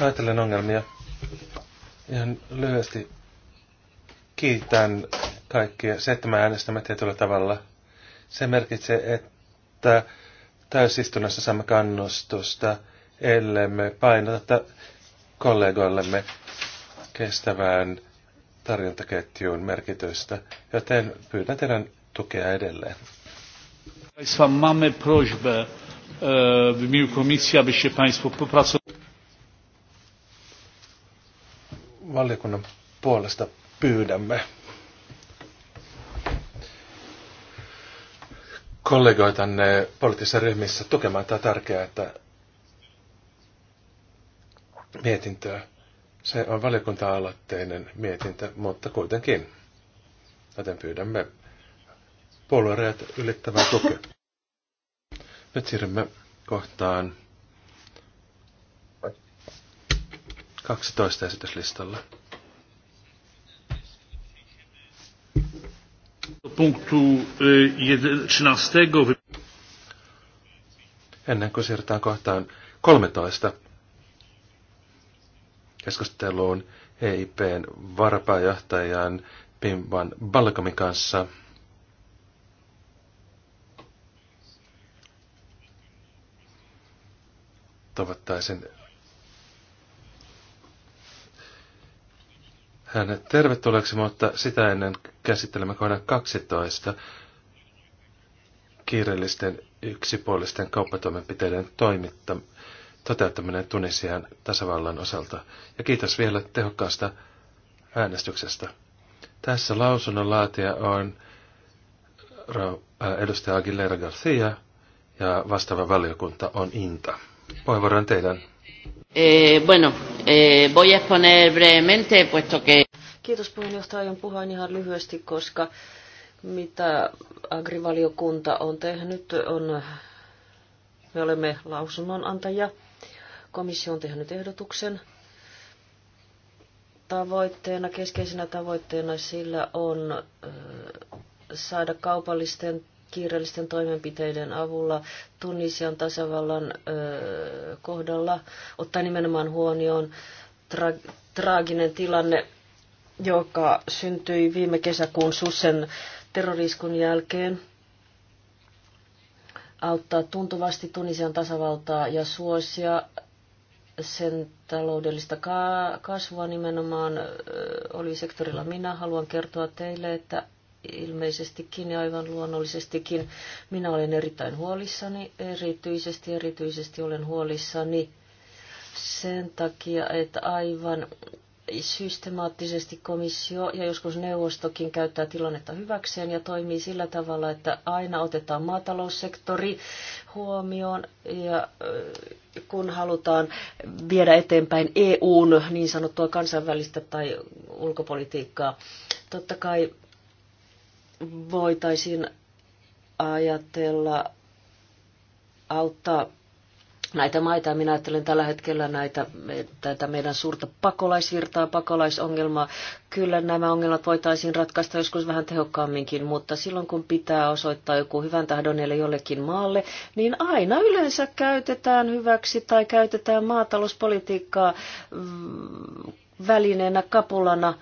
Speaker 2: Ajattelen ongelmia. Ihan lyhyesti kiitän kaikkia. Se, että mä äänestämme tietyllä tavalla, se merkitsee, että että täysistunnossa saamme kannustusta, ellemme painota kollegoillemme kestävään tarjontaketjuun merkitystä, joten pyydän teidän tukea edelleen. E, Valiokunnan puolesta pyydämme kollegoitanne poliittisissa ryhmissä tukemaan tätä tärkeää että mietintöä. Se on valiokunta-aloitteinen mietintö, mutta kuitenkin. Joten pyydämme puolueet ylittävää tukea. Nyt siirrymme kohtaan 12 esityslistalla. punktu 13. Ennen kuin siirrytään kohtaan 13 keskusteluun EIPn varapääjohtajan Pimban Balkomin kanssa. Toivottaisin hänet tervetulleeksi, mutta sitä ennen käsittelemme kohdan 12 kiireellisten yksipuolisten kauppatoimenpiteiden toimitta, toteuttaminen Tunisian tasavallan osalta. Ja kiitos vielä tehokkaasta äänestyksestä. Tässä lausunnon laatija on äh, edustaja Aguilera Garcia ja vastaava valiokunta on INTA. Puheenvuoron teidän.
Speaker 4: Eh, bueno, eh, voy a exponer brevemente, puesto que... Kiitos puheenjohtaja, aion puhua ihan lyhyesti, koska mitä agrivaliokunta on tehnyt, on, me olemme lausunnonantaja. Komissio on tehnyt ehdotuksen. Tavoitteena, keskeisenä tavoitteena sillä on eh, saada kaupallisten kiireellisten toimenpiteiden avulla Tunisian tasavallan ö, kohdalla, ottaa nimenomaan huomioon tra- traaginen tilanne, joka syntyi viime kesäkuun Sussen terroriskun jälkeen, auttaa tuntuvasti Tunisian tasavaltaa ja suosia sen taloudellista kasvua nimenomaan oli sektorilla. Minä haluan kertoa teille, että ilmeisestikin ja aivan luonnollisestikin. Minä olen erittäin huolissani, erityisesti, erityisesti olen huolissani sen takia, että aivan systemaattisesti komissio ja joskus neuvostokin käyttää tilannetta hyväkseen ja toimii sillä tavalla, että aina otetaan maataloussektori huomioon ja äh, kun halutaan viedä eteenpäin EUn niin sanottua kansainvälistä tai ulkopolitiikkaa. Totta kai voitaisiin ajatella auttaa näitä maita. Minä ajattelen tällä hetkellä näitä, tätä meidän suurta pakolaisvirtaa, pakolaisongelmaa. Kyllä nämä ongelmat voitaisiin ratkaista joskus vähän tehokkaamminkin, mutta silloin kun pitää osoittaa joku hyvän tahdon jollekin maalle, niin aina yleensä käytetään hyväksi tai käytetään maatalouspolitiikkaa mm, välineenä, kapulana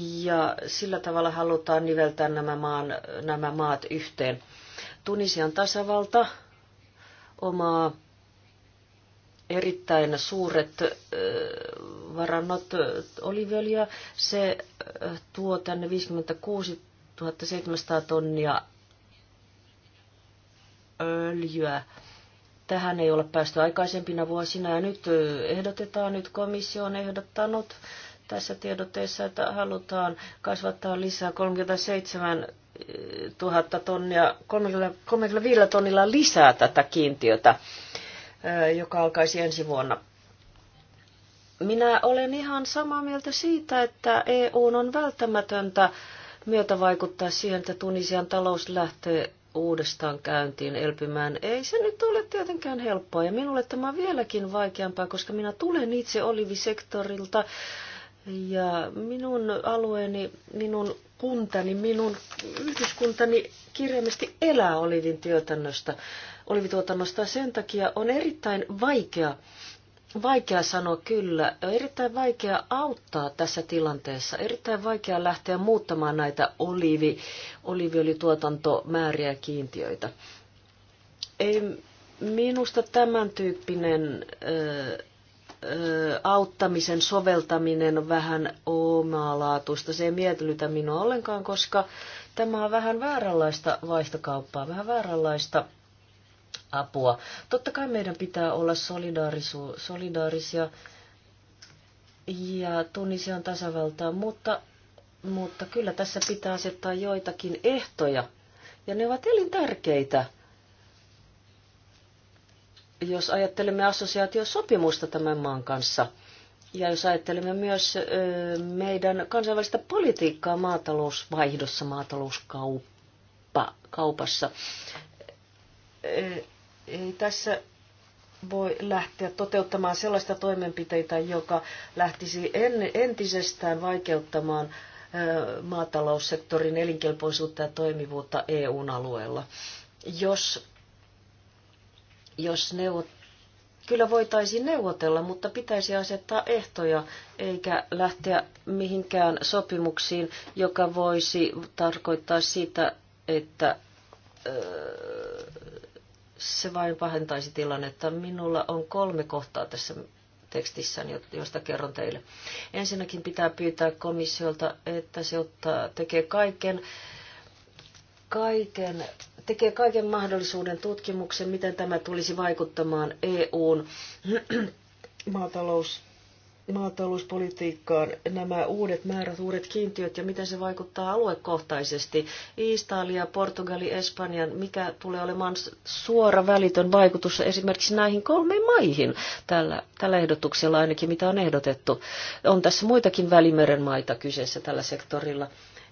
Speaker 4: ja sillä tavalla halutaan niveltää nämä, maan, nämä maat yhteen. Tunisian tasavalta omaa erittäin suuret varannot oliviöljyä. Se tuo tänne 56 700 tonnia öljyä. Tähän ei ole päästy aikaisempina vuosina ja nyt ehdotetaan, nyt komissio on ehdottanut tässä tiedotteessa, että halutaan kasvattaa lisää 37 000 eh, tonnia, 35 tonnilla lisää tätä kiintiötä, eh, joka alkaisi ensi vuonna. Minä olen ihan samaa mieltä siitä, että EU on välttämätöntä myötä vaikuttaa siihen, että Tunisian talous lähtee uudestaan käyntiin elpymään. Ei se nyt ole tietenkään helppoa ja minulle tämä on vieläkin vaikeampaa, koska minä tulen itse olivisektorilta. sektorilta ja minun alueeni, minun kuntani, minun yhdyskuntani kirjaimesti elää olivin tuotannosta. sen takia on erittäin vaikea, vaikea sanoa kyllä, erittäin vaikea auttaa tässä tilanteessa, erittäin vaikea lähteä muuttamaan näitä oli oliiviöljytuotantomääriä ja kiintiöitä. Ei, minusta tämän tyyppinen... Öö, auttamisen soveltaminen on vähän omalaatuista. Se ei miellytä minua ollenkaan, koska tämä on vähän vääränlaista vaihtokauppaa, vähän vääränlaista apua. Totta kai meidän pitää olla solidaarisia ja Tunisian tasavaltaa, mutta, mutta kyllä tässä pitää asettaa joitakin ehtoja, ja ne ovat elintärkeitä. tärkeitä jos ajattelemme assosiaatiosopimusta tämän maan kanssa, ja jos ajattelemme myös meidän kansainvälistä politiikkaa maatalousvaihdossa, maatalouskaupassa, ei tässä voi lähteä toteuttamaan sellaista toimenpiteitä, joka lähtisi en, entisestään vaikeuttamaan maataloussektorin elinkelpoisuutta ja toimivuutta eu alueella. Jos jos neuvot, kyllä voitaisiin neuvotella, mutta pitäisi asettaa ehtoja eikä lähteä mihinkään sopimuksiin, joka voisi tarkoittaa sitä, että öö, se vain pahentaisi tilannetta. Minulla on kolme kohtaa tässä tekstissä, josta kerron teille. Ensinnäkin pitää pyytää komissiolta, että se ottaa, tekee kaiken, kaiken tekee kaiken mahdollisuuden tutkimuksen, miten tämä tulisi vaikuttamaan EUn maatalous, maatalouspolitiikkaan, nämä uudet määrät, uudet kiintiöt ja miten se vaikuttaa aluekohtaisesti. Italia, Portugali, Espanjan, mikä tulee olemaan suora välitön vaikutus esimerkiksi näihin kolmeen maihin tällä, tällä ehdotuksella ainakin, mitä on ehdotettu. On tässä muitakin välimeren maita kyseessä tällä sektorilla.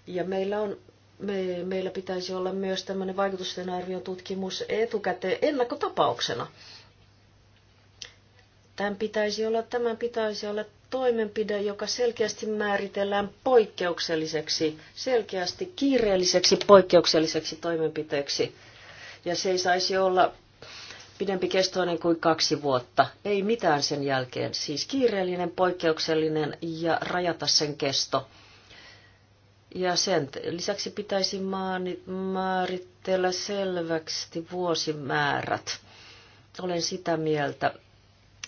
Speaker 4: Ja meillä on me, meillä pitäisi olla myös tämmöinen vaikutusten arviotutkimus etukäteen ennakkotapauksena. Tämän pitäisi olla, tämän pitäisi olla toimenpide, joka selkeästi määritellään poikkeukselliseksi, selkeästi kiireelliseksi poikkeukselliseksi toimenpiteeksi. Ja se ei saisi olla pidempi kestoinen kuin kaksi vuotta. Ei mitään sen jälkeen. Siis kiireellinen, poikkeuksellinen ja rajata sen kesto ja sen lisäksi pitäisi määritellä selvästi vuosimäärät. Olen sitä mieltä,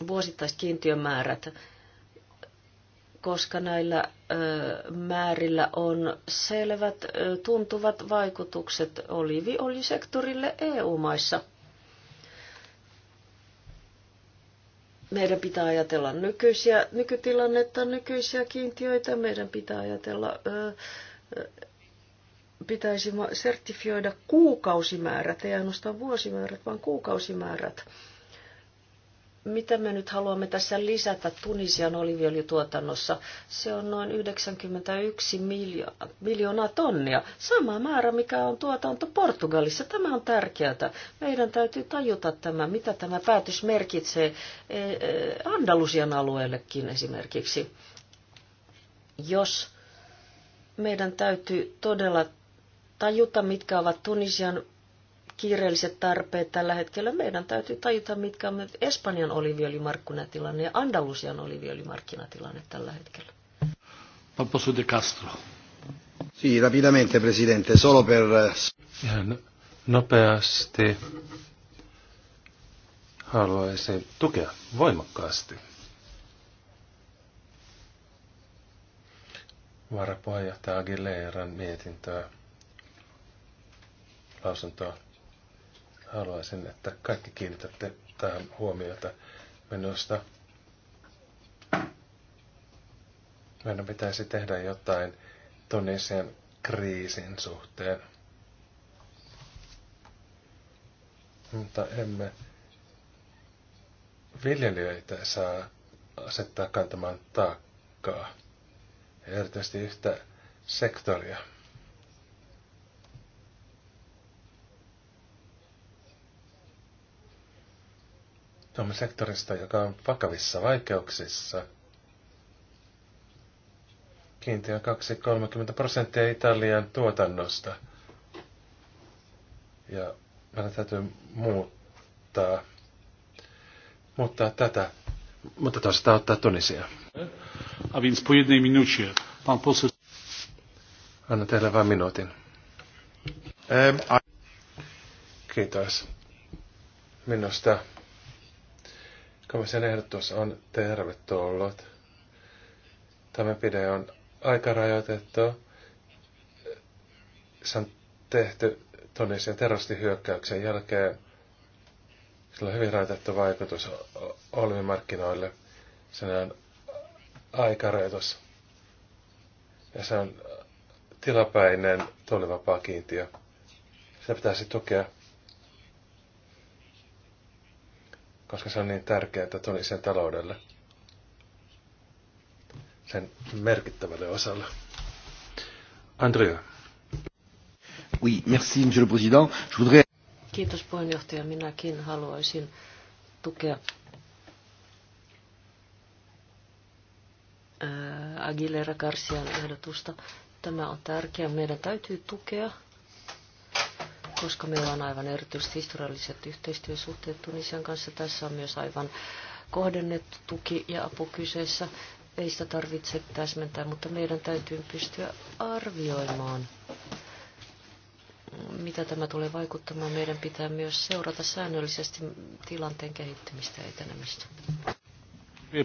Speaker 4: vuosittaiset kiintiömäärät, koska näillä ö, määrillä on selvät ö, tuntuvat vaikutukset oliviolisektorille EU-maissa. Meidän pitää ajatella nykyisiä, nykytilannetta, nykyisiä kiintiöitä, meidän pitää ajatella ö, pitäisi sertifioida kuukausimäärät, ei ainoastaan vuosimäärät, vaan kuukausimäärät. Mitä me nyt haluamme tässä lisätä Tunisian oliviöljytuotannossa? Se on noin 91 miljoonaa, miljoonaa tonnia. Sama määrä, mikä on tuotanto Portugalissa. Tämä on tärkeää. Meidän täytyy tajuta tämä, mitä tämä päätös merkitsee eh, eh, Andalusian alueellekin esimerkiksi. Jos meidän täytyy todella tajuta, mitkä ovat Tunisian kiireelliset tarpeet tällä hetkellä. Meidän täytyy tajuta, mitkä on Espanjan oliviöljymarkkinatilanne ja Andalusian oliviöljymarkkinatilanne tällä hetkellä.
Speaker 2: Papposu
Speaker 1: de Castro. Sì, rapidamente, Presidente, solo per...
Speaker 2: Ihan nopeasti haluaisin tukea voimakkaasti varapuheenjohtaja Aguileran mietintöä, lausuntoa. Haluaisin, että kaikki kiinnitätte tähän huomiota. Minusta meidän pitäisi tehdä jotain Tunisian kriisin suhteen. Mutta emme viljelijöitä saa asettaa kantamaan taakkaa erityisesti yhtä sektoria. Tuomme sektorista, joka on vakavissa vaikeuksissa. Kiintiö 2-30 prosenttia Italian tuotannosta. Ja meidän täytyy muuttaa, muuttaa tätä, mutta toisaalta ottaa Tunisia a więc po jednej minucie. Pan poseł... Anna teille vain minuutin. Kiitos. Minusta komission ehdotus on tervetullut. Toimenpide on aika rajoitettu. Se on tehty Tunisian terroristihyökkäyksen jälkeen. Sillä on hyvin rajoitettu vaikutus olvimarkkinoille. Sen on aikarajoitus. Ja se on tilapäinen tuolivapaa kiintiö. Sitä pitäisi tukea, koska se on niin tärkeää sen taloudelle, sen merkittävälle osalle. Andrea. Oui, merci, monsieur le président. Je voudrais... Kiitos
Speaker 4: puheenjohtaja. Minäkin haluaisin tukea Aguilera Garcian ehdotusta. Tämä on tärkeää. Meidän täytyy tukea, koska meillä on aivan erityisesti historialliset yhteistyösuhteet Tunisian kanssa. Tässä on myös aivan kohdennettu tuki ja apu kyseessä. Ei sitä tarvitse täsmentää, mutta meidän täytyy pystyä arvioimaan, mitä tämä tulee vaikuttamaan. Meidän pitää myös seurata säännöllisesti tilanteen kehittymistä ja etenemistä.
Speaker 1: Ei,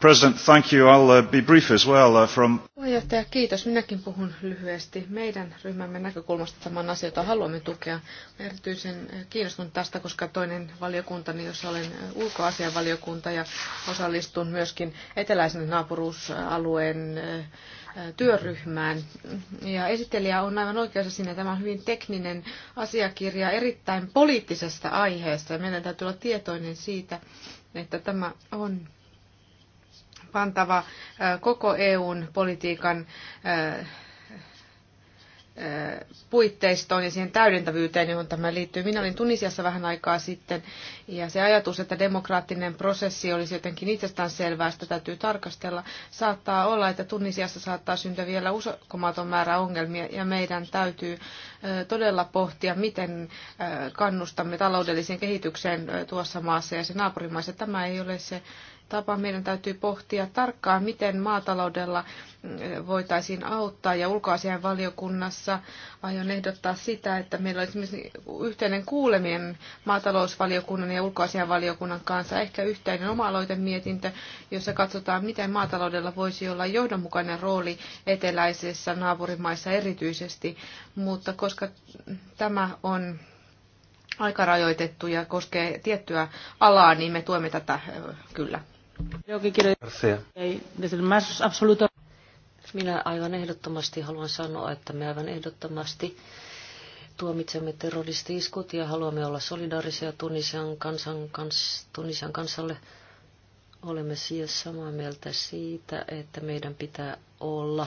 Speaker 1: President, thank you. I'll uh, be brief as well uh, from...
Speaker 3: Puheenjohtaja, kiitos. Minäkin puhun lyhyesti. Meidän ryhmämme näkökulmasta tämän asian, jota haluamme tukea. Olen erityisen äh, kiinnostunut tästä, koska toinen valiokuntani, jossa olen äh, ulkoasianvaliokunta ja osallistun myöskin eteläisen naapuruusalueen äh, työryhmään. Ja esittelijä on aivan oikeassa siinä. Tämä on hyvin tekninen asiakirja erittäin poliittisesta aiheesta. Ja meidän täytyy olla tietoinen siitä, että tämä on pantava koko EUn politiikan puitteistoon ja siihen täydentävyyteen, johon tämä liittyy. Minä olin Tunisiassa vähän aikaa sitten, ja se ajatus, että demokraattinen prosessi olisi jotenkin itsestäänselvää, sitä täytyy tarkastella. Saattaa olla, että Tunisiassa saattaa syntyä vielä uskomaton määrä ongelmia, ja meidän täytyy todella pohtia, miten kannustamme taloudelliseen kehitykseen tuossa maassa ja se naapurimaissa. Tämä ei ole se tapa. Meidän täytyy pohtia tarkkaan, miten maataloudella mm, voitaisiin auttaa. Ja ulkoasian valiokunnassa aion ehdottaa sitä, että meillä olisi myös yhteinen kuuleminen maatalousvaliokunnan ja ulkoasian valiokunnan kanssa. Ehkä yhteinen oma mietintö, jossa katsotaan, miten maataloudella voisi olla johdonmukainen rooli eteläisissä naapurimaissa erityisesti. Mutta koska tämä on aikarajoitettu ja koskee tiettyä alaa, niin me tuemme tätä kyllä.
Speaker 4: Minä aivan ehdottomasti haluan sanoa, että me aivan ehdottomasti tuomitsemme terroristi-iskut ja haluamme olla solidaarisia Tunisian, kansan, kans, Tunisian kansalle. Olemme siis samaa mieltä siitä, että meidän pitää olla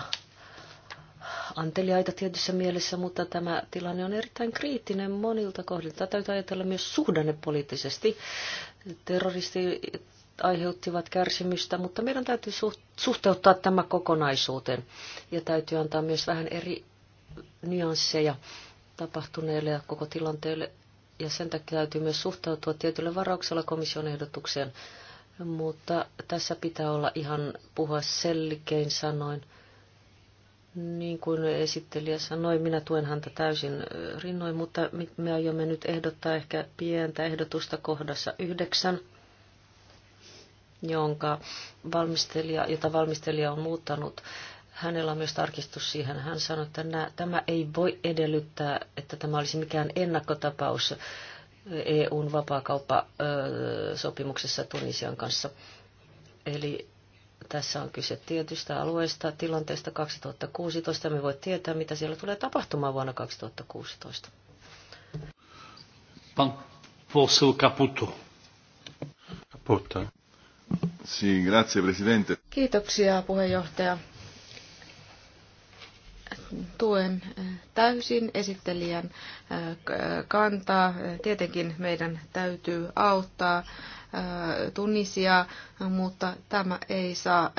Speaker 4: anteliaita tietyssä mielessä, mutta tämä tilanne on erittäin kriittinen monilta kohdilta. Täytyy ajatella myös suhdannepoliittisesti. Terroristi, aiheuttivat kärsimystä, mutta meidän täytyy suhteuttaa tämä kokonaisuuteen ja täytyy antaa myös vähän eri nyansseja tapahtuneelle ja koko tilanteelle. Ja sen takia täytyy myös suhtautua tietyllä varauksella komission ehdotukseen. Mutta tässä pitää olla ihan puhua selkein sanoin. Niin kuin esittelijä sanoi, minä tuen häntä täysin rinnoin, mutta me aiomme nyt ehdottaa ehkä pientä ehdotusta kohdassa yhdeksän – jonka valmistelija, jota valmistelija on muuttanut. Hänellä on myös tarkistus siihen. Hän sanoi, että nämä, tämä ei voi edellyttää, että tämä olisi mikään ennakkotapaus EUn vapaakauppasopimuksessa Tunisian kanssa. Eli tässä on kyse tietystä alueesta, tilanteesta 2016. Me voi tietää, mitä siellä tulee tapahtumaan vuonna 2016.
Speaker 1: Pan Caputo.
Speaker 2: Caputo. Si, grazie, presidente.
Speaker 3: Kiitoksia, puheenjohtaja. Tuen eh, täysin esittelijän eh, kantaa. Tietenkin meidän täytyy auttaa eh, tunnisia, mutta tämä ei saa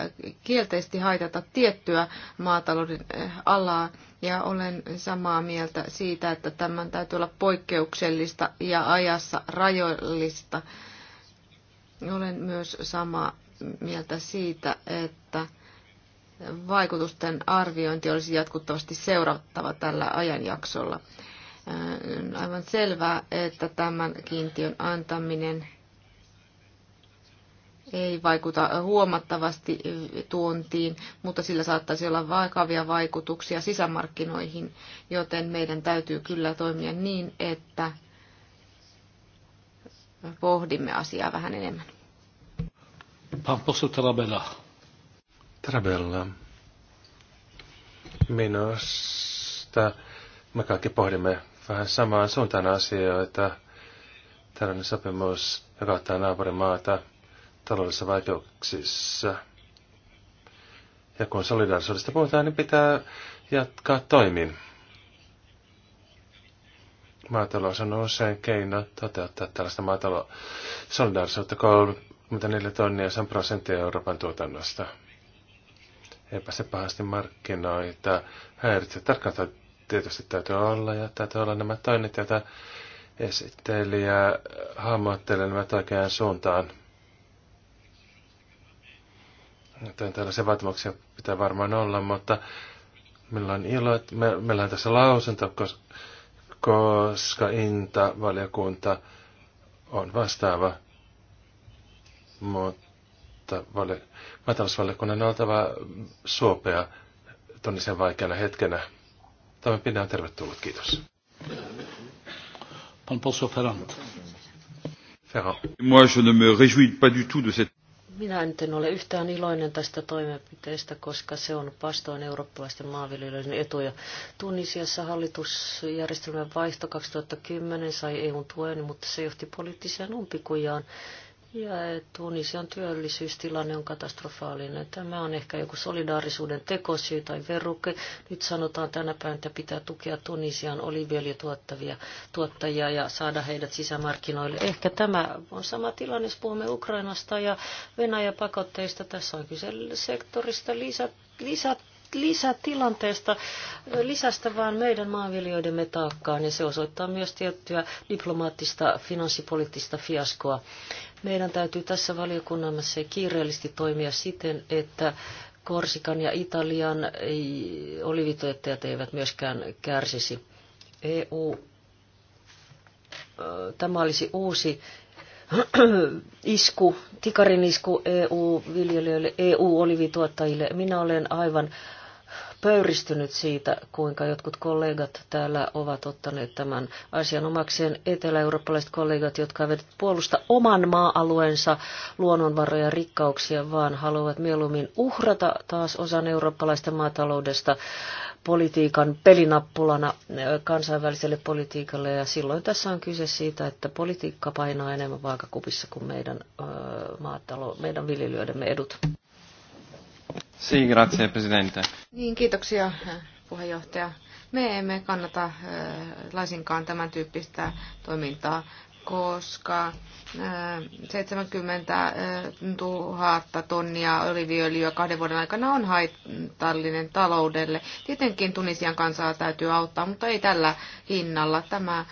Speaker 3: kielteisesti haitata tiettyä maatalouden alaa. Ja olen samaa mieltä siitä, että tämän täytyy olla poikkeuksellista ja ajassa rajoillista. Olen myös samaa mieltä siitä, että vaikutusten arviointi olisi jatkuttavasti seurattava tällä ajanjaksolla. Äh, aivan selvää, että tämän kiintiön antaminen ei vaikuta huomattavasti tuontiin, mutta sillä saattaisi olla vakavia vaikutuksia sisämarkkinoihin, joten meidän täytyy kyllä toimia niin, että pohdimme asiaa vähän enemmän.
Speaker 2: Pamposu Tarabella. Minusta me kaikki pohdimme vähän samaan suuntaan asioita. Tällainen sopimus, joka ottaa naapurimaata taloudellisissa vaikeuksissa. Ja kun solidarisuudesta puhutaan, niin pitää jatkaa toimin maatalous on usein keino toteuttaa tällaista maatalo solidaarisuutta 34 tonnia, sen prosenttia Euroopan tuotannosta. Eipä se pahasti markkinoita häiritse. Tarkkaan tietysti täytyy olla ja täytyy olla nämä toinnit, joita esittelijä hahmottelelevat oikeaan suuntaan. Joten tällaisia vaatimuksia pitää varmaan olla, mutta meillä on ilo, että me, meillä on tässä lausunto, koska koska Inta-valiokunta on vastaava, mutta vali, maatalousvaliokunnan on oltava suopea tonnisen vaikeana hetkenä. Toimenpide on tervetullut, kiitos. Pan Ferrand. Ferrand.
Speaker 1: Moi, je ne me réjouis pas du tout de cette...
Speaker 4: Minä nyt en ole yhtään iloinen tästä toimenpiteestä, koska se on vastoin eurooppalaisten maanviljelijöiden etuja. Tunisiassa hallitusjärjestelmän vaihto 2010 sai EUn tuen, mutta se johti poliittiseen umpikujaan ja Tunisian työllisyystilanne on katastrofaalinen. Tämä on ehkä joku solidaarisuuden tekosyy tai verruke. Nyt sanotaan tänä päivänä, että pitää tukea Tunisian oliviöljytuottavia tuottajia ja saada heidät sisämarkkinoille. Ehkä tämä on sama tilanne, jos puhumme Ukrainasta ja Venäjä pakotteista. Tässä on kyse sektorista lisät. lisä, lisätilanteesta, lisästä vaan meidän maanviljoidemme taakkaan, ja se osoittaa myös tiettyä diplomaattista finanssipoliittista fiaskoa. Meidän täytyy tässä valiokunnassa kiireellisesti toimia siten, että Korsikan ja Italian olivituottajat eivät myöskään kärsisi. EU, tämä olisi uusi isku, tikarin isku EU-viljelijöille, EU-olivituottajille. Minä olen aivan pöyristynyt siitä, kuinka jotkut kollegat täällä ovat ottaneet tämän asian omakseen. Etelä-eurooppalaiset kollegat, jotka eivät puolusta oman maa-alueensa luonnonvaroja ja rikkauksia, vaan haluavat mieluummin uhrata taas osan eurooppalaista maataloudesta politiikan pelinappulana kansainväliselle politiikalle. Ja silloin tässä on kyse siitä, että politiikka painaa enemmän vaakakupissa kuin meidän, maatalo, meidän viljelijöidemme edut.
Speaker 2: Si, grazie, presidente.
Speaker 3: Niin, kiitoksia puheenjohtaja. Me emme kannata äh, laisinkaan tämän tyyppistä toimintaa koska 70 äh, 000 äh, tonnia oliviöljyä kahden vuoden aikana on haitallinen taloudelle. Tietenkin Tunisian kansaa täytyy auttaa, mutta ei tällä hinnalla. Tämä äh,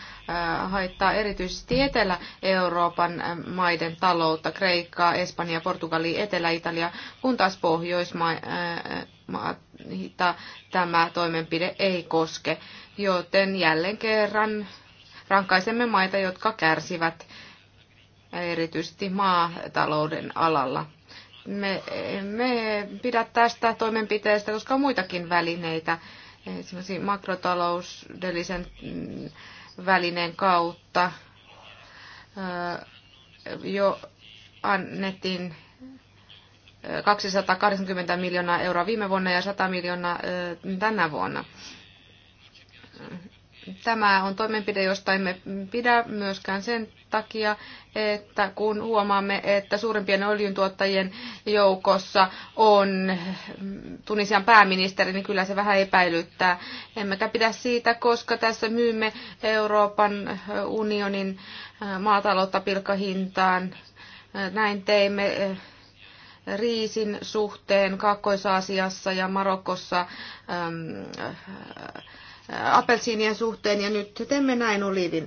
Speaker 3: haittaa erityisesti Etelä-Euroopan maiden taloutta, Kreikkaa, Espanja, Portugali, Etelä-Italia, kun taas Pohjoismaita tämä toimenpide ei koske. Joten jälleen kerran rankaisemme maita, jotka kärsivät erityisesti maatalouden alalla. Me emme pidä tästä toimenpiteestä, koska on muitakin välineitä, esimerkiksi makrotaloudellisen mm, välineen kautta jo annettiin 280 miljoonaa euroa viime vuonna ja 100 miljoonaa tänä vuonna. Tämä on toimenpide, josta emme pidä myöskään sen takia, että kun huomaamme, että suurimpien öljyntuottajien joukossa on Tunisian pääministeri, niin kyllä se vähän epäilyttää. Emmekä pidä siitä, koska tässä myymme Euroopan unionin maataloutta pilkkahintaan. Näin teimme riisin suhteen Kaakkois-Aasiassa ja Marokossa apelsiinien suhteen ja nyt teemme näin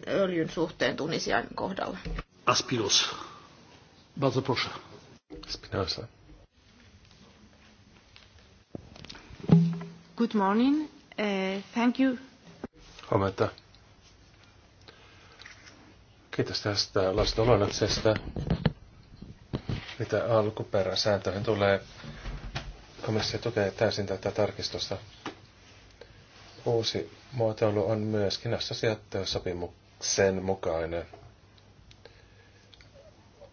Speaker 3: öljyn suhteen Tunisian kohdalla.
Speaker 1: Aspilos. Bardzo proszę.
Speaker 2: Spinoza.
Speaker 3: Good morning. Uh, thank you.
Speaker 2: Huomenta. Kiitos tästä lastoluonnoksesta. Mitä alkuperäsääntöihin tulee, komissio tukee täysin tätä tarkistusta. Uusi muotoilu on myöskin sopimuksen mukainen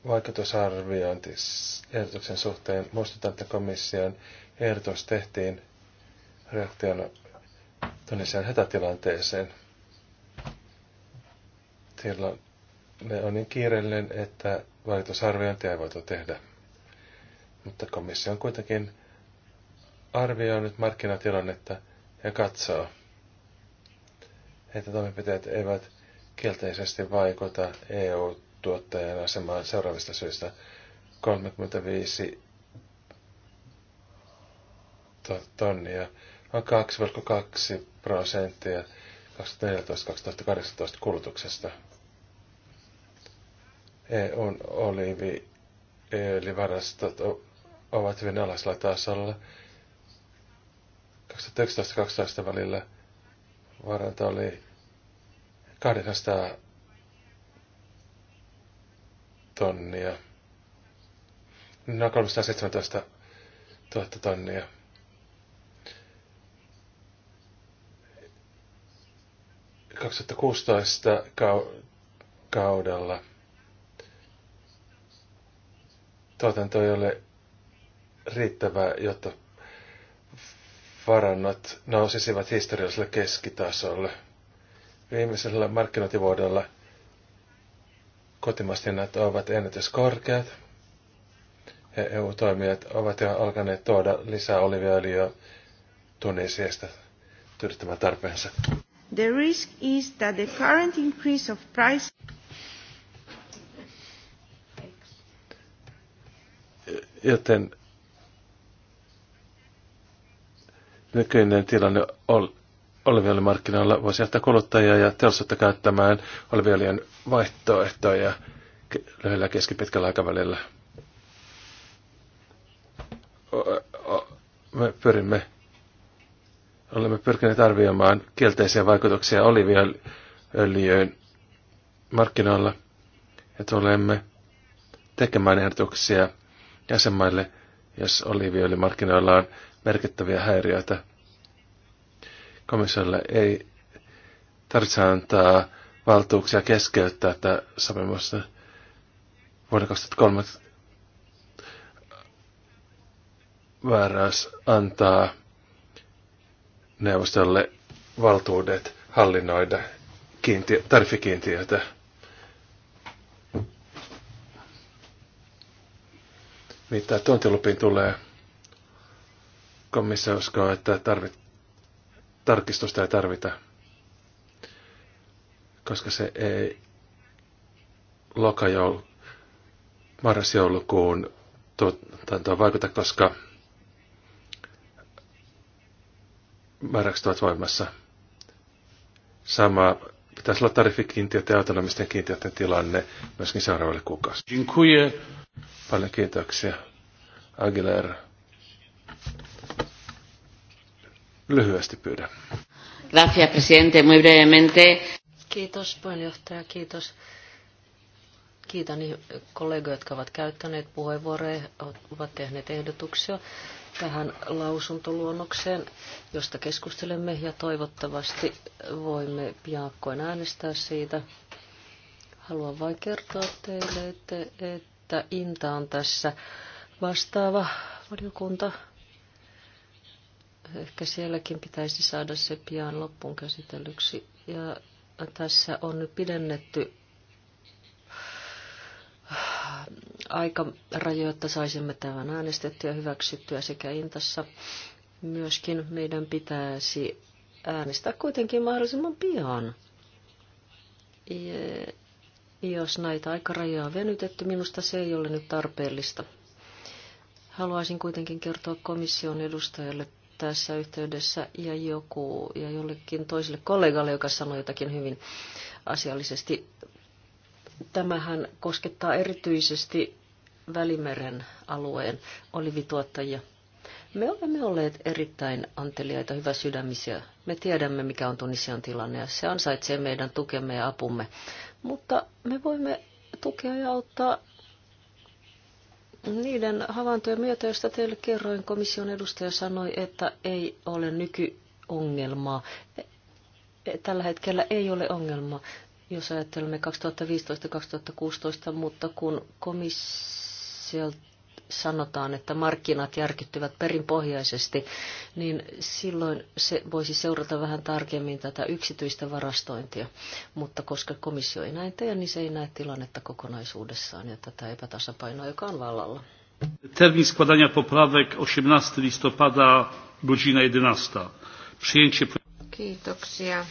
Speaker 2: vaikutusarviointi suhteen. Muistutan, että komission ehdotus tehtiin reaktiona tunnisen hätätilanteeseen. Tilanne on niin kiireellinen, että vaikutusarviointia ei voitu tehdä. Mutta komissio on kuitenkin arvioinut markkinatilannetta ja katsoo, että toimenpiteet eivät kielteisesti vaikuta EU-tuottajan asemaan seuraavista syistä. 35 tonnia on 2,2 prosenttia 2014-2018 kulutuksesta. EUn oliivi ovat hyvin alasella tasolla. 2011-2012 välillä varanto oli 800 tonnia. No 317 000 tonnia. ...2016 kaudella tuotanto ei ole riittävää, jotta varannot nousisivat historialliselle keskitasolle. Viimeisellä markkinointivuodella kotimastinnat ovat ennätyskorkeat ja EU-toimijat ovat jo alkaneet tuoda lisää oliviöljyä Tunisiasta tyydyttämään tarpeensa.
Speaker 3: The risk is that the current increase of price
Speaker 2: joten nykyinen tilanne on oliviolien markkinoilla voisi jättää kuluttajia ja teollisuutta käyttämään oliviolien vaihtoehtoja lyhyellä keskipitkällä aikavälillä. Me pyrimme, olemme pyrkineet arvioimaan kielteisiä vaikutuksia oliviöljyyn markkinoilla ja tulemme tekemään ehdotuksia jäsenmaille, jos oliviöljymarkkinoilla on merkittäviä häiriöitä – komissiolle ei tarvitse antaa valtuuksia keskeyttää tätä sopimusta vuonna 2003 vääräys antaa neuvostolle valtuudet hallinnoida kiintiö, tariffikiintiötä. Mitä tuontilupiin tulee, komissio uskoo, että tarvit, tarkistusta ei tarvita, koska se ei lokajoul, marrasjoulukuun tuotantoa vaikuta, koska määräykset ovat voimassa. Sama pitäisi olla tariffikiintiöiden ja autonomisten kiintiöiden tilanne myöskin seuraavalle kuukausi. Paljon kiitoksia, Aguilera. Lyhyesti pyydän. Gracias, presidente.
Speaker 4: Muy brevemente. Kiitos, puheenjohtaja. Kiitos. Kiitän kollegoja, jotka ovat käyttäneet puheenvuoroja, ovat tehneet ehdotuksia tähän lausuntoluonnokseen, josta keskustelemme ja toivottavasti voimme piakkoin äänestää siitä. Haluan vain kertoa teille, että Inta on tässä vastaava valiokunta Ehkä sielläkin pitäisi saada se pian loppuun käsitellyksi. Ja tässä on nyt pidennetty äh, rajoja, että saisimme tämän äänestettyä ja hyväksyttyä sekä Intassa. Myöskin meidän pitäisi äänestää kuitenkin mahdollisimman pian. Ja jos näitä aikarajoja on venytetty, minusta se ei ole nyt tarpeellista. Haluaisin kuitenkin kertoa komission edustajalle tässä yhteydessä ja, joku, ja jollekin toiselle kollegalle, joka sanoi jotakin hyvin asiallisesti. Tämähän koskettaa erityisesti Välimeren alueen olivituottajia. Me olemme olleet erittäin anteliaita, hyvä sydämisiä. Me tiedämme, mikä on Tunisian tilanne ja se ansaitsee meidän tukemme ja apumme. Mutta me voimme tukea ja auttaa niiden havaintojen myötä, joista teille kerroin, komission edustaja sanoi, että ei ole nykyongelmaa. E, tällä hetkellä ei ole ongelmaa, jos ajattelemme 2015-2016, mutta kun komissiolta sanotaan, että markkinat järkyttyvät perinpohjaisesti, niin silloin se voisi seurata vähän tarkemmin tätä yksityistä varastointia. Mutta koska komissio ei näin tee, niin se ei näe tilannetta kokonaisuudessaan ja tätä epätasapainoa, joka on vallalla.
Speaker 1: Termin składania poprawek 18 listopada godzina 11. Przyjęcie...
Speaker 3: Kiitoksia.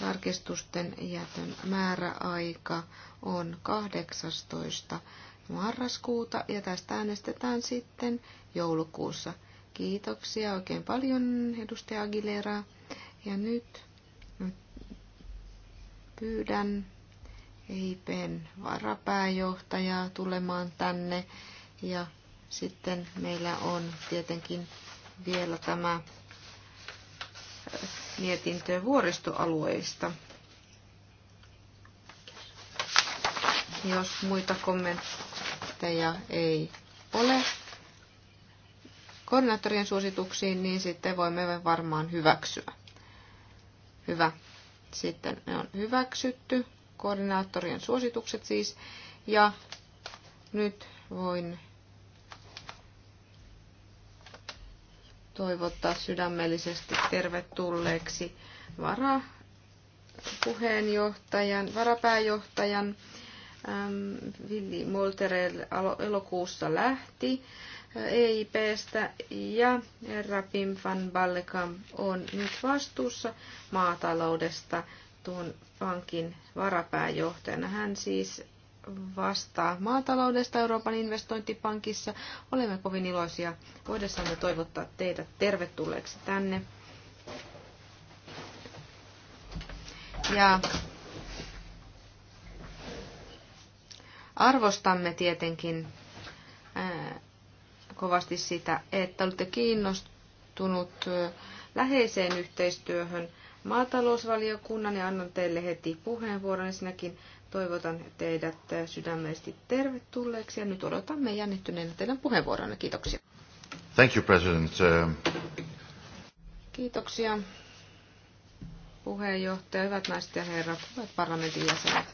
Speaker 3: Tarkistusten jätön määräaika on 18 marraskuuta ja tästä äänestetään sitten joulukuussa. Kiitoksia oikein paljon edustaja Aguilera. Ja nyt pyydän EIPen varapääjohtajaa tulemaan tänne. Ja sitten meillä on tietenkin vielä tämä mietintö vuoristoalueista. Jos muita kommentteja ei ole koordinaattorien suosituksiin, niin sitten voimme varmaan hyväksyä. Hyvä. Sitten ne on hyväksytty, koordinaattorien suositukset siis. Ja nyt voin toivottaa sydämellisesti tervetulleeksi varapuheenjohtajan, varapääjohtajan äm, Villi Moltere elokuussa lähti äh, EIPstä ja herra Pim van Ballekam on nyt vastuussa maataloudesta tuon pankin varapääjohtajana. Hän siis vastaa maataloudesta Euroopan investointipankissa. Olemme kovin iloisia voidessamme toivottaa teitä tervetulleeksi tänne. Ja Arvostamme tietenkin kovasti sitä, että olette kiinnostunut läheiseen yhteistyöhön maatalousvaliokunnan ja annan teille heti puheenvuoron. Ensinnäkin toivotan teidät sydämellisesti tervetulleeksi ja nyt odotamme jännittyneenä teidän puheenvuoronne. Kiitoksia.
Speaker 1: Thank you, President. Uh,
Speaker 3: Kiitoksia puheenjohtaja, hyvät naiset ja herrat, hyvät parlamentin jäsenet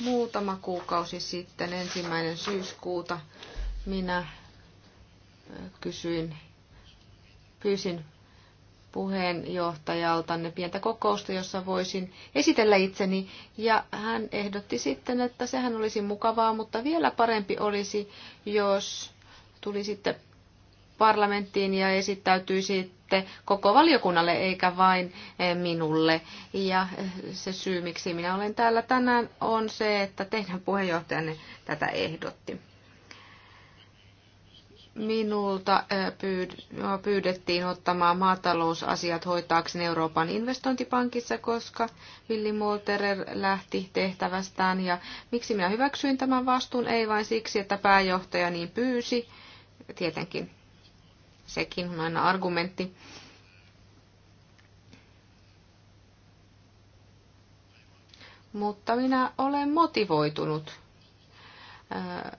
Speaker 3: muutama kuukausi sitten, ensimmäinen syyskuuta, minä äh, kysyin, pyysin puheenjohtajaltanne pientä kokousta, jossa voisin esitellä itseni. Ja hän ehdotti sitten, että sehän olisi mukavaa, mutta vielä parempi olisi, jos tulisitte parlamenttiin ja esittäytyi sitten koko valiokunnalle eikä vain eh, minulle. Ja eh, se syy, miksi minä olen täällä tänään, on se, että teidän puheenjohtajanne tätä ehdotti. Minulta eh, no, pyydettiin ottamaan maatalousasiat hoitaakseni Euroopan investointipankissa, koska Willi Molterer lähti tehtävästään. Ja miksi minä hyväksyin tämän vastuun? Ei vain siksi, että pääjohtaja niin pyysi, tietenkin Sekin on aina argumentti. Mutta minä olen motivoitunut äh,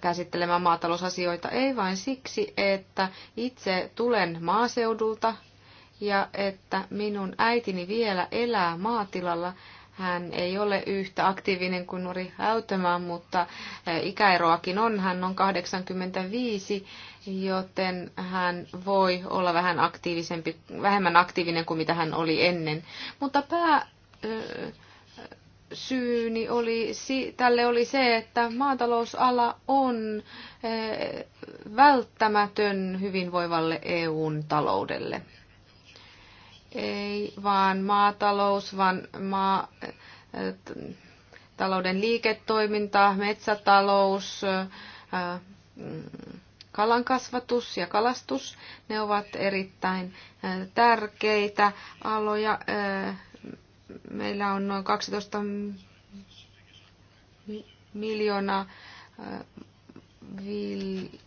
Speaker 3: käsittelemään maatalousasioita ei vain siksi, että itse tulen maaseudulta ja että minun äitini vielä elää maatilalla. Hän ei ole yhtä aktiivinen kuin Nuri Häytämä, mutta eh, ikäeroakin on. Hän on 85, joten hän voi olla vähän aktiivisempi, vähemmän aktiivinen kuin mitä hän oli ennen. Mutta pää, eh, syyni oli, tälle oli se, että maatalousala on eh, välttämätön hyvinvoivalle EUn taloudelle ei vaan maatalous, vaan maatalouden liiketoiminta, metsätalous, mm, kalankasvatus ja kalastus, ne ovat erittäin tärkeitä aloja. Meillä on noin 12 miljoonaa vil-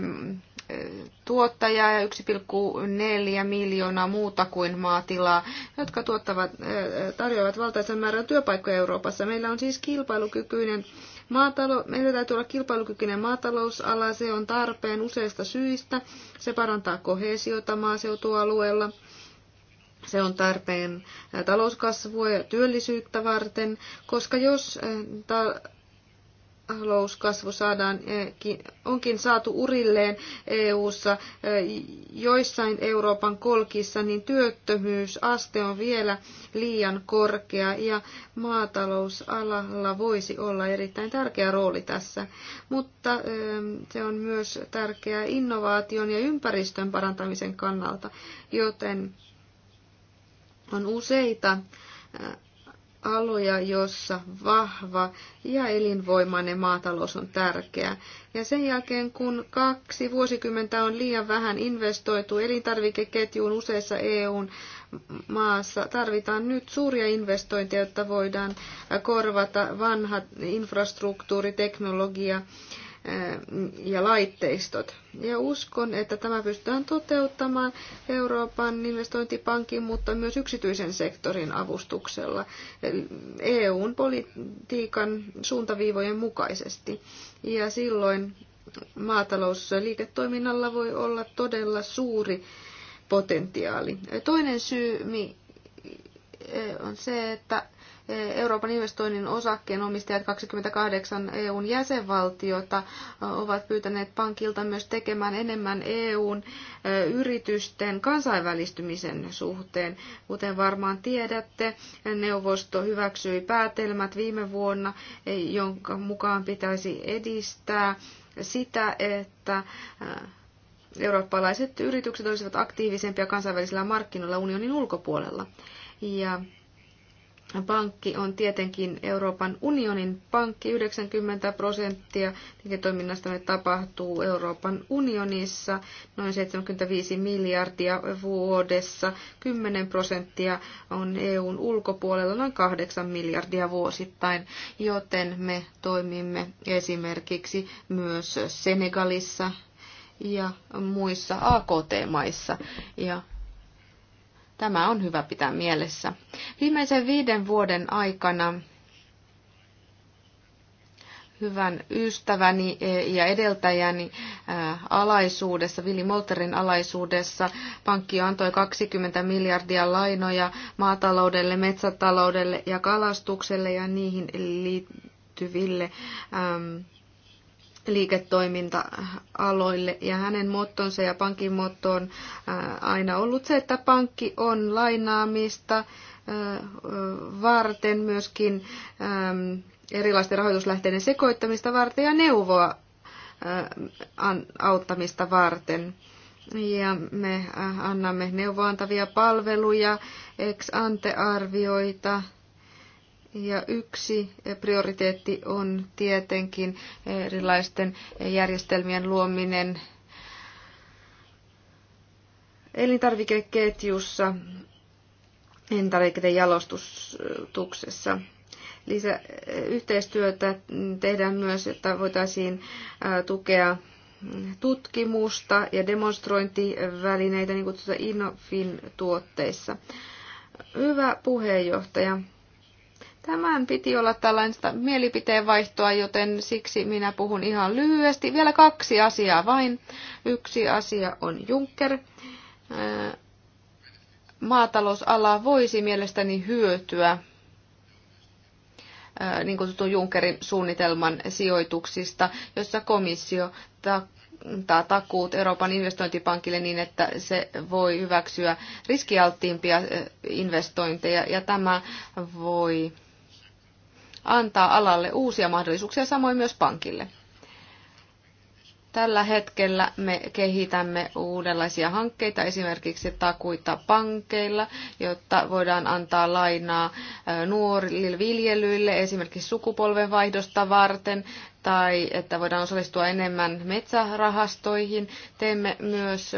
Speaker 3: mm, tuottajaa ja 1,4 miljoonaa muuta kuin maatilaa, jotka tuottavat, tarjoavat valtaisen määrän työpaikkoja Euroopassa. Meillä on siis kilpailukykyinen Maatalo, meillä täytyy olla kilpailukykyinen maatalousala, se on tarpeen useista syistä. Se parantaa kohesiota maaseutualueella. Se on tarpeen talouskasvua ja työllisyyttä varten, koska jos ta- talouskasvu saadaan, eh, onkin saatu urilleen EU-ssa eh, joissain Euroopan kolkissa, niin työttömyysaste on vielä liian korkea ja maatalousalalla voisi olla erittäin tärkeä rooli tässä. Mutta eh, se on myös tärkeää innovaation ja ympäristön parantamisen kannalta, joten on useita aloja, jossa vahva ja elinvoimainen maatalous on tärkeä. Ja sen jälkeen, kun kaksi vuosikymmentä on liian vähän investoitu elintarvikeketjuun useissa EUn maassa, tarvitaan nyt suuria investointeja, jotta voidaan korvata vanhat infrastruktuuriteknologia, teknologia ja laitteistot. Ja uskon, että tämä pystytään toteuttamaan Euroopan investointipankin, mutta myös yksityisen sektorin avustuksella EUn politiikan suuntaviivojen mukaisesti. Ja silloin maatalousliiketoiminnalla voi olla todella suuri potentiaali. Toinen syy on se, että Euroopan investoinnin osakkeenomistajat 28 EUn jäsenvaltiota ovat pyytäneet pankilta myös tekemään enemmän EUn yritysten kansainvälistymisen suhteen. Kuten varmaan tiedätte, neuvosto hyväksyi päätelmät viime vuonna, e, jonka mukaan pitäisi edistää sitä, että eurooppalaiset yritykset olisivat aktiivisempia kansainvälisillä markkinoilla unionin ulkopuolella. Ja pankki on tietenkin Euroopan unionin pankki. 90 prosenttia liiketoiminnasta tapahtuu Euroopan unionissa, noin 75 miljardia vuodessa. 10 prosenttia on EUn ulkopuolella, noin 8 miljardia vuosittain, joten me toimimme esimerkiksi myös Senegalissa ja muissa AKT-maissa. Ja Tämä on hyvä pitää mielessä. Viimeisen viiden vuoden aikana hyvän ystäväni e, ja edeltäjäni alaisuudessa, Vili Molterin alaisuudessa. Pankki antoi 20 miljardia lainoja maataloudelle, metsätaloudelle ja kalastukselle ja niihin liittyville liiketoiminta-aloille. Ja hänen mottonsa ja pankin motto on äh, aina ollut se, että pankki on lainaamista äh, varten myöskin ähm, erilaisten rahoituslähteiden sekoittamista varten ja neuvoa äh, auttamista varten. Ja me annamme neuvoantavia palveluja, ex ante arvioita. Ja yksi prioriteetti on tietenkin erilaisten järjestelmien luominen elintarvikeketjussa, elintarvikeiden jalostuksessa. Lisä, yhteistyötä tehdään myös, että voitaisiin tukea tutkimusta ja demonstrointivälineitä niin kutsutaan Innofin tuotteissa. Hyvä puheenjohtaja, Tämän piti olla tällaista mielipiteen vaihtoa, joten siksi minä puhun ihan lyhyesti. Vielä kaksi asiaa vain. Yksi asia on Juncker. Maatalousala voisi mielestäni hyötyä niin kutsutun Junckerin suunnitelman sijoituksista, jossa komissio antaa takuut Euroopan investointipankille niin, että se voi hyväksyä riskialttiimpia investointeja ja tämä voi antaa alalle uusia mahdollisuuksia, samoin myös pankille. Tällä hetkellä me kehitämme uudenlaisia hankkeita, esimerkiksi takuita pankeilla, jotta voidaan antaa lainaa nuorille viljelyille, esimerkiksi sukupolvenvaihdosta varten tai että voidaan osallistua enemmän metsärahastoihin. Teemme myös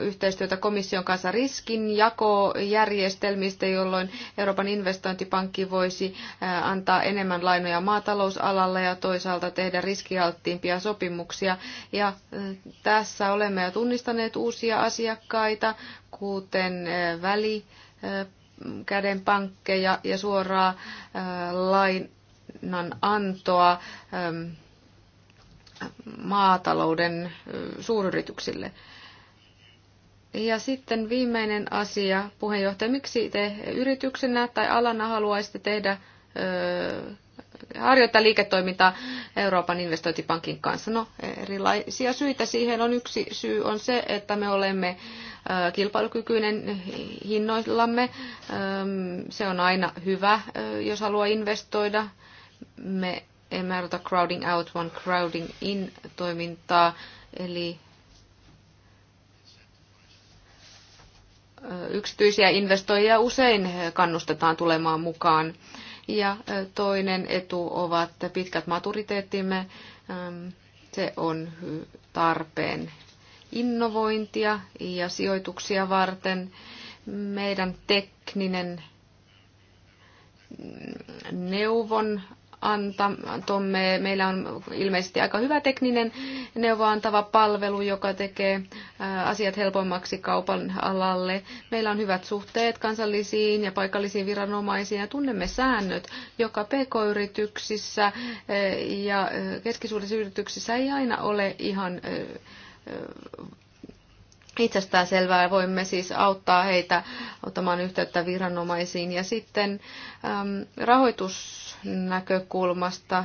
Speaker 3: yhteistyötä komission kanssa riskinjakojärjestelmistä, jolloin Euroopan investointipankki voisi antaa enemmän lainoja maatalousalalle ja toisaalta tehdä riskialttiimpia sopimuksia. Ja tässä olemme jo tunnistaneet uusia asiakkaita, kuten väli käden pankkeja ja suoraa lain antoa ähm, maatalouden äh, suuryrityksille. Ja sitten viimeinen asia, puheenjohtaja, miksi te yrityksenä tai alana haluaisitte tehdä äh, harjoittaa liiketoimintaa Euroopan investointipankin kanssa. No, erilaisia syitä siihen on. Yksi syy on se, että me olemme äh, kilpailukykyinen hinnoillamme. Ähm, se on aina hyvä, jos haluaa investoida me emme aloita crowding out, vaan crowding in toimintaa, eli yksityisiä investoijia usein kannustetaan tulemaan mukaan. Ja toinen etu ovat pitkät maturiteettimme. Se on tarpeen innovointia ja sijoituksia varten. Meidän tekninen mm, neuvon antamme. Meillä on ilmeisesti aika hyvä tekninen neuvoantava palvelu, joka tekee asiat helpommaksi kaupan alalle. Meillä on hyvät suhteet kansallisiin ja paikallisiin viranomaisiin ja tunnemme säännöt, joka pk-yrityksissä ja keskisuurissa yrityksissä ei aina ole ihan itsestään selvää. Voimme siis auttaa heitä ottamaan yhteyttä viranomaisiin. Ja sitten äm, rahoitusnäkökulmasta.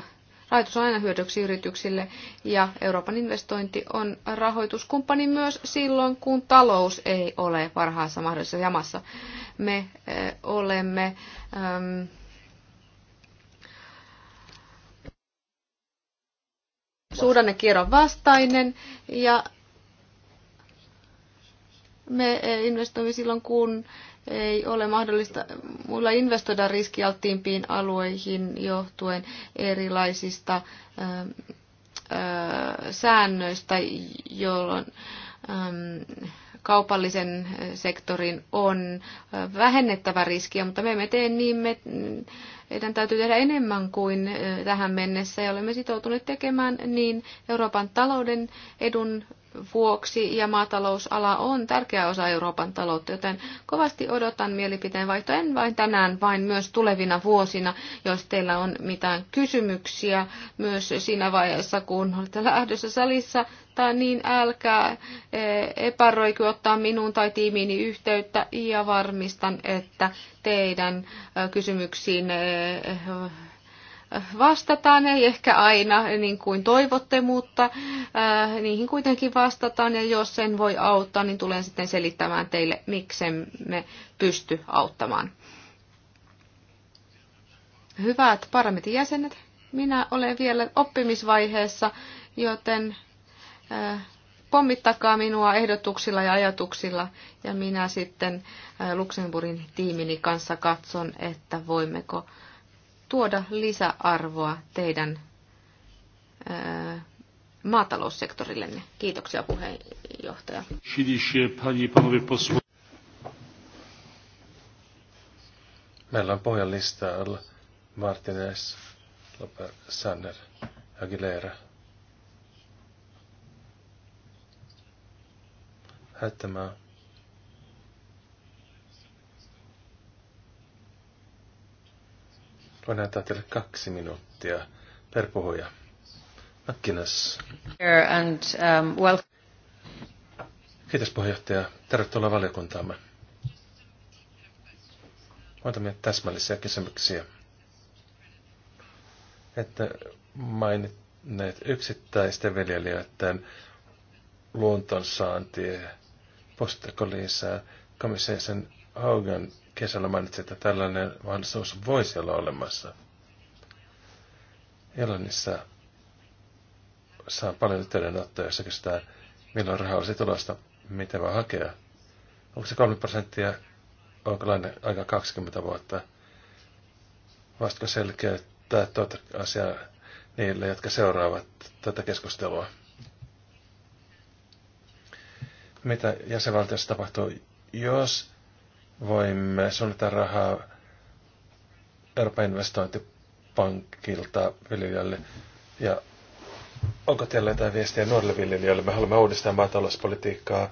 Speaker 3: Rahoitus on aina hyödyksi yrityksille ja Euroopan investointi on rahoituskumppani myös silloin, kun talous ei ole parhaassa mahdollisessa jamassa. Me äh, olemme ähm, suhdannekierron vastainen ja me eh, investoimme silloin, kun ei ole mahdollista muilla investoida riskialttiimpiin alueihin johtuen erilaisista ähm, äh, säännöistä, jolloin ähm, kaupallisen äh, sektorin on äh, vähennettävä riskiä, mutta me emme tee niin, me, meidän täytyy tehdä enemmän kuin tähän mennessä ja olemme sitoutuneet tekemään niin Euroopan talouden edun vuoksi ja maatalousala on tärkeä osa Euroopan taloutta, joten kovasti odotan mielipiteen vaihtoa, en vain tänään, vain myös tulevina vuosina, jos teillä on mitään kysymyksiä myös siinä vaiheessa, kun olette lähdössä salissa, tai niin älkää e, epäröikö ottaa minuun tai tiimiini yhteyttä ja varmistan, että teidän kysymyksiin e, vastataan, ei ehkä aina niin kuin toivotte, mutta äh, niihin kuitenkin vastataan ja jos sen voi auttaa, niin tulen sitten selittämään teille, miksen me pysty auttamaan. Hyvät parametin jäsenet, minä olen vielä oppimisvaiheessa, joten äh, pommittakaa minua ehdotuksilla ja ajatuksilla ja minä sitten äh, Luxemburgin tiimini kanssa katson, että voimmeko tuoda lisäarvoa teidän maataloussektorillenne. Kiitoksia puheenjohtaja.
Speaker 2: Meillä on pohjan listalla Martinez, Loper, Sanner, Aguilera. Hättämään. Voin antaa teille kaksi minuuttia per puhuja. Akkinas.
Speaker 4: And, um, well...
Speaker 2: Kiitos puheenjohtaja. Tervetuloa valiokuntaamme. Muutamia täsmällisiä kysymyksiä. Että mainit yksittäisten viljelijöiden luontonsaantia, postako komissaisen haugen? kesällä mainitsi, että tällainen mahdollisuus voisi olla olemassa. Irlannissa saa paljon yhteydenottoja, jossa kysytään, milloin raha olisi tulosta, miten voi hakea. Onko se 3 prosenttia, onko lainen aika 20 vuotta? Vastako selkeyttää tuota asiaa niille, jotka seuraavat tätä keskustelua? Mitä jäsenvaltiossa tapahtuu, jos voimme suunnata rahaa Euroopan investointipankilta viljelijöille. Ja onko teillä jotain viestiä nuorille viljelijöille? Me haluamme uudistaa maatalouspolitiikkaa.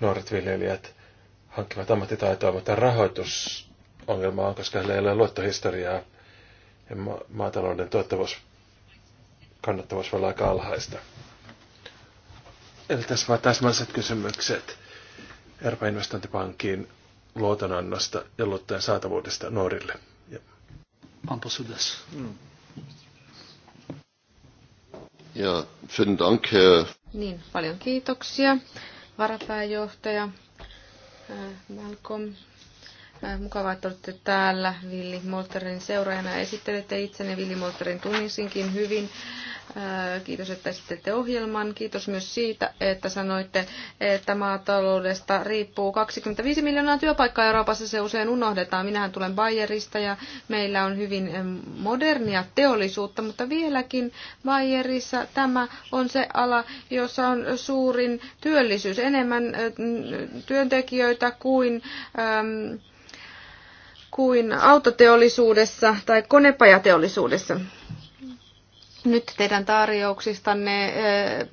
Speaker 2: Nuoret viljelijät hankkivat ammattitaitoa, mutta rahoitusongelma on, koska heillä ei ole luottohistoriaa ja ma- maatalouden tuottavuus, kannattavuus voi olla aika alhaista. Eli tässä vaan täsmälliset kysymykset Euroopan investointipankin luotonannosta ja luottojen saatavuudesta nuorille.
Speaker 1: Pamposudas. Ja, vielen Dank, Herr. Niin, paljon
Speaker 3: kiitoksia, varapääjohtaja äh, Malcolm. Äh, mukavaa, että olette täällä Villi Molterin seuraajana. Esittelette itsenne Villi Molterin tunnisinkin hyvin. Äh, kiitos, että esittelette ohjelman. Kiitos myös siitä, että sanoitte, että maataloudesta riippuu 25 miljoonaa työpaikkaa Euroopassa. Se usein unohdetaan. Minähän tulen Bayerista ja meillä on hyvin modernia teollisuutta, mutta vieläkin Bayerissa tämä on se ala, jossa on suurin työllisyys, enemmän äh, työntekijöitä kuin... Ähm, kuin autoteollisuudessa tai konepajateollisuudessa. Nyt teidän tarjouksistanne eh,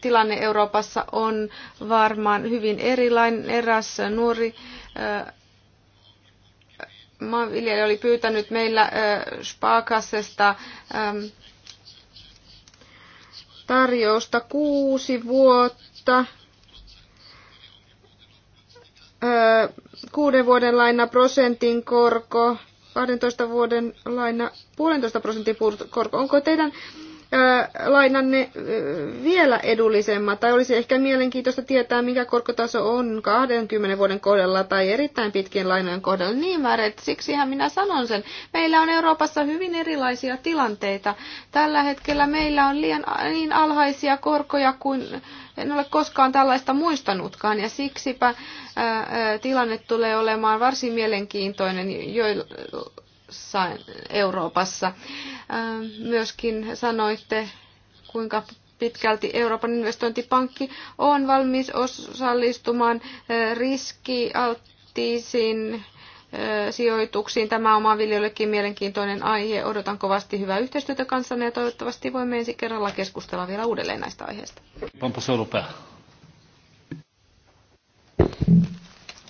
Speaker 3: tilanne Euroopassa on varmaan hyvin erilainen. Eräs nuori eh, maanviljelijä oli pyytänyt meillä eh, Spakassesta ehm, tarjousta kuusi vuotta kuuden vuoden laina prosentin korko, 12 vuoden laina puolentoista prosentin korko. Onko teidän lainanne vielä edullisemmat, tai olisi ehkä mielenkiintoista tietää, mikä korkotaso on 20 vuoden kohdalla tai erittäin pitkien lainojen kohdalla. Niin määret, siksihän minä sanon sen. Meillä on Euroopassa hyvin erilaisia tilanteita. Tällä hetkellä meillä on liian niin alhaisia korkoja kuin en ole koskaan tällaista muistanutkaan ja siksipä ää, tilanne tulee olemaan varsin mielenkiintoinen, joilla Euroopassa. Äh, myöskin sanoitte, kuinka pitkälti Euroopan investointipankki on valmis osallistumaan äh, riskialttiisiin äh, sijoituksiin. Tämä on maanviljelijöillekin mielenkiintoinen aihe. Odotan kovasti hyvää yhteistyötä kanssanne ja toivottavasti voimme ensi kerralla keskustella vielä uudelleen näistä aiheista.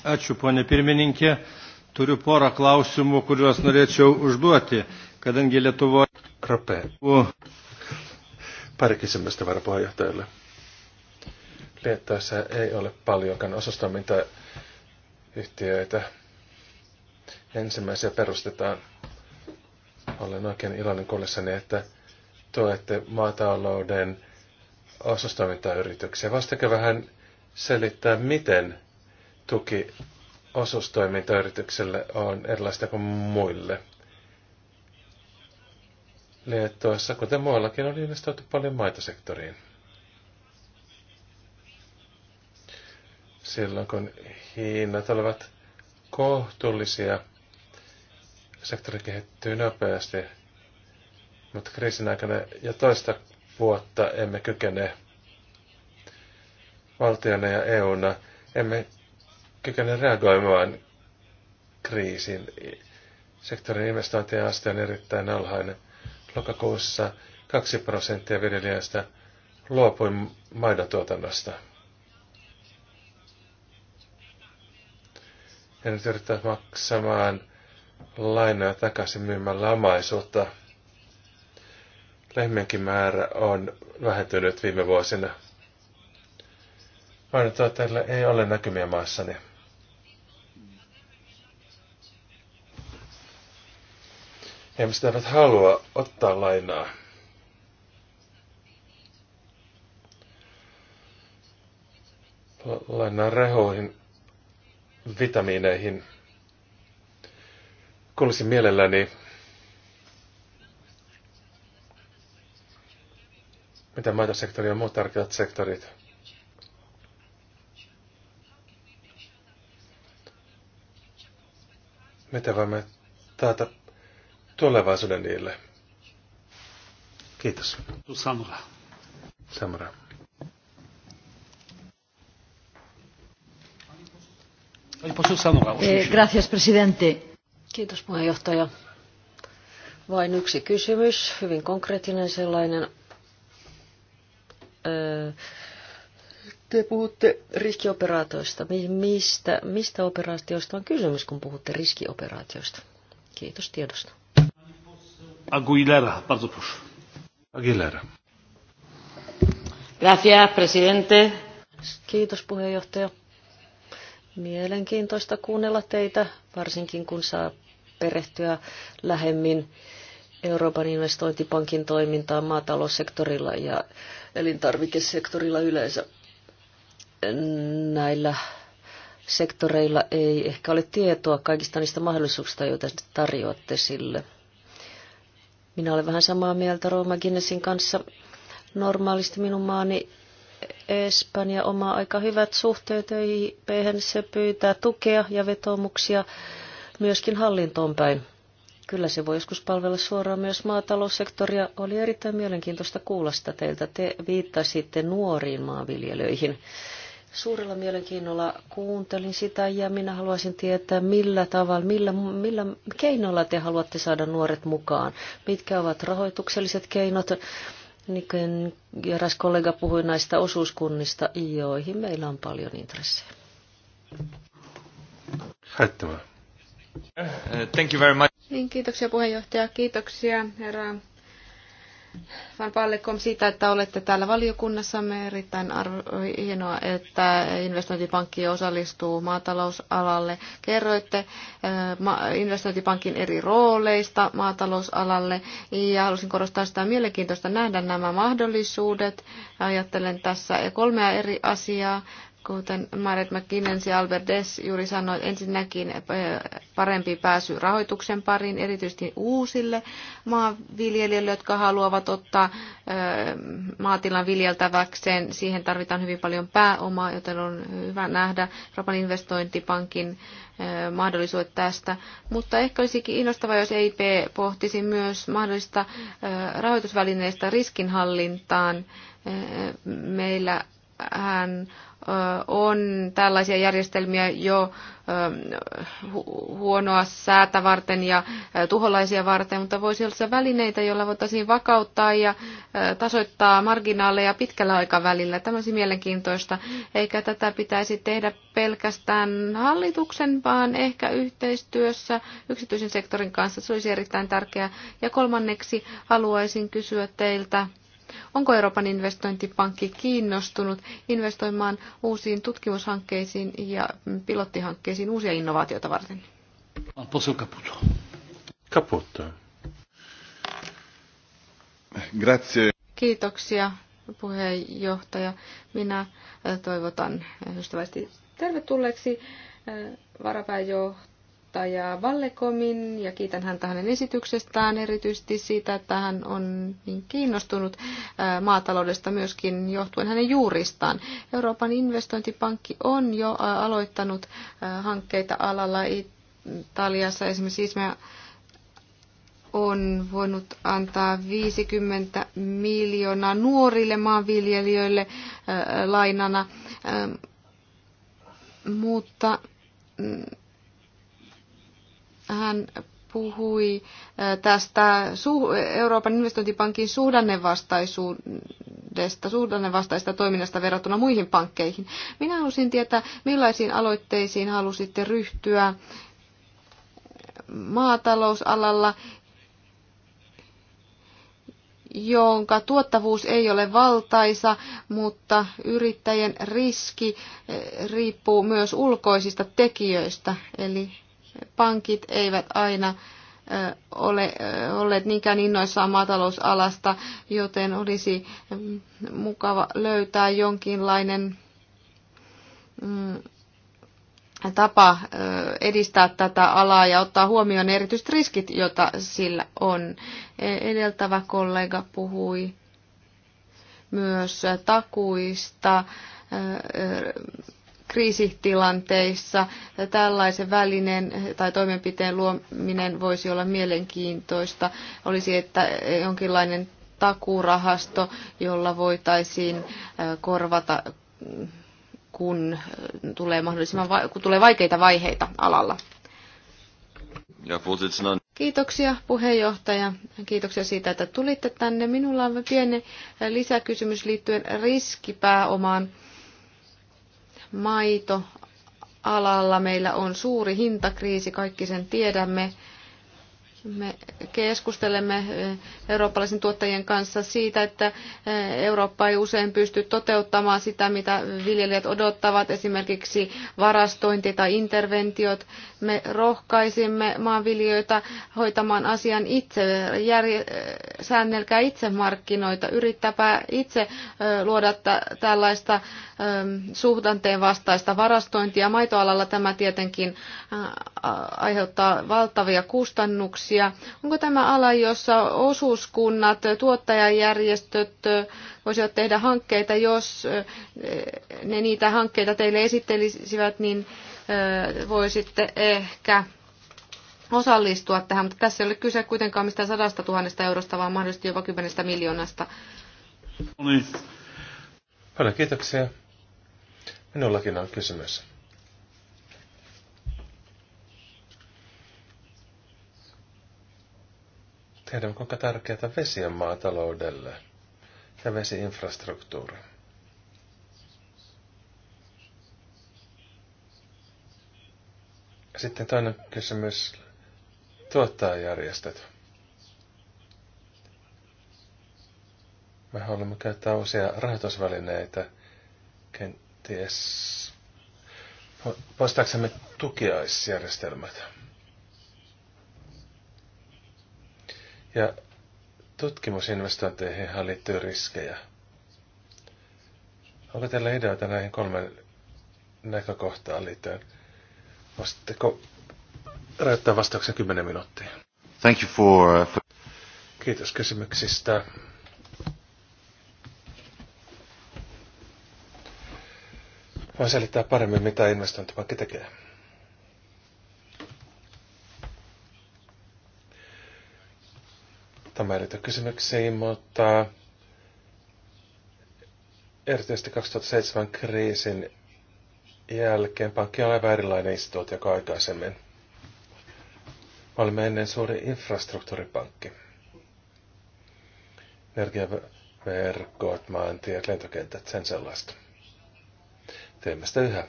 Speaker 1: Ačiū, ponė pirmininkė. Turiu porą klausimų, kuriuos norėčiau užduoti, kadangi Lietuvoje...
Speaker 2: Parikisimme sitä kysymystä puheenjohtajalle. Liettaessa ei ole paljonkaan yhtiöitä. Ensimmäisiä perustetaan. Olen oikein iloinen kuullessani, että tuette maatalouden osastoimintayrityksiä. Voisitteko vähän selittää, miten tuki osuustoiminta on erilaista kuin muille. Liettuassa, kuten muuallakin, on investoitu paljon maitosektoriin. Silloin kun hinnat olivat kohtuullisia, sektori kehittyy nopeasti, mutta kriisin aikana ja toista vuotta emme kykene valtiona ja EUna, emme kykene reagoimaan kriisin Sektorin investointien aste on erittäin alhainen. Lokakuussa 2 prosenttia viljelijöistä luopui maidotuotannosta. Ja nyt yrittää maksamaan lainoja takaisin myymällä omaisuutta. Lehmienkin määrä on vähentynyt viime vuosina. Mainotuottajilla ei ole näkymiä maassani. Ihmiset eivät halua ottaa lainaa. Lainaa rehoihin, vitamiineihin. Kuulisin mielelläni, mitä maitosektori ja muut tärkeät sektorit. Miten voimme taata tulevaisuuden niille. Kiitos. Samra. Samra.
Speaker 1: E, gracias,
Speaker 4: presidente. Kiitos puheenjohtaja. Vain yksi kysymys, hyvin konkreettinen sellainen. Öö, te puhutte riskioperaatioista. Mistä, mistä operaatioista on kysymys, kun puhutte riskioperaatioista? Kiitos tiedosta.
Speaker 1: Aguilera, bardzo proszę. Aguilera.
Speaker 4: Gracias, presidente. Kiitos puheenjohtaja. Mielenkiintoista kuunnella teitä, varsinkin kun saa perehtyä lähemmin Euroopan investointipankin toimintaan maataloussektorilla ja elintarvikesektorilla yleensä. Näillä sektoreilla ei ehkä ole tietoa kaikista niistä mahdollisuuksista, joita tarjoatte sille. Minä olen vähän samaa mieltä Rooma Guinnessin kanssa. Normaalisti minun maani Espanja omaa aika hyvät suhteet EIP, se pyytää tukea ja vetomuksia myöskin hallintoon päin. Kyllä se voi joskus palvella suoraan myös maataloussektoria. Oli erittäin mielenkiintoista kuulla sitä teiltä. Te viittasitte nuoriin maanviljelöihin. Suurella mielenkiinnolla kuuntelin sitä ja minä haluaisin tietää, millä tavalla, millä, millä keinoilla te haluatte saada nuoret mukaan. Mitkä ovat rahoitukselliset keinot? Niin kuin eräs kollega puhui näistä osuuskunnista, joihin meillä on paljon intressejä.
Speaker 2: Thank you very much.
Speaker 3: Niin, kiitoksia puheenjohtaja. Kiitoksia herra Van Pallekom siitä, että olette täällä valiokunnassamme. Erittäin arvo, hienoa, että investointipankki osallistuu maatalousalalle. Kerroitte äh, investointipankin eri rooleista maatalousalalle ja halusin korostaa sitä mielenkiintoista nähdä nämä mahdollisuudet. Ajattelen tässä kolmea eri asiaa. Kuten Marit McKinnens ja Albert Dess juuri sanoi, ensinnäkin eh, parempi pääsy rahoituksen pariin, erityisesti uusille maanviljelijöille, jotka haluavat ottaa eh, maatilan viljeltäväkseen. Siihen tarvitaan hyvin paljon pääomaa, joten on hyvä nähdä Euroopan investointipankin eh, mahdollisuudet tästä. Mutta ehkä olisikin innostavaa, jos EIP pohtisi myös mahdollista rahoitusvälineistä riskinhallintaan. Meillä hän on tällaisia järjestelmiä jo huonoa säätä varten ja tuholaisia varten, mutta voisi olla välineitä, joilla voitaisiin vakauttaa ja tasoittaa marginaaleja pitkällä aikavälillä. Tämä olisi mielenkiintoista, eikä tätä pitäisi tehdä pelkästään hallituksen, vaan ehkä yhteistyössä yksityisen sektorin kanssa. Se olisi erittäin tärkeää. Ja kolmanneksi haluaisin kysyä teiltä, Onko Euroopan investointipankki kiinnostunut investoimaan uusiin tutkimushankkeisiin ja mm, pilottihankkeisiin uusia innovaatioita varten?
Speaker 1: Caputo. Caputo. Grazie.
Speaker 3: Kiitoksia puheenjohtaja. Minä äh, toivotan ystävästi tervetulleeksi äh, varapääjohtaja johtaja Vallekomin ja kiitän häntä hänen esityksestään erityisesti siitä, että hän on niin kiinnostunut maataloudesta myöskin johtuen hänen juuristaan. Euroopan investointipankki on jo aloittanut hankkeita alalla Italiassa esimerkiksi Ismea on voinut antaa 50 miljoonaa nuorille maanviljelijöille lainana, mutta mm, hän puhui tästä Euroopan investointipankin suhdannevastaisuudesta, suhdannevastaista toiminnasta verrattuna muihin pankkeihin. Minä halusin tietää, millaisiin aloitteisiin halusitte ryhtyä maatalousalalla, jonka tuottavuus ei ole valtaisa, mutta yrittäjien riski riippuu myös ulkoisista tekijöistä, eli Pankit eivät aina ole olleet niinkään innoissaan maatalousalasta, joten olisi mm, mukava löytää jonkinlainen mm, tapa edistää tätä alaa ja ottaa huomioon erityiset riskit, joita sillä on. E, edeltävä kollega puhui myös takuista, kriisitilanteissa tällaisen välineen tai toimenpiteen luominen voisi olla mielenkiintoista. Olisi, että jonkinlainen takurahasto, jolla voitaisiin korvata, kun tulee, mahdollisimman kun tulee vaikeita vaiheita alalla. Ja Kiitoksia puheenjohtaja. Kiitoksia siitä, että tulitte tänne. Minulla on pieni lisäkysymys liittyen riskipääomaan maito alalla meillä on suuri hintakriisi, kaikki sen tiedämme. Me keskustelemme eh, eurooppalaisen tuottajien kanssa siitä, että eh, Eurooppa ei usein pysty toteuttamaan sitä, mitä viljelijät odottavat, esimerkiksi varastointi tai interventiot. Me rohkaisimme maanviljelijöitä hoitamaan asian itse, järje- säännelkää itse markkinoita, yrittäpä itse eh, luoda tällaista suhdanteen vastaista varastointia. Maitoalalla tämä tietenkin aiheuttaa valtavia kustannuksia asia. Onko tämä ala, jossa osuuskunnat, tuottajajärjestöt voisivat tehdä hankkeita, jos ne niitä hankkeita teille esittelisivät, niin voisitte ehkä osallistua tähän, mutta tässä ei ole kyse kuitenkaan mistään sadasta tuhannesta eurosta, vaan mahdollisesti jopa kymmenestä miljoonasta.
Speaker 2: No niin. Paljon kiitoksia. Minullakin on kysymys. tiedämme kuinka tärkeää vesi on maataloudelle ja vesiinfrastruktuuri. Sitten toinen kysymys, tuottajajärjestöt. Me haluamme käyttää uusia rahoitusvälineitä, kenties poistaaksemme tukiaisjärjestelmät. Ja tutkimusinvestointeihin liittyy riskejä. Onko teillä ideoita näihin kolmeen näkökohtaan liittyen? Voisitteko rajoittaa vastauksen 10 minuuttia? Thank you for, uh, for... Kiitos kysymyksistä. Voin selittää paremmin, mitä investointipankki tekee. Tämä ei kysymyksiin, mutta erityisesti 2007 kriisin jälkeen pankki on aivan erilainen instituutio kuin aikaisemmin. Me olimme ennen suuri infrastruktuuripankki. Energiaverkot, maantiet, lentokentät, sen sellaista. Teemme sitä yhä.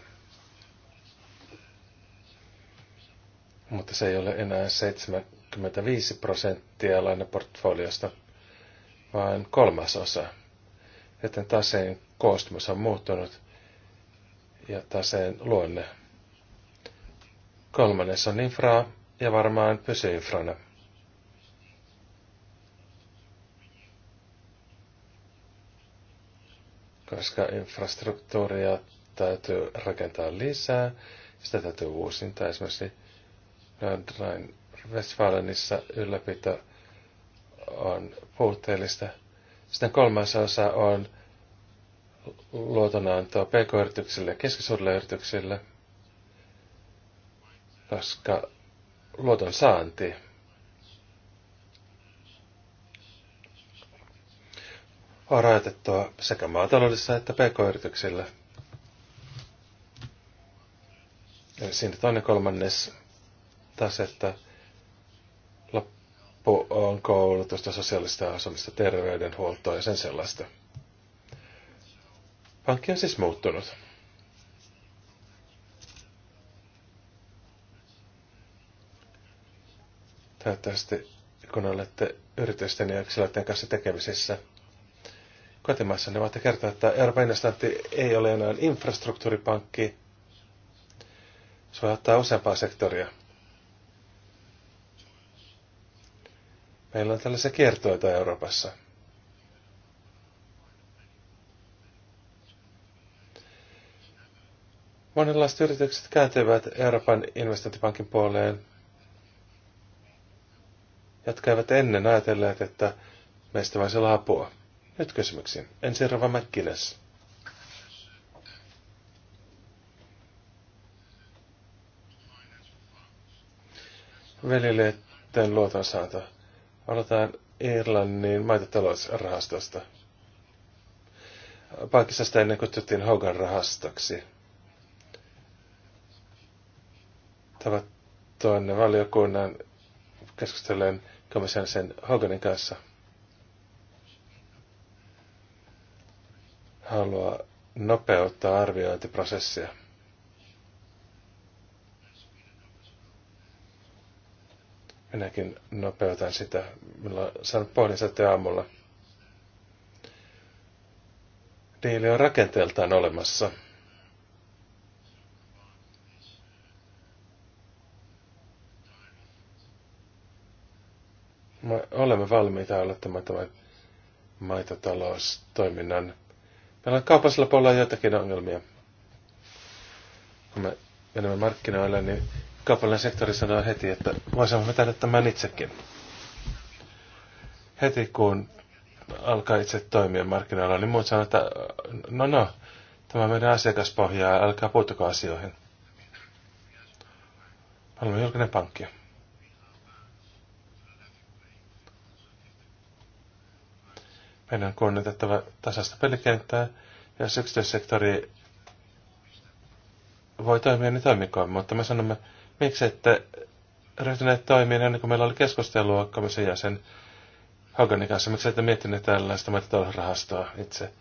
Speaker 2: Mutta se ei ole enää 7 25 prosenttia lainaportfoliosta, vaan kolmasosa. Joten taseen koostumus on muuttunut ja taseen luonne. Kolmannes on infraa ja varmaan pysyy infrana. Koska infrastruktuuria täytyy rakentaa lisää, sitä täytyy uusintaa esimerkiksi Nordrhein Westfalenissa ylläpito on puutteellista. Sitten kolmas osa on luotonantoa pk-yrityksille ja keskisuudelle yrityksille, koska luoton saanti on rajoitettua sekä maataloudessa että pk yrityksille Eli siinä toinen kolmannes tasetta on koulutusta, sosiaalista asumista, terveydenhuoltoa ja sen sellaista. Pankki on siis muuttunut. Toivottavasti kun olette yritysten ja yksilöiden kanssa tekemisissä, kotimaassa ne niin voitte kertoa, että Euroopan investointi ei ole enää infrastruktuuripankki. Se voi ottaa useampaa sektoria. Meillä on tällaisia kiertoita Euroopassa. Monenlaiset yritykset kääntyvät Euroopan investointipankin puoleen, jotka eivät ennen ajatelleet, että meistä voisi olla apua. Nyt kysymyksiin. Ensin Rova Mäkkiläs. Velille, tämän luoton saata. Aloitetaan Irlannin maitotalousrahastosta. Pankissa sitä ennen kutsuttiin Hogan rahastoksi. Tavattoin valiokunnan keskustelujen komission sen Hoganin kanssa. Haluaa nopeuttaa arviointiprosessia. Minäkin nopeutan sitä. Minulla sain pohdin sitten aamulla. Diili on rakenteeltaan olemassa. Me olemme valmiita aloittamaan tämän maitotaloustoiminnan. Meillä on kaupallisella puolella joitakin ongelmia. Me enemmän markkinoille, niin kaupallinen sektori sanoi heti, että voisimme me tehdä tämän itsekin. Heti kun alkaa itse toimia markkinoilla, niin muut sanoivat, että no no, tämä meidän asiakaspohjaa, älkää puuttuko asioihin. Olemme julkinen pankki. Meidän on kunnioitettava tasasta pelikenttää, ja jos yksityissektori voi toimia, niin toimikoon. Mutta me sanomme, miksi ette ryhtyneet toimia ennen kuin meillä oli keskustelua komission jäsen Hoganin kanssa. Miksi ette miettineet tällaista metodolrahastoa itse?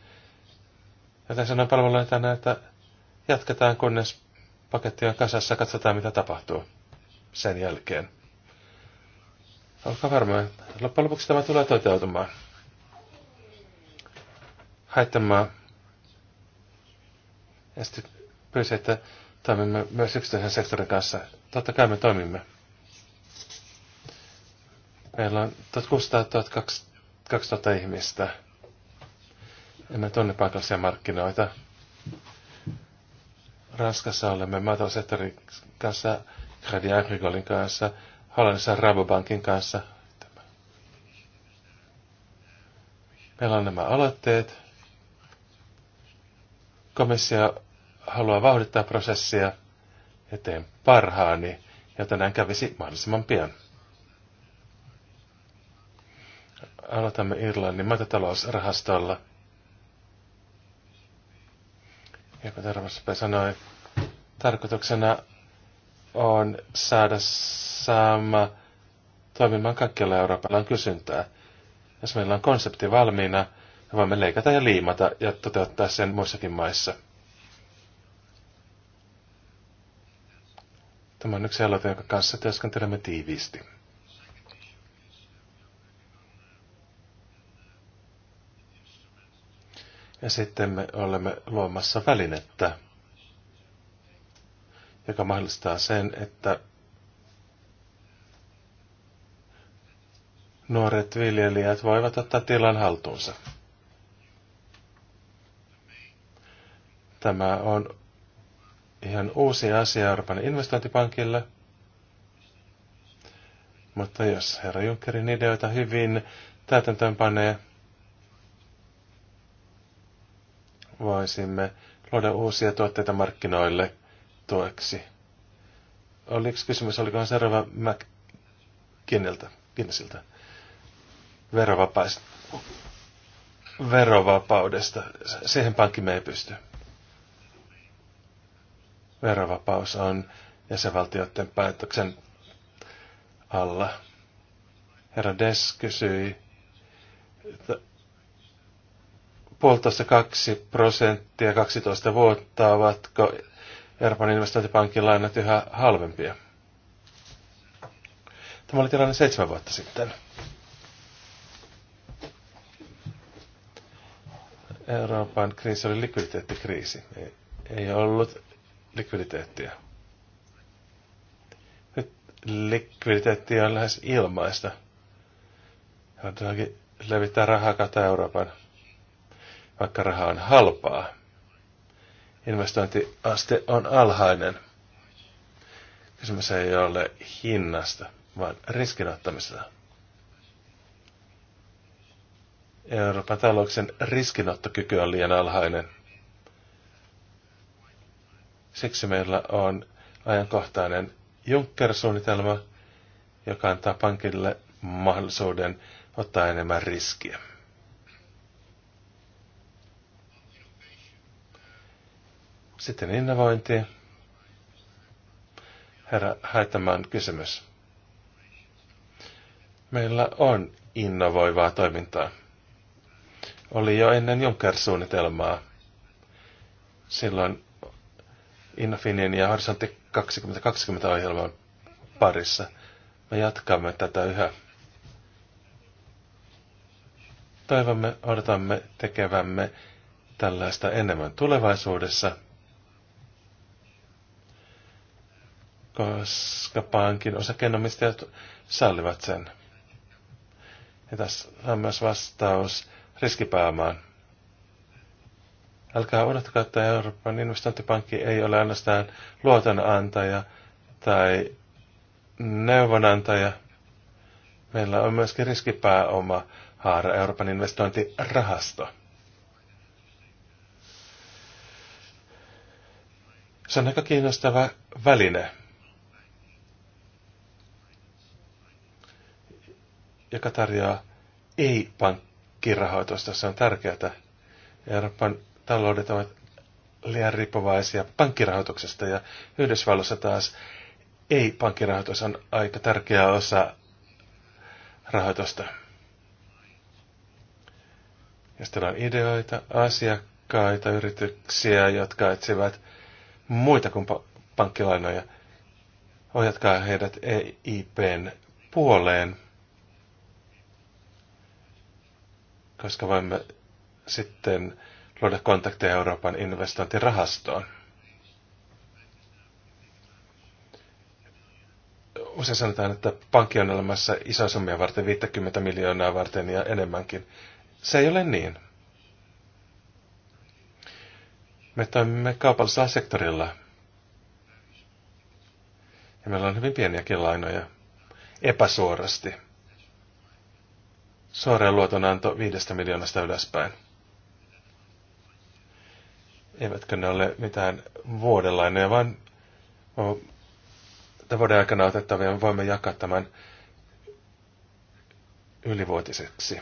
Speaker 2: Joten sanon palveluille tänään, että jatketaan kunnes paketti on kasassa, katsotaan mitä tapahtuu sen jälkeen. Olkaa varmoja. Loppujen lopuksi tämä tulee toteutumaan. Haittamaa. Ja sitten pyysi, että toimimme myös yksityisen sektorin kanssa. Totta kai me toimimme. Meillä on 1600 2000 ihmistä. Emme tunne paikallisia markkinoita. Ranskassa olemme maatalousektorin kanssa, Credit Agricolin kanssa, Hollannissa Rabobankin kanssa. Meillä on nämä aloitteet. Komissio haluan vauhdittaa prosessia eteen parhaani, ja tänään kävisi mahdollisimman pian. Aloitamme Irlannin matatalousrahastolla. Ja kuten Ramaspe sanoi, tarkoituksena on saada sama toimimaan kaikkialla Euroopalla on kysyntää. Jos meillä on konsepti valmiina, me voimme leikata ja liimata ja toteuttaa sen muissakin maissa. Tämä on yksi aloite, jonka kanssa työskentelemme tiiviisti. Ja sitten me olemme luomassa välinettä, joka mahdollistaa sen, että nuoret viljelijät voivat ottaa tilan haltuunsa. Tämä on ihan uusi asia Euroopan investointipankille. Mutta jos herra Junckerin ideoita hyvin täytäntöön panee, voisimme luoda uusia tuotteita markkinoille tueksi. Oliko kysymys, olikohan seuraava McKinneltä, Kinsiltä, verovapaudesta. Siihen pankki me ei pysty verovapaus on jäsenvaltioiden päätöksen alla. Herra Des kysyi, että puolitoista kaksi prosenttia 12 vuotta, ovatko Euroopan investointipankin lainat yhä halvempia? Tämä oli tilanne seitsemän vuotta sitten. Euroopan kriisi oli likviditeettikriisi. Ei, ei ollut likviditeettiä. Nyt likviditeettiä on lähes ilmaista. Jotenkin levittää rahaa kautta Euroopan, vaikka raha on halpaa. Investointiaste on alhainen. Kysymys ei ole hinnasta, vaan riskinottamisesta. Euroopan talouksen riskinottokyky on liian alhainen – Siksi meillä on ajankohtainen Juncker-suunnitelma, joka antaa pankille mahdollisuuden ottaa enemmän riskiä. Sitten innovointi. Herra Haitaman kysymys. Meillä on innovoivaa toimintaa. Oli jo ennen Junker-suunnitelmaa. Silloin Innofinin ja Horisontti 2020 ohjelman parissa. Me jatkamme tätä yhä. Toivomme, odotamme tekevämme tällaista enemmän tulevaisuudessa, koska pankin osakennomistajat sallivat sen. Ja tässä on myös vastaus riskipääomaan. Älkää unohtaa että Euroopan investointipankki ei ole ainoastaan luotonantaja tai neuvonantaja. Meillä on myöskin riskipääoma haara Euroopan investointirahasto. Se on aika kiinnostava väline, joka tarjoaa ei-pankkirahoitusta. Se on tärkeää. Euroopan taloudet ovat liian riippuvaisia pankkirahoituksesta ja Yhdysvalloissa taas ei-pankkirahoitus on aika tärkeä osa rahoitusta. Ja sitten on ideoita, asiakkaita, yrityksiä, jotka etsivät muita kuin pankkilainoja. Ohjatkaa heidät EIPn puoleen, koska voimme sitten luoda kontakteja Euroopan investointirahastoon. Usein sanotaan, että pankki on olemassa isoja summia varten, 50 miljoonaa varten ja enemmänkin. Se ei ole niin. Me toimimme kaupallisella sektorilla. Ja meillä on hyvin pieniäkin lainoja. Epäsuorasti. Suora luotonanto viidestä miljoonasta ylöspäin eivätkä ne ole mitään vuodenlainoja, vaan tämän vuoden aikana otettavia voimme jakaa tämän ylivuotiseksi.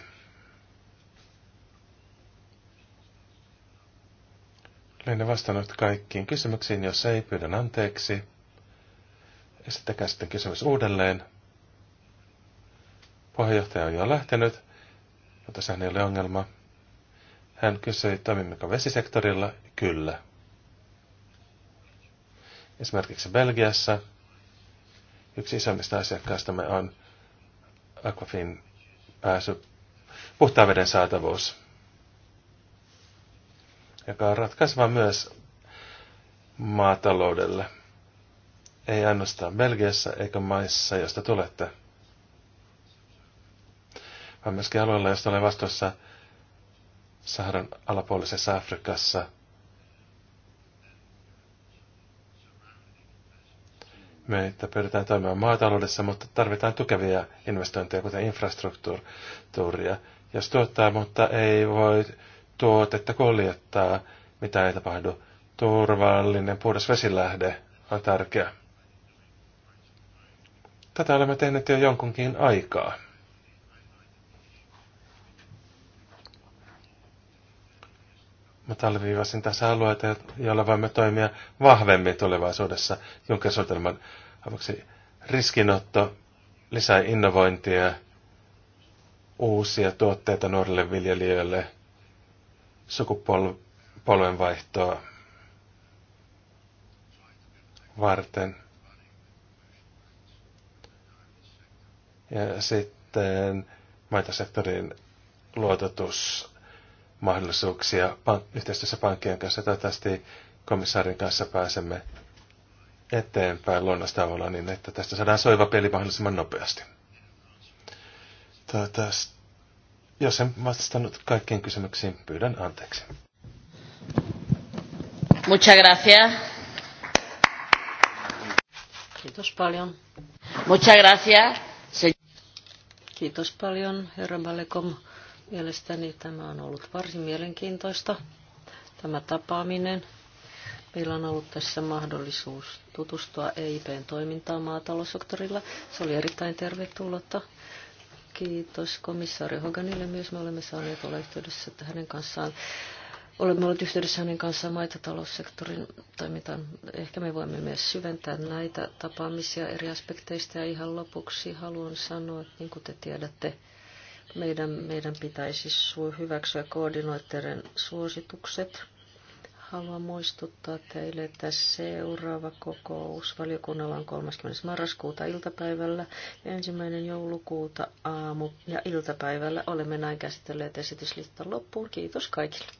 Speaker 2: Olen vastannut kaikkiin kysymyksiin, jos ei, pyydän anteeksi. Esittäkää sitten kysymys uudelleen. Puheenjohtaja on jo lähtenyt, mutta sehän ei ole ongelma. Hän kysyi, toimimmeko vesisektorilla? Kyllä. Esimerkiksi Belgiassa yksi isommista asiakkaistamme on Aquafin pääsy, puhtaan veden saatavuus, joka on ratkaiseva myös maataloudelle. Ei ainoastaan Belgiassa eikä maissa, josta tulette, vaan myöskin alueella, josta olen vastuussa – Saharan alapuolisessa Afrikassa. Meitä pyritään toimimaan maataloudessa, mutta tarvitaan tukevia investointeja, kuten infrastruktuuria. Jos tuottaa, mutta ei voi tuotetta kuljettaa, mitä ei tapahdu. Turvallinen puhdas vesilähde on tärkeä. Tätä olemme tehneet jo jonkunkin aikaa. Mä talviivasin tässä alueita, joilla voimme toimia vahvemmin tulevaisuudessa Junkin suunnitelman avuksi riskinotto, lisää innovointia, uusia tuotteita nuorille viljelijöille, sukupolvenvaihtoa varten. Ja sitten maitosektorin luototus mahdollisuuksia yhteistyössä pankkien kanssa. Toivottavasti komissaarin kanssa pääsemme eteenpäin luonnostavalla niin, että tästä saadaan soiva peli mahdollisimman nopeasti. Tuota, jos en vastannut kaikkiin kysymyksiin, pyydän anteeksi.
Speaker 4: Muchas gracias. Kiitos paljon. Muchas gracias. Kiitos paljon, herra Malekom. Mielestäni tämä on ollut varsin mielenkiintoista, tämä tapaaminen. Meillä on ollut tässä mahdollisuus tutustua EIPn toimintaan maataloussektorilla. Se oli erittäin tervetullutta. Kiitos komissaari Hoganille myös. Me olemme saaneet olla yhteydessä että hänen kanssaan. Olemme olleet yhteydessä hänen kanssaan maitotaloussektorin toimintaan. Ehkä me voimme myös syventää näitä tapaamisia eri aspekteista. Ja ihan lopuksi haluan sanoa, että niin kuin te tiedätte, meidän, meidän pitäisi hyväksyä koordinoitteiden suositukset. Haluan muistuttaa teille, että seuraava kokous valiokunnalla on 30. marraskuuta iltapäivällä ja ensimmäinen joulukuuta aamu- ja iltapäivällä. Olemme näin käsitelleet esityslistan loppuun. Kiitos kaikille.